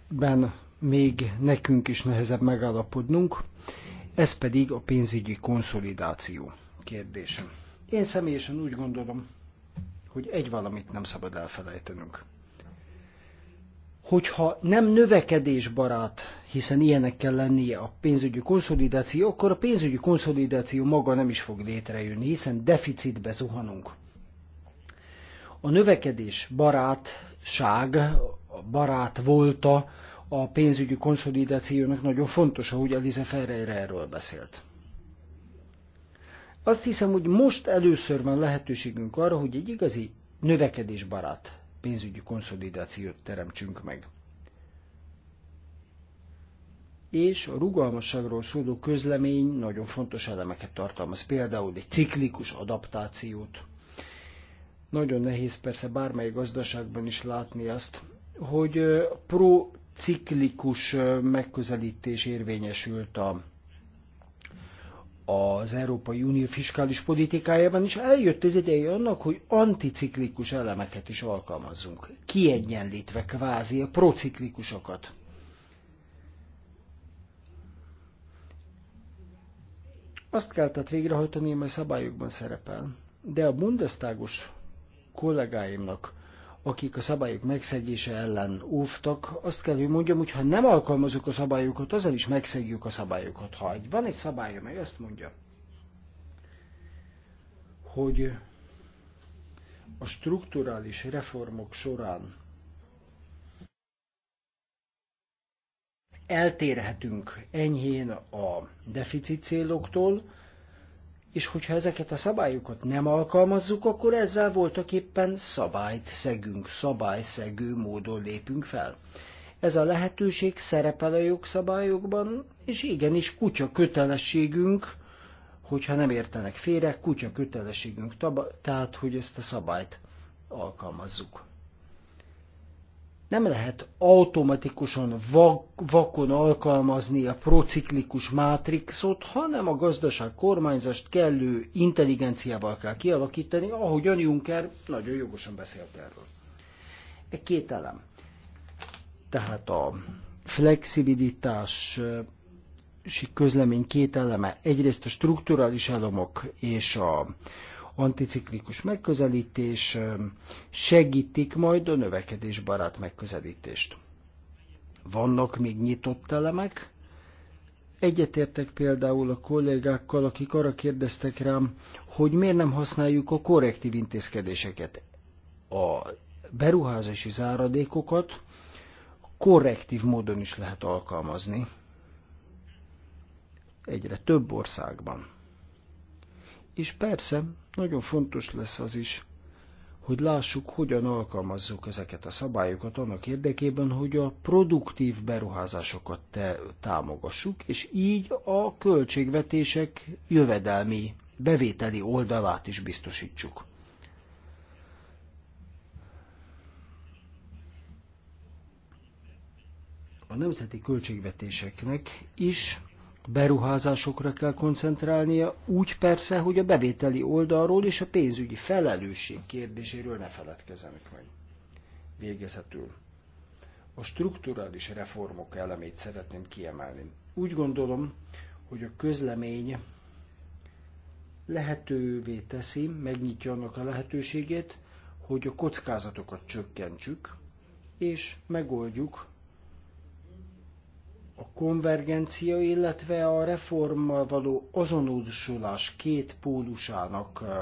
Speaker 1: ben még nekünk is nehezebb megállapodnunk, ez pedig a pénzügyi konszolidáció kérdése. Én személyesen úgy gondolom, hogy egy valamit nem szabad elfelejtenünk. Hogyha nem növekedésbarát, hiszen ilyenek kell lennie a pénzügyi konszolidáció, akkor a pénzügyi konszolidáció maga nem is fog létrejönni, hiszen deficitbe zuhanunk. A növekedés barátság barát volta a pénzügyi konszolidációnak nagyon fontos, ahogy Elize Ferreira erről beszélt. Azt hiszem, hogy most először van lehetőségünk arra, hogy egy igazi növekedésbarát pénzügyi konszolidációt teremtsünk meg. És a rugalmasságról szóló közlemény nagyon fontos elemeket tartalmaz, például egy ciklikus adaptációt. Nagyon nehéz persze bármely gazdaságban is látni azt, hogy prociklikus megközelítés érvényesült a az Európai Unió fiskális politikájában is eljött az ideje annak, hogy anticiklikus elemeket is alkalmazzunk, kiegyenlítve kvázi a prociklikusokat. Azt kell tehát végrehajtani, mert szabályokban szerepel, de a bundesztágos kollégáimnak akik a szabályok megszegése ellen óvtak, azt kell, hogy mondjam, hogy ha nem alkalmazunk a szabályokat, azzal is megszegjük a szabályokat. Ha egy, van egy szabály, amely azt mondja, hogy a strukturális reformok során eltérhetünk enyhén a deficit céloktól, és hogyha ezeket a szabályokat nem alkalmazzuk, akkor ezzel voltak éppen szabályt szegünk, szabályszegő módon lépünk fel. Ez a lehetőség szerepel a jogszabályokban, és igenis kutya kötelességünk, hogyha nem értenek félre, kutya kötelességünk, tehát hogy ezt a szabályt alkalmazzuk nem lehet automatikusan vakon alkalmazni a prociklikus mátrixot, hanem a gazdaság kormányzást kellő intelligenciával kell kialakítani, ahogyan Juncker nagyon jogosan beszélt erről. E két elem. Tehát a flexibilitás eh, közlemény két eleme. Egyrészt a strukturális elemek és a anticiklikus megközelítés segítik majd a növekedésbarát megközelítést. Vannak még nyitott elemek? Egyetértek például a kollégákkal, akik arra kérdeztek rám, hogy miért nem használjuk a korrektív intézkedéseket, a beruházási záradékokat korrektív módon is lehet alkalmazni egyre több országban. És persze, nagyon fontos lesz az is, hogy lássuk, hogyan alkalmazzuk ezeket a szabályokat annak érdekében, hogy a produktív beruházásokat te, támogassuk, és így a költségvetések jövedelmi, bevételi oldalát is biztosítsuk. A nemzeti költségvetéseknek is beruházásokra kell koncentrálnia, úgy persze, hogy a bevételi oldalról és a pénzügyi felelősség kérdéséről ne feledkezzenek meg. Végezetül. A strukturális reformok elemét szeretném kiemelni. Úgy gondolom, hogy a közlemény lehetővé teszi, megnyitja annak a lehetőségét, hogy a kockázatokat csökkentsük, és megoldjuk a konvergencia, illetve a reformmal való azonosulás két pólusának eh,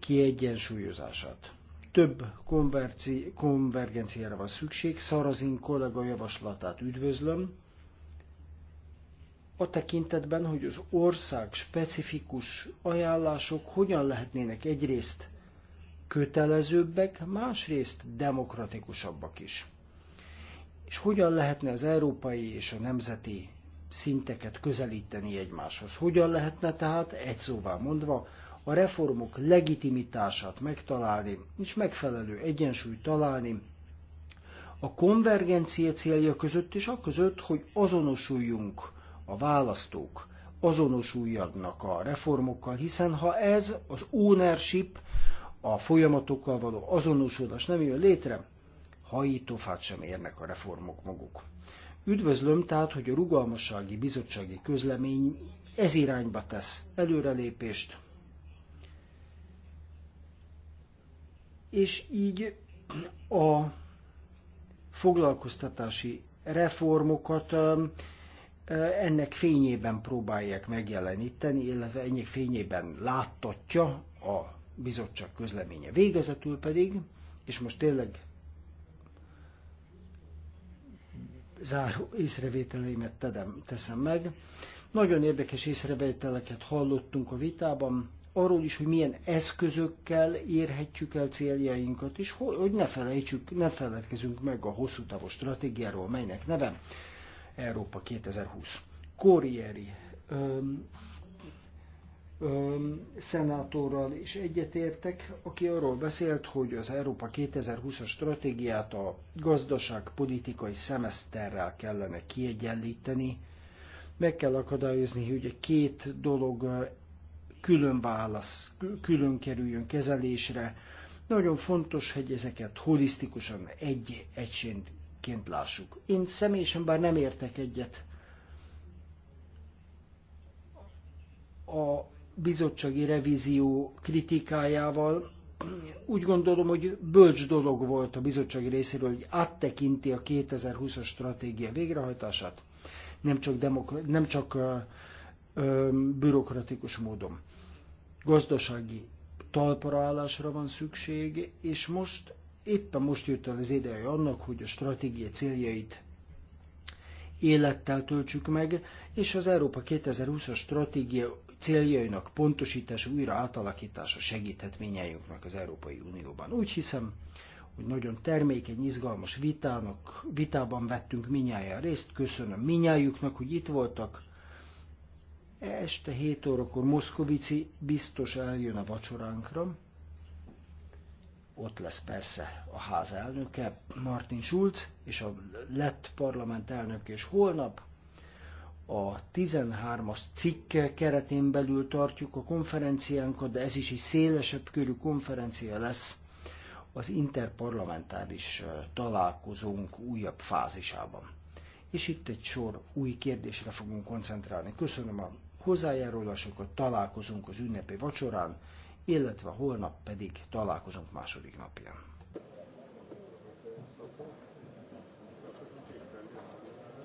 Speaker 1: kiegyensúlyozását. Több konverci, konvergenciára van szükség, Szarazin kollega javaslatát üdvözlöm, a tekintetben, hogy az ország specifikus ajánlások hogyan lehetnének egyrészt kötelezőbbek, másrészt demokratikusabbak is és hogyan lehetne az európai és a nemzeti szinteket közelíteni egymáshoz. Hogyan lehetne tehát, egy szóval mondva, a reformok legitimitását megtalálni, és megfelelő egyensúlyt találni a konvergencia célja között és a között, hogy azonosuljunk a választók, azonosuljanak a reformokkal, hiszen ha ez az ownership, a folyamatokkal való azonosulás nem jön létre, hajítófát sem érnek a reformok maguk. Üdvözlöm tehát, hogy a rugalmassági bizottsági közlemény ez irányba tesz előrelépést, és így a foglalkoztatási reformokat um, eh, ennek fényében próbálják megjeleníteni, illetve ennek fényében láttatja a bizottság közleménye. Végezetül pedig, és most tényleg záró észrevételeimet tedem, teszem meg. Nagyon érdekes észrevételeket hallottunk a vitában, arról is, hogy milyen eszközökkel érhetjük el céljainkat, és hogy ne felejtsük, ne feledkezünk meg a hosszú távú stratégiáról, melynek neve Európa 2020. Korieri szenátorral is egyetértek, aki arról beszélt, hogy az Európa 2020-as stratégiát a gazdaságpolitikai szemeszterrel kellene kiegyenlíteni. Meg kell akadályozni, hogy a két dolog külön válasz, külön kerüljön kezelésre. Nagyon fontos, hogy ezeket holisztikusan egy egységként lássuk. Én személyesen bár nem értek egyet a bizottsági revízió kritikájával. Úgy gondolom, hogy bölcs dolog volt a bizottság részéről, hogy áttekinti a 2020-as stratégia végrehajtását, nem csak, demokra- nem csak ö, ö, bürokratikus módon. Gazdasági talpraállásra van szükség, és most éppen most jött el az ideje annak, hogy a stratégia céljait élettel töltsük meg, és az Európa 2020-as stratégia céljainak pontosítása, újra átalakítása segíthet minnyájunknak az Európai Unióban. Úgy hiszem, hogy nagyon termékeny, izgalmas vitának, vitában vettünk minnyáján részt. Köszönöm minnyájuknak, hogy itt voltak. Este 7 órakor Moszkovici biztos eljön a vacsoránkra. Ott lesz persze a ház elnöke, Martin Schulz, és a lett parlament elnök, és holnap a 13-as cikk keretén belül tartjuk a konferenciánkat, de ez is egy szélesebb körű konferencia lesz az interparlamentáris találkozónk újabb fázisában. És itt egy sor új kérdésre fogunk koncentrálni. Köszönöm a hozzájárulásokat, találkozunk az ünnepi vacsorán, illetve holnap pedig találkozunk második napján.